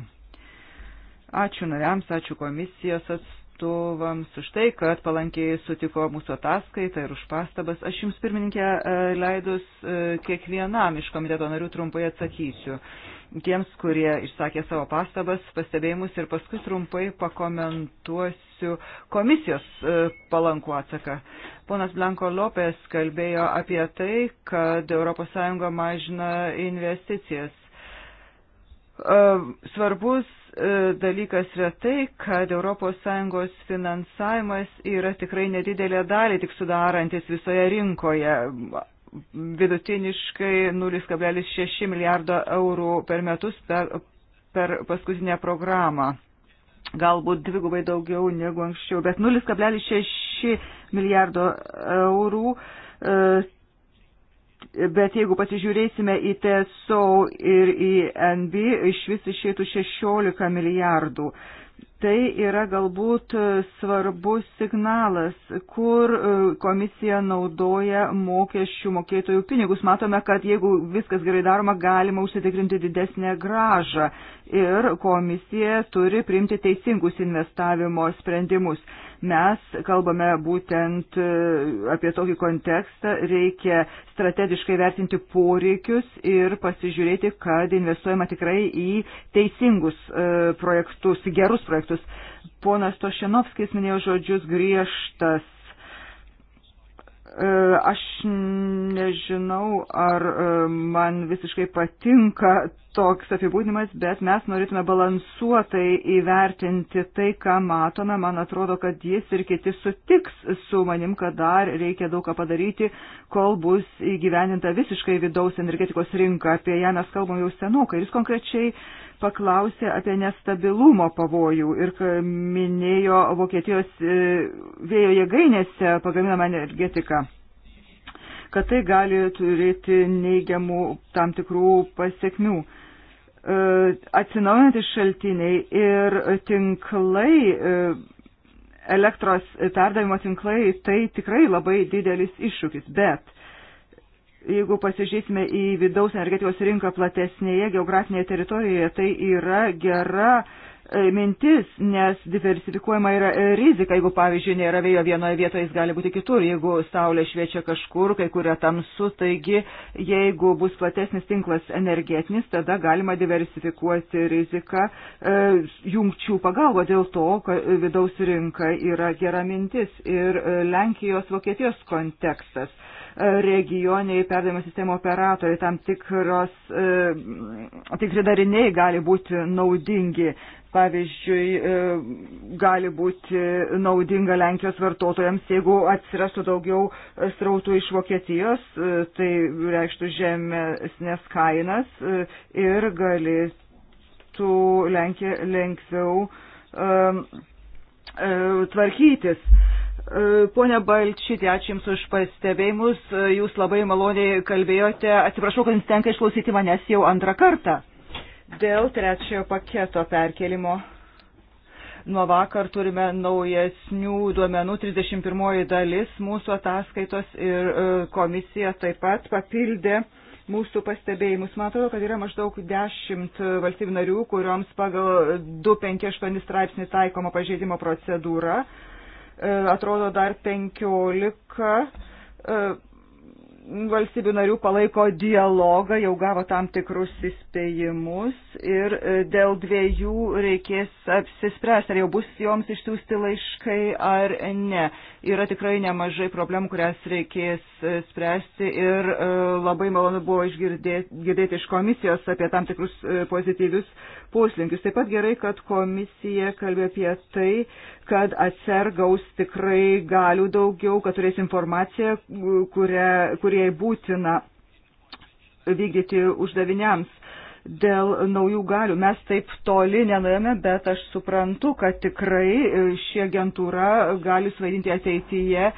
Speaker 1: Ačiū nariams, ačiū komisijos atstovams už tai, kad palankiai sutiko mūsų ataskaitą ir už pastabas. Aš jums, pirmininkė, e, leidus e, kiekvienam iš komiteto narių trumpai atsakysiu. Tiems, kurie išsakė savo pastabas, pastebėjimus ir paskui trumpai pakomentuosiu lauksiu komisijos e, palankų atsaką. Ponas Blanko Lopes kalbėjo apie tai, kad ES mažina investicijas. E, svarbus e, dalykas yra tai, kad ES finansavimas yra tikrai nedidelė dalį, tik sudarantis visoje rinkoje vidutiniškai 0,6 milijardo eurų per metus per, per paskutinę programą galbūt dvigubai daugiau negu anksčiau, bet 0,6 milijardo eurų. E, bet jeigu pasižiūrėsime į TSO ir į NB, iš vis išėtų 16 milijardų. Tai yra galbūt svarbus signalas, kur e, komisija naudoja mokesčių mokėtojų pinigus. Matome, kad jeigu viskas gerai daroma, galima užsitikrinti didesnę gražą ir komisija turi priimti teisingus investavimo sprendimus. Mes kalbame būtent e, apie tokį kontekstą, reikia strategiškai vertinti poreikius ir pasižiūrėti, kad investuojama tikrai į teisingus e, projektus, į gerus projektus. Ponas Tošenovskis minėjo žodžius griežtas E, aš nežinau, ar e, man visiškai patinka toks apibūdinimas, bet mes norėtume balansuotai įvertinti tai, ką matome. Man atrodo, kad jis ir kiti sutiks su manim, kad dar reikia daug ką padaryti, kol bus įgyveninta visiškai vidaus energetikos rinka. Apie ją mes kalbam jau senokai. Ir jis konkrečiai uh, paklausė apie nestabilumo pavojų ir minėjo Vokietijos e, vėjo jėgainėse pagaminamą energetiką kad tai gali turėti neigiamų tam tikrų pasiekmių e, atsinaujantys šaltiniai ir tinklai, e, elektros perdavimo tinklai, tai tikrai labai didelis iššūkis. Bet Jeigu pasižiūrėsime į vidaus energetikos rinką platesnėje geografinėje teritorijoje, tai yra gera e, mintis, nes diversifikuojama yra e, rizika, jeigu pavyzdžiui nėra vėjo vienoje vietoje, jis gali būti kitur, jeigu saulė šviečia kažkur, kai kur yra tamsu, taigi jeigu bus platesnis tinklas energetinis, tada galima diversifikuoti riziką e, jungčių pagalba, dėl to, kad vidaus rinka yra gera mintis ir e, Lenkijos, Vokietijos kontekstas regioniai perdavimo sistemo operatoriai, tam tikros, e, tikri dariniai gali būti naudingi. Pavyzdžiui, e, gali būti naudinga Lenkijos vartotojams, jeigu atsirastų daugiau srautų iš Vokietijos, e, tai reikštų žemesnės kainas ir galėtų Lenkija lengviau tvarkytis. E, pone Balčytė, ačiū Jums už pastebėjimus. E, Jūs labai maloniai kalbėjote. Atsiprašau, kad Jums tenka išklausyti manęs jau antrą kartą. Dėl trečiojo paketo perkelimo. Nuo vakar turime naujesnių duomenų, 31 dalis mūsų ataskaitos ir e, komisija taip pat papildė mūsų pastebėjimus. Man atrodo, kad yra maždaug 10 valstybių narių, kurioms pagal 258 straipsnį taikoma pažeidimo procedūra E, atrodo dar 15 e, valstybių narių palaiko dialogą, jau gavo tam tikrus įspėjimus ir e, dėl dviejų reikės apsispręsti, ar jau bus joms išsiųsti laiškai ar ne yra tikrai nemažai problemų, kurias reikės e, spręsti ir e, labai malonu buvo išgirdėti iš komisijos apie tam tikrus e, pozityvius poslinkius. Taip pat gerai, kad komisija kalbė apie tai, kad atsar gaus tikrai galių daugiau, kad turės informaciją, kuriai būtina vykdyti uždaviniams dėl naujų galių. Mes taip toli nenuėjome, bet aš suprantu, kad tikrai e, ši agentūra gali suvaidinti ateityje e,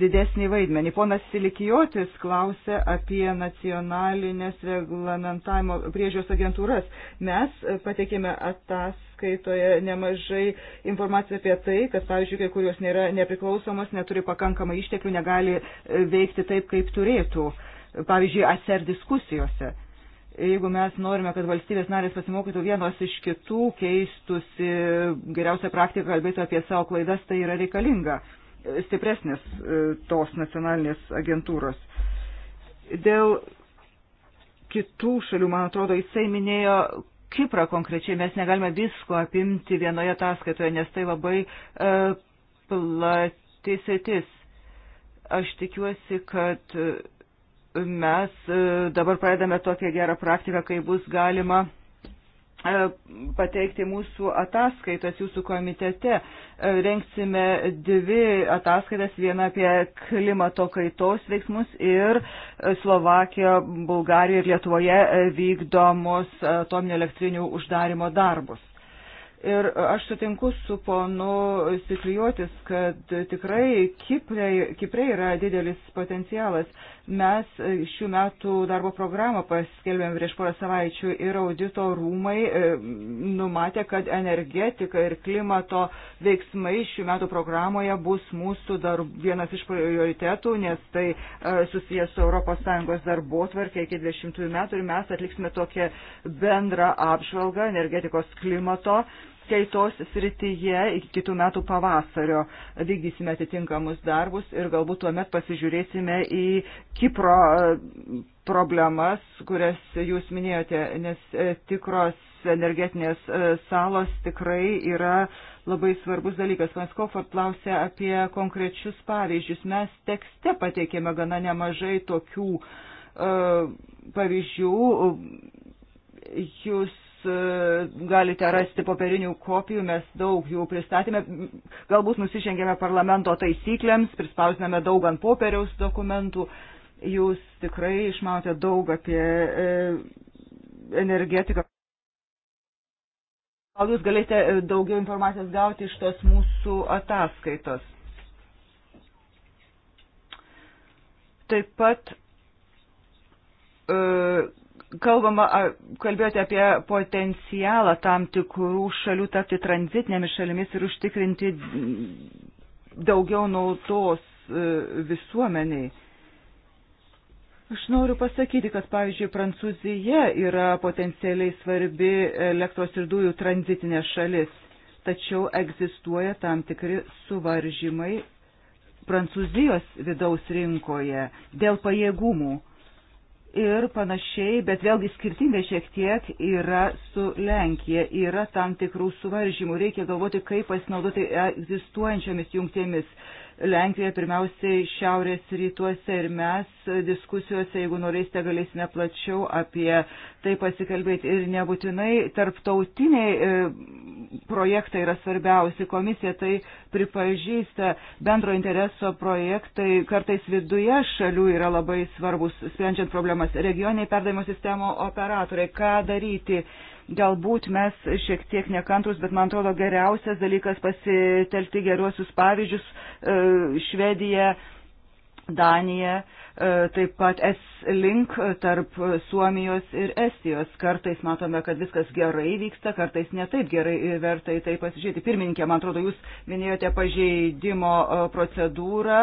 Speaker 1: didesnį vaidmenį. Ponas Silikijotis klausė apie nacionalinės reglamentavimo priežios agentūras. Mes e, patekėme ataskaitoje nemažai informacijos apie tai, kad, pavyzdžiui, kai kurios nėra nepriklausomos, neturi pakankamai išteklių, negali veikti taip, kaip turėtų. Pavyzdžiui, ASER diskusijose Jeigu mes norime, kad valstybės narės pasimokytų vienos iš kitų, keistųsi geriausią praktiką, kalbėtų apie savo klaidas, tai yra reikalinga e, stipresnės e, tos nacionalinės agentūros. Dėl kitų šalių, man atrodo, jisai minėjo Kiprą konkrečiai, mes negalime visko apimti vienoje ataskaitoje, nes tai labai e, plati sėtis. Aš tikiuosi, kad. E, mes e, dabar pradedame tokią gerą praktiką, kai bus galima e, pateikti mūsų ataskaitas jūsų komitete. E, Renksime dvi ataskaitas, vieną apie klimato kaitos veiksmus ir Slovakijoje, Bulgarijoje ir Lietuvoje vykdomus atominio elektrinių uždarimo darbus. Ir aš sutinku su ponu Siklijuotis, kad tikrai Kiprė, Kiprė yra didelis potencialas. Mes e, šių metų darbo programą paskelbėm prieš porą savaičių ir audito rūmai e, numatė, kad energetika ir klimato veiksmai šių metų programoje bus mūsų dar vienas iš prioritetų, nes tai e, susijęs su ES darbo tvarkė iki 20 metų ir mes atliksime tokią bendrą apžvalgą energetikos klimato kaitos srityje iki kitų metų pavasario vykdysime atitinkamus darbus ir galbūt tuomet pasižiūrėsime į Kipro e, problemas, kurias jūs minėjote, nes e, tikros energetinės e, salos tikrai yra labai svarbus dalykas. Pans Kofort klausė apie konkrečius pavyzdžius. Mes tekste pateikėme gana nemažai tokių uh, pavyzdžių. Jūs E, galite rasti popierinių kopijų, mes daug jų pristatėme, galbūt nusižengėme parlamento taisyklėms, prispausiname daug ant popieriaus dokumentų, jūs tikrai išmanote daug apie e, energetiką. Gal jūs galite e, daugiau informacijos gauti iš tos mūsų ataskaitos. Taip pat kalbama, kalbėjote apie potencialą tam tikrų šalių tapti tranzitinėmis šalimis ir užtikrinti daugiau naudos e, visuomeniai. Aš noriu pasakyti, kad pavyzdžiui Prancūzija yra potencialiai svarbi elektros ir dujų tranzitinė šalis, tačiau egzistuoja tam tikri suvaržymai Prancūzijos vidaus rinkoje dėl pajėgumų ir panašiai, bet vėlgi skirtingai šiek tiek yra su Lenkija, yra tam tikrų suvaržymų, reikia galvoti, kaip pasinaudoti egzistuojančiomis jungtėmis. Lenkijoje, pirmiausiai šiaurės rytuose ir mes diskusijose, jeigu norėsite, galėsime plačiau apie tai pasikalbėti. Ir nebūtinai tarptautiniai e, projektai yra svarbiausi, komisija tai pripažįsta, bendro intereso projektai kartais viduje šalių yra labai svarbus, sprendžiant problemas. Regioniai perdavimo sistemo operatoriai, ką daryti? Galbūt mes šiek tiek nekantrus, bet man atrodo geriausias dalykas pasitelkti geruosius pavyzdžius e, Švedija, Danija, e, taip pat S link e, tarp Suomijos ir Estijos. Kartais matome, kad viskas gerai vyksta, kartais netaip gerai ir verta į tai pasižiūrėti. Pirmininkė, man atrodo, jūs minėjote pažeidimo procedūrą,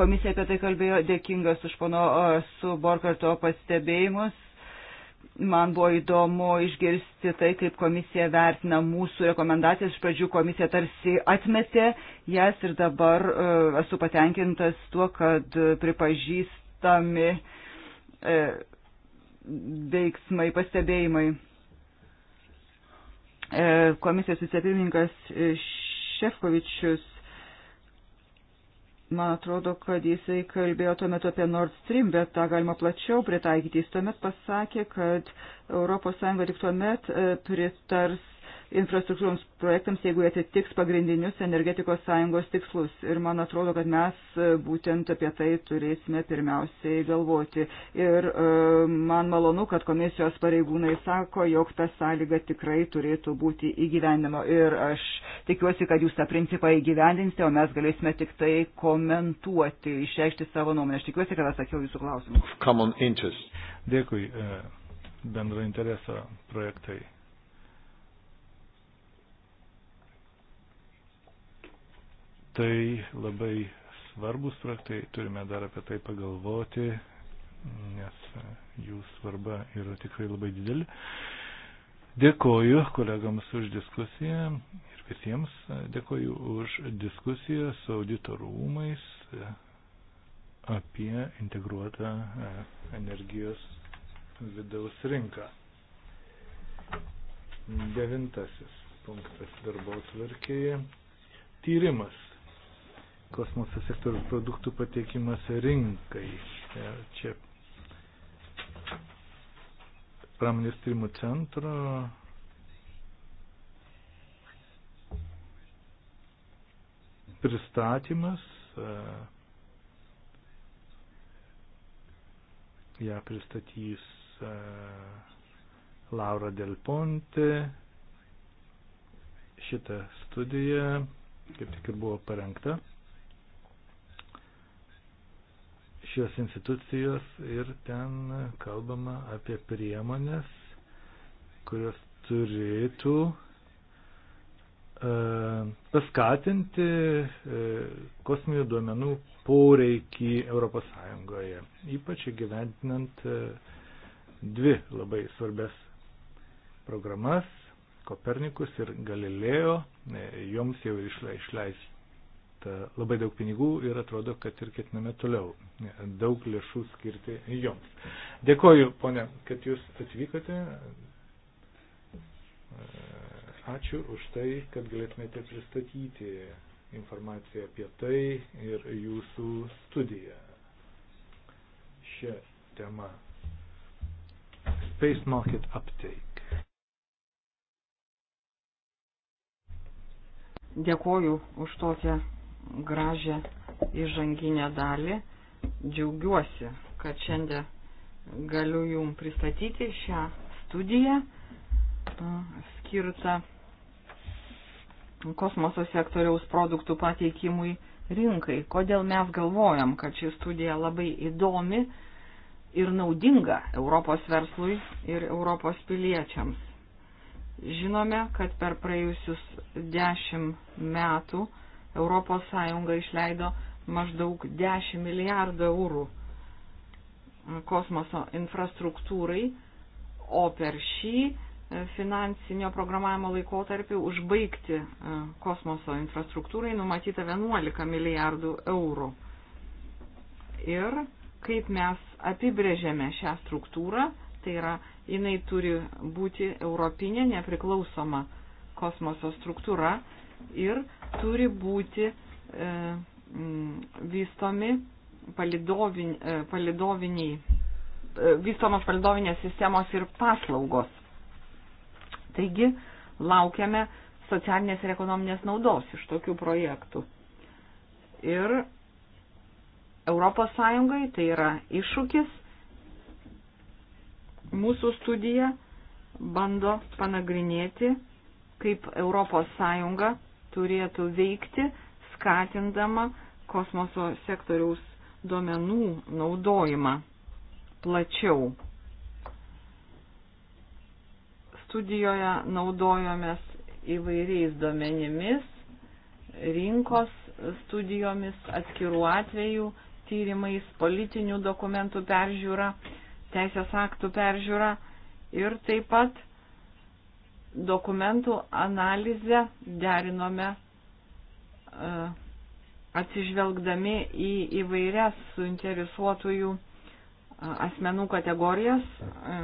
Speaker 1: komisija apie tai kalbėjo, dėkingas už pono Suborkarto pastebėjimus Man buvo įdomu išgirsti tai, kaip komisija vertina mūsų rekomendacijas. Iš pradžių komisija tarsi atmetė jas ir dabar e, esu patenkintas tuo, kad pripažįstami e, veiksmai, pastebėjimai. E, komisijos vicepirmininkas Šefkovičius Man atrodo, kad jisai kalbėjo tuo metu apie Nord Stream, bet tą galima plačiau pritaikyti. Jis tuomet pasakė, kad ES tik tuomet e, pritars infrastruktūroms projektams, jeigu jie atitiks pagrindinius energetikos sąjungos tikslus. Ir man atrodo, kad mes e, būtent apie tai turėsime pirmiausiai galvoti. Ir e, man malonu, kad komisijos pareigūnai sako, jog ta sąlyga tikrai turėtų būti įgyvendimo. Ir aš tikiuosi, kad jūs tą principą įgyvendinsite, o mes galėsime tik tai komentuoti, išreikšti savo nuomonę. Aš tikiuosi, kad atsakiau jūsų
Speaker 3: klausimus. Dėkui e, bendro intereso projektai. tai labai svarbus projektai, turime dar apie tai pagalvoti, nes e, jų svarba yra tikrai labai didelė. Dėkoju kolegams už diskusiją ir visiems e, dėkoju už diskusiją su auditorumais e, apie integruotą energijos vidaus rinką. Devintasis punktas darbo tvarkėje. Tyrimas kosmoso sektoriaus produktų pateikimas rinkai. E, čia pramonės tyrimų centro pristatymas. E, ja pristatys e, Laura Del Ponte. Šitą studiją kaip tik ir buvo parengta. šios institucijos ir ten kalbama apie priemonės, kurios turėtų e, paskatinti e, kosminių duomenų poreikį ES, ypač įgyventinant e, dvi labai svarbes programas, Kopernikus ir Galileo, joms jau išleis E, labai daug pinigų ir atrodo, kad ir ketiname toliau e, daug lėšų skirti joms. Dėkoju, ponė, kad jūs atvykote. E, ačiū už tai, kad galėtumėte pristatyti informaciją apie tai ir jūsų studiją šią temą. Space Market
Speaker 5: Uptake.
Speaker 4: dėkoju už tokią gražią įžanginę dalį. Džiaugiuosi, kad šiandien galiu Jums pristatyti šią studiją skirtą kosmoso sektoriaus produktų pateikimui rinkai. Kodėl mes galvojam, kad ši studija labai įdomi ir naudinga Europos verslui ir Europos piliečiams. Žinome, kad per praėjusius dešimt metų ES išleido maždaug 10 milijardų eurų kosmoso infrastruktūrai, o per šį e, finansinio programavimo laikotarpį užbaigti e, kosmoso infrastruktūrai numatyta 11 milijardų eurų. Ir kaip mes apibrėžėme šią struktūrą, tai yra jinai turi būti europinė nepriklausoma kosmoso struktūra ir turi būti e, vystomi palidovin, e, palidoviniai, e, vystomos palidovinės sistemos ir paslaugos. Taigi laukiame socialinės ir ekonominės naudos iš tokių projektų. Ir Europos Sąjungai tai yra iššūkis. Mūsų studija bando panagrinėti, kaip Europos Sąjunga turėtų veikti, skatindama kosmoso sektoriaus duomenų naudojimą plačiau. Studijoje naudojomės įvairiais duomenimis, rinkos studijomis, atskirų atvejų tyrimais, politinių dokumentų peržiūra, teisės aktų peržiūra ir taip pat dokumentų analizę derinome e, atsižvelgdami į įvairias suinteresuotųjų e, asmenų kategorijas, e,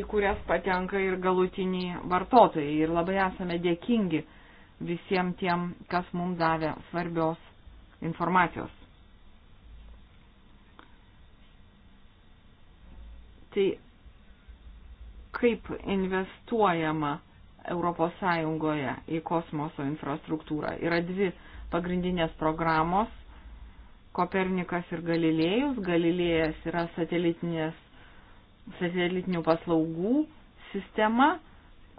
Speaker 4: į kurias patenka ir galutiniai vartotojai. Ir labai esame dėkingi visiems tiem, kas mums davė svarbios informacijos. Tai kaip investuojama Europos Sąjungoje į kosmoso infrastruktūrą. Yra dvi pagrindinės programos - Kopernikas ir Galilėjus. Galilėjas yra satelitinių paslaugų sistema,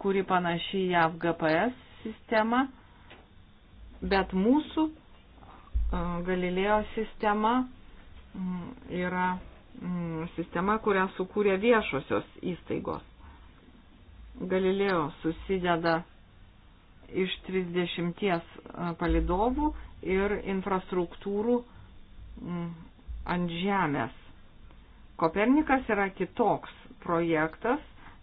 Speaker 4: kuri panaši į AVGPS sistemą, bet mūsų e, Galilėjo sistema mm, yra mm, sistema, kurią sukūrė viešosios įstaigos. Galileo susideda iš 30 palidovų ir infrastruktūrų ant žemės. Kopernikas yra kitoks projektas,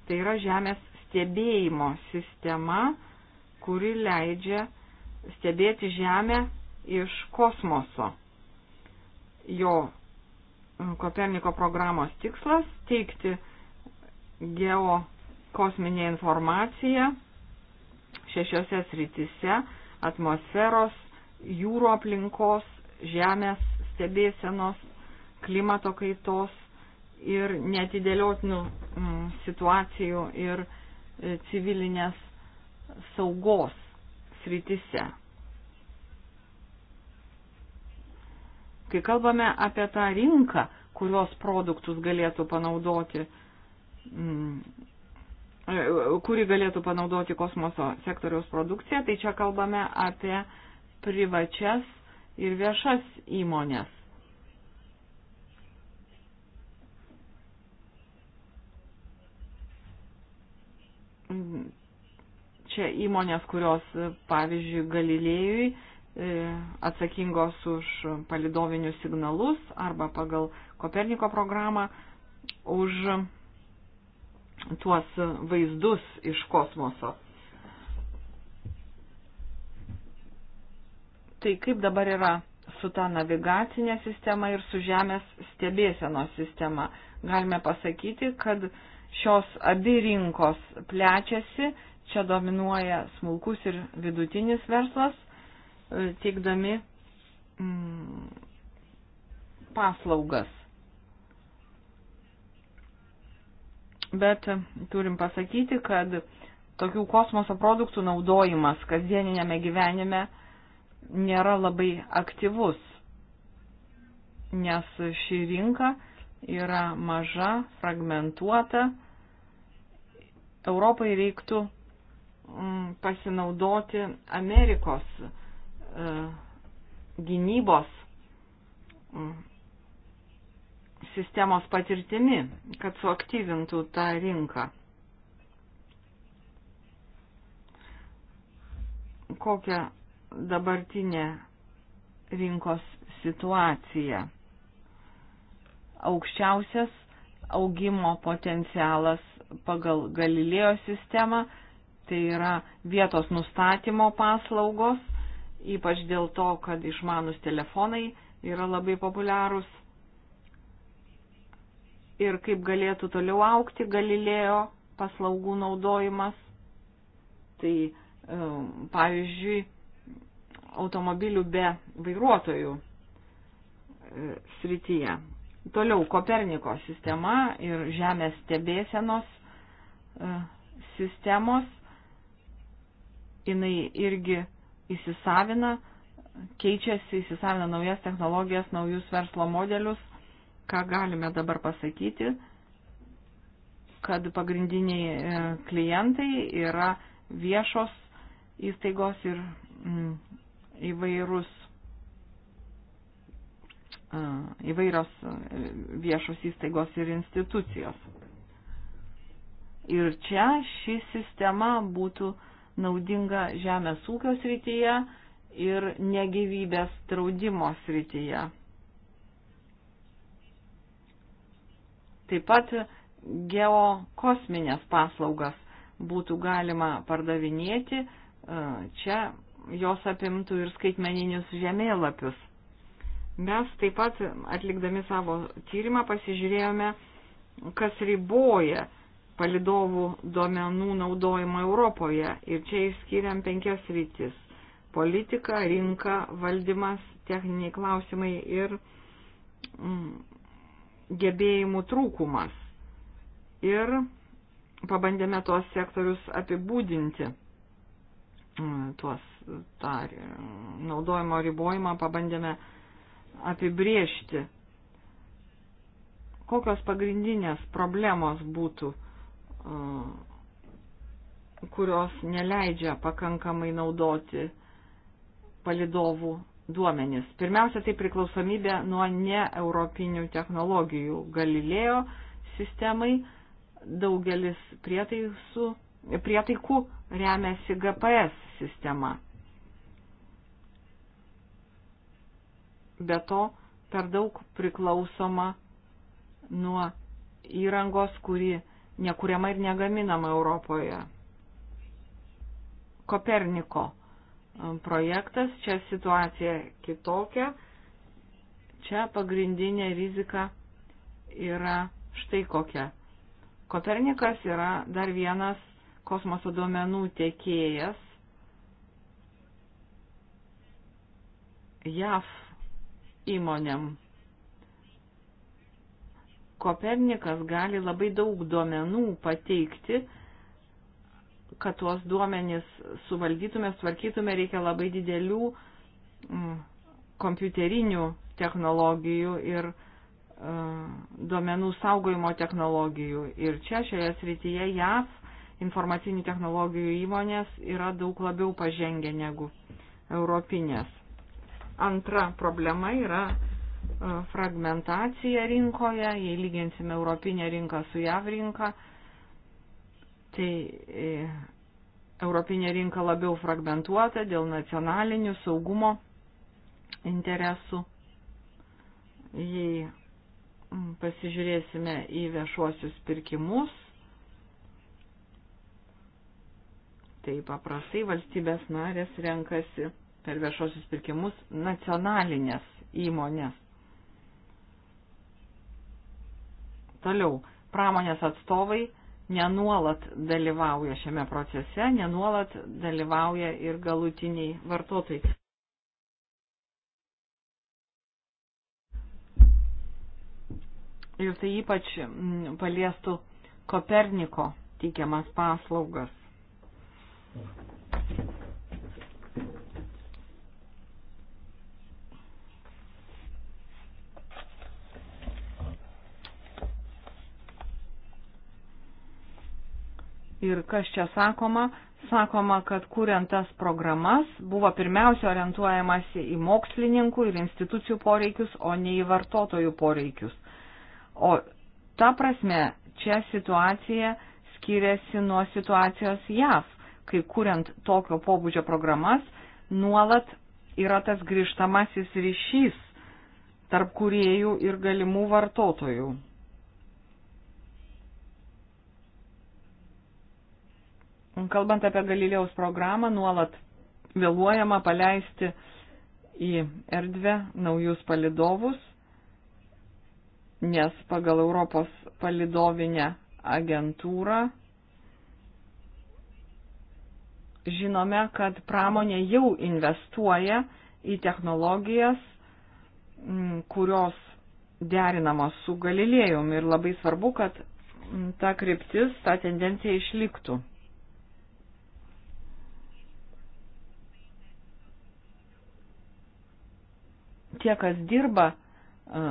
Speaker 4: tai yra žemės stebėjimo sistema, kuri leidžia stebėti žemę iš kosmoso. Jo Koperniko programos tikslas - teikti geo kosminė informacija šešiose srityse - atmosferos, jūro aplinkos, žemės stebėsenos, klimato kaitos ir netidėliotinų mm, situacijų ir e, civilinės saugos srityse. Kai kalbame apie tą rinką, kurios produktus galėtų panaudoti mm, E, kurį galėtų panaudoti kosmoso sektoriaus produkcija, tai čia kalbame apie privačias ir viešas įmonės. Čia įmonės, kurios, pavyzdžiui, Galilėjui e, atsakingos už palidovinius signalus arba pagal Koperniko programą už tuos vaizdus iš kosmoso. Tai kaip dabar yra su ta navigacinė sistema ir su žemės stebėsenos sistema? Galime pasakyti, kad šios abi rinkos plečiasi, čia dominuoja smulkus ir vidutinis verslas, e, teikdami mm, paslaugas bet turim pasakyti, kad tokių kosmoso produktų naudojimas kasdieninėme gyvenime nėra labai aktyvus, nes ši rinka yra maža, fragmentuota. Europai reiktų mm, pasinaudoti Amerikos e, gynybos mm, sistemos patirtimi, kad suaktyvintų tą rinką. Kokia dabartinė rinkos situacija? Aukščiausias augimo potencialas pagal Galilėjo sistemą, tai yra vietos nustatymo paslaugos, ypač dėl to, kad išmanus telefonai yra labai populiarūs ir kaip galėtų toliau aukti Galilėjo paslaugų naudojimas. Tai e, pavyzdžiui, automobilių be vairuotojų e, srityje. Toliau Koperniko sistema ir Žemės stebėsenos e, sistemos, jinai irgi įsisavina, keičiasi, įsisavina naujas technologijas, naujus verslo modelius ką galime dabar pasakyti, kad pagrindiniai e, klientai yra viešos įstaigos ir mm, įvairūs, e, įvairios e, viešos įstaigos ir institucijos. Ir čia ši sistema būtų naudinga žemės ūkio srityje ir negyvybės draudimo srityje. Taip pat geokosminės paslaugas būtų galima pardavinėti, e, čia jos apimtų ir skaitmeninius žemėlapius. Mes taip pat atlikdami savo tyrimą pasižiūrėjome, kas riboja palidovų duomenų naudojimą Europoje ir čia išskiriam penkias rytis - politika, rinka, valdymas, techniniai klausimai ir mm, gebėjimų trūkumas. Ir pabandėme tuos sektorius apibūdinti, mm, tuos tą naudojimo ribojimą pabandėme apibriežti. Kokios pagrindinės problemos būtų, e, kurios neleidžia pakankamai naudoti palidovų duomenis. Pirmiausia, tai priklausomybė nuo neeuropinių technologijų. Galilėjo sistemai daugelis prietaisų, prietaikų remiasi GPS sistema. Be to, per daug priklausoma nuo įrangos, kuri nekuriama ir negaminama Europoje. Koperniko projektas, čia situacija kitokia, čia pagrindinė rizika yra štai kokia. Kopernikas yra dar vienas kosmoso duomenų tiekėjas. JAF įmonėm. Kopernikas gali labai daug duomenų pateikti, kad tuos duomenys suvaldytume, tvarkytume, reikia labai didelių mm, kompiuterinių technologijų ir mm, duomenų saugojimo technologijų. Ir čia šioje srityje JAV informacinių technologijų įmonės yra daug labiau pažengę negu europinės. Antra problema yra e, fragmentacija rinkoje, jei lyginsime europinę rinką su JAV rinka, tai e, europinė rinka labiau fragmentuota dėl nacionalinių saugumo interesų. Jei mm, pasižiūrėsime į viešuosius pirkimus, tai paprastai valstybės narės renkasi per viešuosius pirkimus nacionalinės įmonės. Toliau, pramonės atstovai nenuolat dalyvauja šiame procese, nenuolat dalyvauja ir galutiniai vartotojai. Ir tai ypač mm, paliestų Koperniko teikiamas paslaugas. Ir kas čia sakoma? Sakoma, kad kuriant tas programas buvo pirmiausia orientuojamasi į mokslininkų ir institucijų poreikius, o ne į vartotojų poreikius. O ta prasme, čia situacija skiriasi nuo situacijos JAV, kai kuriant tokio pobūdžio programas nuolat yra tas grįžtamasis ryšys tarp kuriejų ir galimų vartotojų. Kalbant apie Galilėjaus programą, nuolat vėluojama paleisti į erdvę naujus palidovus, nes pagal Europos palidovinę agentūrą žinome, kad pramonė jau investuoja į technologijas, kurios derinamos su Galilėjum ir labai svarbu, kad ta kryptis, ta tendencija išliktų. tie, kas dirba e,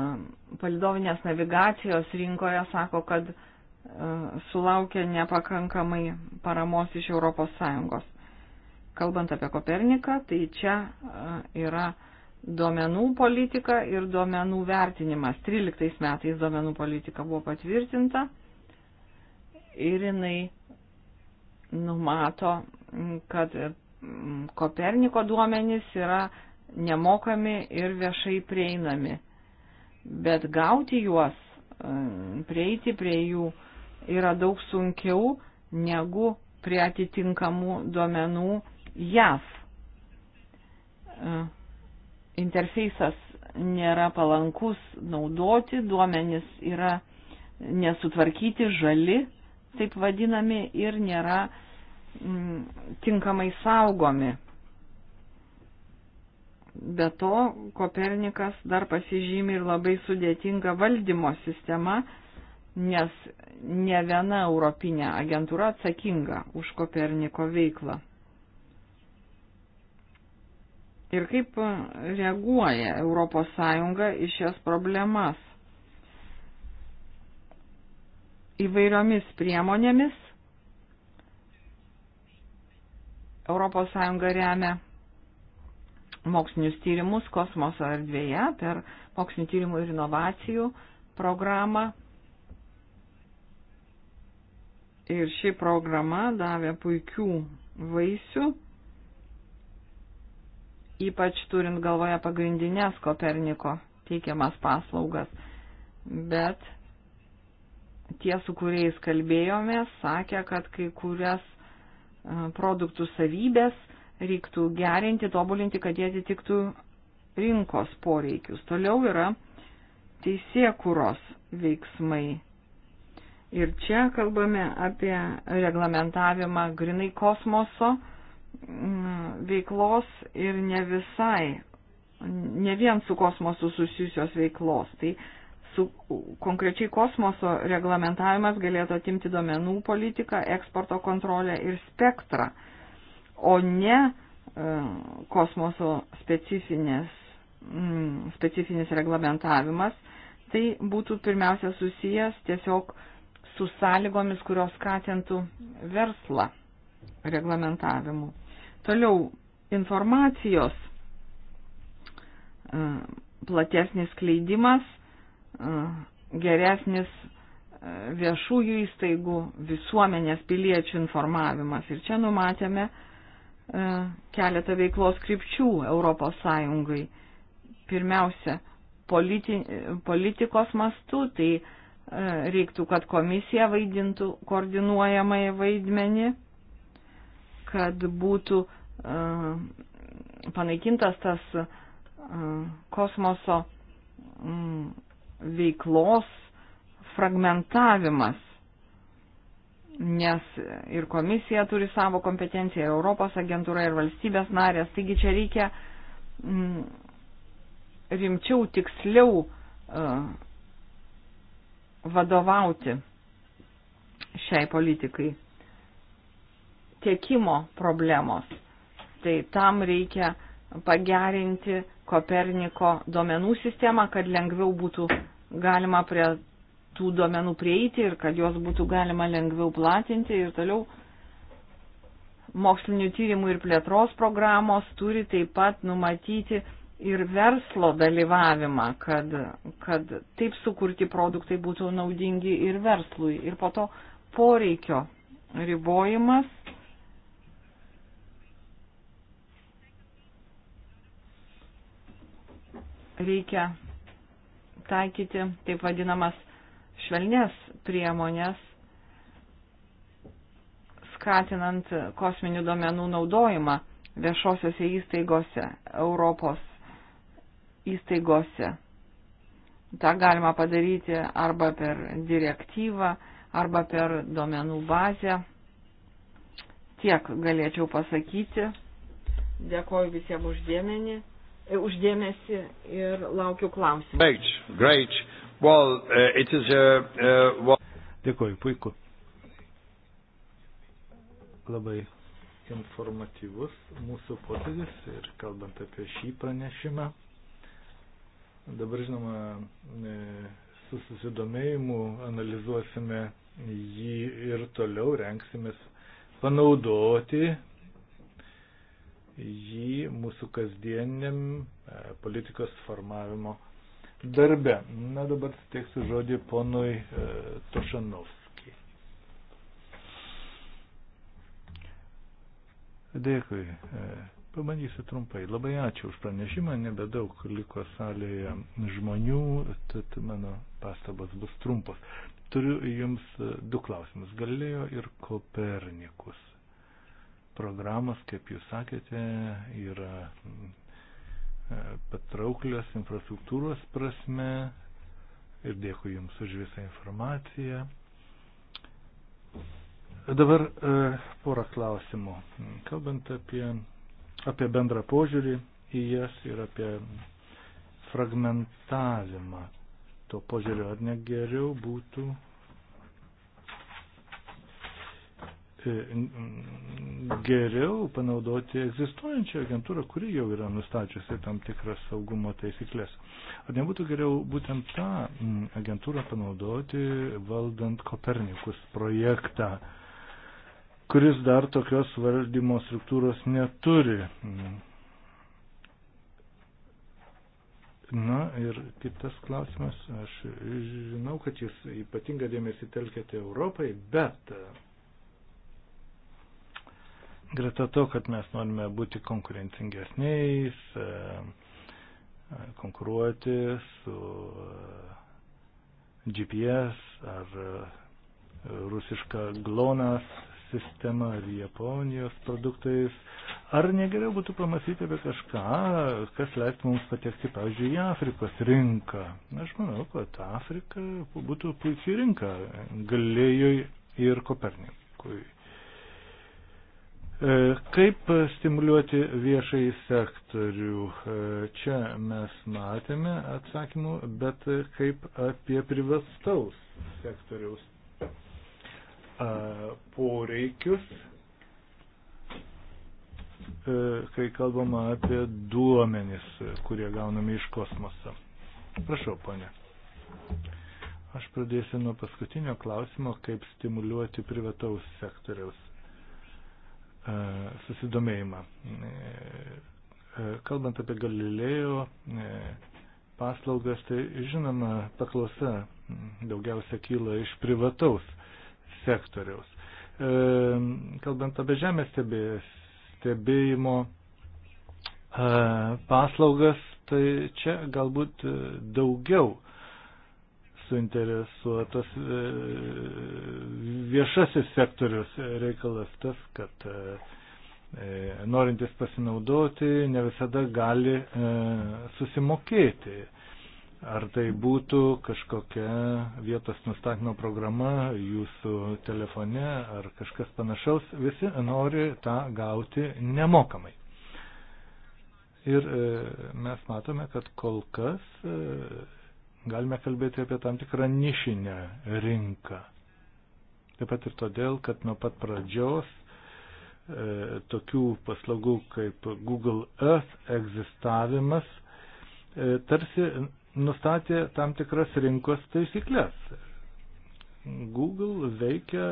Speaker 4: palidovinės navigacijos rinkoje, sako, kad e, sulaukia nepakankamai paramos iš ES. Kalbant apie Koperniką, tai čia e, yra duomenų politika ir duomenų vertinimas. 13 metais duomenų politika buvo patvirtinta ir jinai numato, kad Koperniko duomenys yra nemokami ir viešai prieinami. Bet gauti juos, e, prieiti prie jų yra daug sunkiau negu prie atitinkamų duomenų JAV. E, Interfeisas nėra palankus naudoti, duomenys yra nesutvarkyti, žali, taip vadinami, ir nėra mm, tinkamai saugomi. Be to, Kopernikas dar pasižymi ir labai sudėtinga valdymo sistema, nes ne viena europinė agentūra atsakinga už Koperniko veiklą. Ir kaip reaguoja ES į šias problemas? Įvairiomis priemonėmis ES remia mokslinius tyrimus kosmoso erdvėje per mokslinio tyrimų ir inovacijų programą. Ir ši programa davė puikių vaisių, ypač turint galvoje pagrindinės Koperniko teikiamas paslaugas. Bet tie, su kuriais kalbėjomės, sakė, kad kai kurias e, produktų savybės reiktų gerinti, tobulinti, kad jie atitiktų rinkos poreikius. Toliau yra teisėkuros veiksmai. Ir čia kalbame apie reglamentavimą grinai kosmoso mm, veiklos ir ne visai, ne vien su kosmosu susijusios veiklos. Tai su konkrečiai kosmoso reglamentavimas galėtų atimti domenų politiką, eksporto kontrolę ir spektrą o ne e, kosmoso specifinės, specifinis reglamentavimas, tai būtų pirmiausia susijęs tiesiog su sąlygomis, kurios skatintų verslą reglamentavimu. Toliau informacijos e, platesnis kleidimas, e, geresnis viešųjų įstaigų visuomenės piliečių informavimas. Ir čia numatėme E, keletą veiklos krypčių Europos Sąjungai. Pirmiausia, politi, politikos mastu, tai e, reiktų, kad komisija vaidintų koordinuojamąjį vaidmenį, kad būtų e, panaikintas tas kosmoso mm, veiklos fragmentavimas nes ir komisija turi savo kompetenciją, ir Europos agentūra, ir valstybės narės. Taigi čia reikia mm, rimčiau, tiksliau uh, vadovauti šiai politikai. Tiekimo problemos. Tai tam reikia pagerinti Koperniko duomenų sistemą, kad lengviau būtų galima prie tų duomenų prieiti ir kad juos būtų galima lengviau platinti ir toliau mokslinių tyrimų ir plėtros programos turi taip pat numatyti ir verslo dalyvavimą, kad, kad taip sukurti produktai būtų naudingi ir verslui. Ir po to poreikio ribojimas. Reikia taikyti taip vadinamas švelnės priemonės, skatinant kosminių duomenų naudojimą viešosiose įstaigose, Europos įstaigose. Ta galima padaryti arba per direktyvą, arba per duomenų bazę. Tiek galėčiau pasakyti. Dėkoju visiems uždėmenį, e, uždėmesi ir laukiu klausimų. Great,
Speaker 2: great. Well, uh,
Speaker 3: it is a... Uh, uh well... Dėkuoju, puiku. Labai informatyvus mūsų posėdis ir kalbant apie šį pranešimą. Dabar, žinoma, e, su susidomėjimu analizuosime jį ir toliau renksimės panaudoti jį mūsų kasdieniam e, politikos formavimo darbe. Na dabar suteiksiu žodį ponui e, Tošanovskijai. Dėkui. E, pabandysiu trumpai. Labai ačiū už pranešimą, nebedaug liko salėje žmonių, tad mano pastabas bus trumpos. Turiu jums e, du klausimus. Galėjo ir Kopernikus. Programos, kaip jūs sakėte, yra E, patrauklios infrastruktūros prasme ir dėkui Jums už visą informaciją. Dabar e, porą klausimų. Kalbant apie, apie bendrą požiūrį į jas ir apie fragmentavimą to požiūrio, ar negeriau būtų E, geriau panaudoti egzistuojančią agentūrą, kuri jau yra nustačiusi tam tikras saugumo taisyklės. Ar nebūtų geriau būtent tą agentūrą panaudoti valdant Kopernikus projektą, kuris dar tokios valdymo struktūros neturi? Na ir kitas klausimas, aš žinau, kad jūs ypatingą dėmesį telkėte Europai, bet greta to, kad mes norime būti konkurencingesniais, e, e, konkuruoti su e, GPS ar rusiška glonas sistema ar Japonijos produktais, ar negeriau būtų pamastyti apie kažką, kas leistų mums patekti, pavyzdžiui, į Afrikos rinką. Aš manau, kad Afrika būtų puikiai rinka galėjui ir Kopernikui. E, kaip stimuliuoti viešai sektorių? E, čia mes matėme atsakymų, bet kaip apie privataus sektoriaus e, poreikius, kai kalbama apie duomenis, kurie gaunami iš kosmoso. Prašau, ponė. Aš pradėsiu nuo paskutinio klausimo, kaip stimuliuoti privataus sektoriaus E, susidomėjimą. E, e, kalbant apie Galilėjo paslaugas, tai žinoma, paklausa daugiausia kyla iš privataus sektoriaus. Kalbant apie žemės stebėjimo paslaugas, tai čia galbūt daugiau suinteresuotas e, viešasis sektorius reikalas tas, kad e, e, norintis pasinaudoti ne visada gali susimokėti. Ar tai būtų kažkokia vietos nustatymo programa jūsų telefone ar kažkas panašaus, visi nori tą gauti nemokamai. Ir mes matome, kad kol kas galime kalbėti apie tam tikrą nišinę rinką. Taip pat ir todėl, kad nuo pat pradžios e, tokių paslaugų kaip Google Earth egzistavimas e, tarsi nustatė tam tikras rinkos taisyklės. Google veikia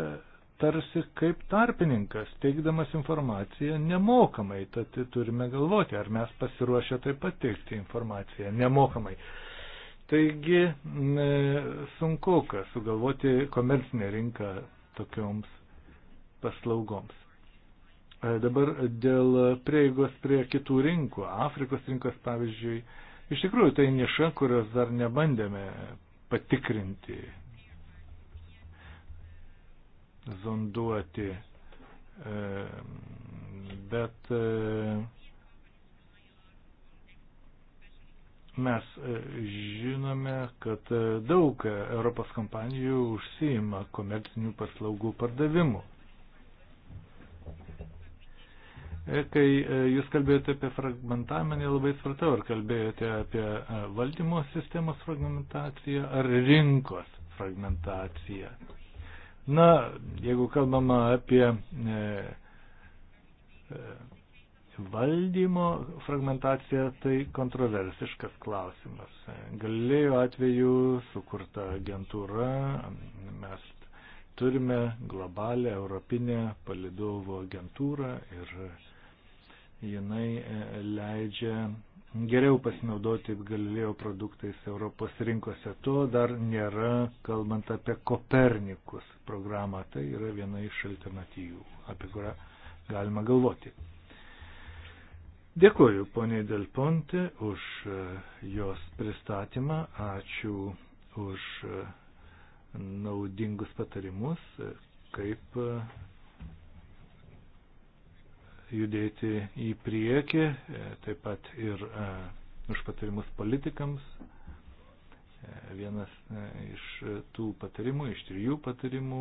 Speaker 3: tarsi kaip tarpininkas, teikdamas informaciją nemokamai, tad turime galvoti, ar mes pasiruošę taip pat teikti informaciją nemokamai. E, Taigi sunku, kad sugalvoti komercinę rinką tokioms paslaugoms. E, dabar dėl prieigos prie kitų rinkų, Afrikos rinkos pavyzdžiui, iš tikrųjų tai niša, kurios dar nebandėme patikrinti, zonduoti, e, bet e, Mes e, žinome, kad e, daug e, Europos kompanijų užsijima komercinių paslaugų pardavimu. Kai jūs kalbėjote apie fragmentavimą, nelabai svartau, ar kalbėjote apie valdymo sistemos fragmentaciją ar rinkos fragmentaciją. Na, jeigu kalbama apie e, e, valdymo fragmentacija tai kontroversiškas klausimas. Galėjo atveju sukurta agentūra, mes turime globalę europinę palidovų agentūrą ir jinai e, leidžia geriau pasinaudoti galilėjo produktais Europos rinkose. To dar nėra, kalbant apie Kopernikus programą, tai yra viena iš alternatyvų, apie kurią galima galvoti. Dėkuoju poniai Delponte už e, jos pristatymą, ačiū už e, naudingus patarimus, e, kaip judėti į priekį, taip pat ir už patarimus politikams. Vienas iš tų patarimų, iš trijų patarimų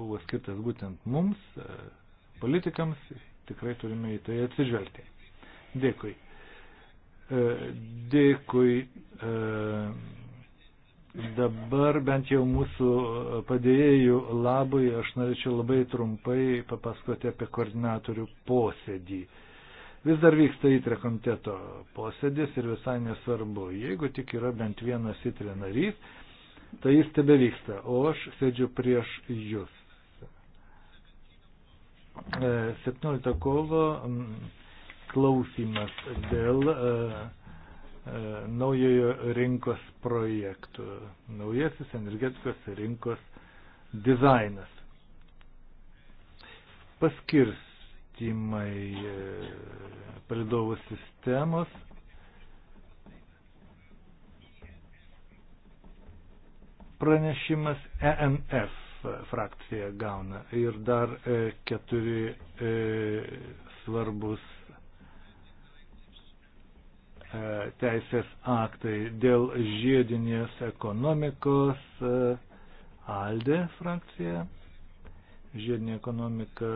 Speaker 3: buvo skirtas būtent mums, politikams, tikrai turime į tai atsižvelgti. Dėkui. E, dėkui. E, dabar bent jau mūsų padėjėjų labui aš norėčiau labai trumpai papasakoti apie koordinatorių posėdį. Vis dar vyksta įtre komiteto posėdis ir visai nesvarbu, jeigu tik yra bent vienas įtre narys, tai jis tebe vyksta, o aš sėdžiu prieš jūs. 17 e, kovo klausimas dėl e, e, naujojo rinkos projektų, naujasis energetikos rinkos dizainas. Paskirstimai e, palidovų sistemos. Pranešimas ENF frakcija gauna ir dar keturi svarbus E, teisės aktai dėl žiedinės ekonomikos. E, Alde frakcija. Žiedinė ekonomika,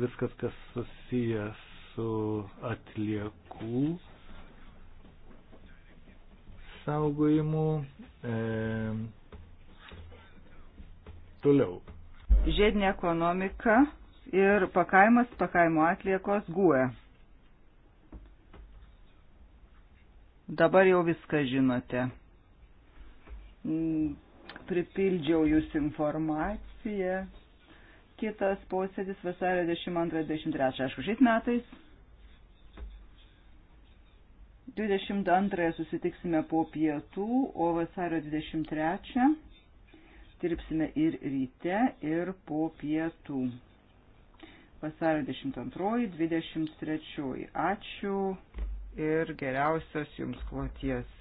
Speaker 3: viskas, kas susijęs su atliekų
Speaker 1: saugojimu. E, toliau. Žiedinė ekonomika ir pakavimas pakaimo atliekos guoja. E. Dabar jau viską žinote. Mm, pripildžiau jūs informaciją. Kitas posėdis vasario 22-23, aišku, šiais metais. 22 susitiksime po pietų, o vasario 23 dirbsime ir ryte, ir po pietų. Vasario 22-23. Ačiū ir geriausios jums kloties.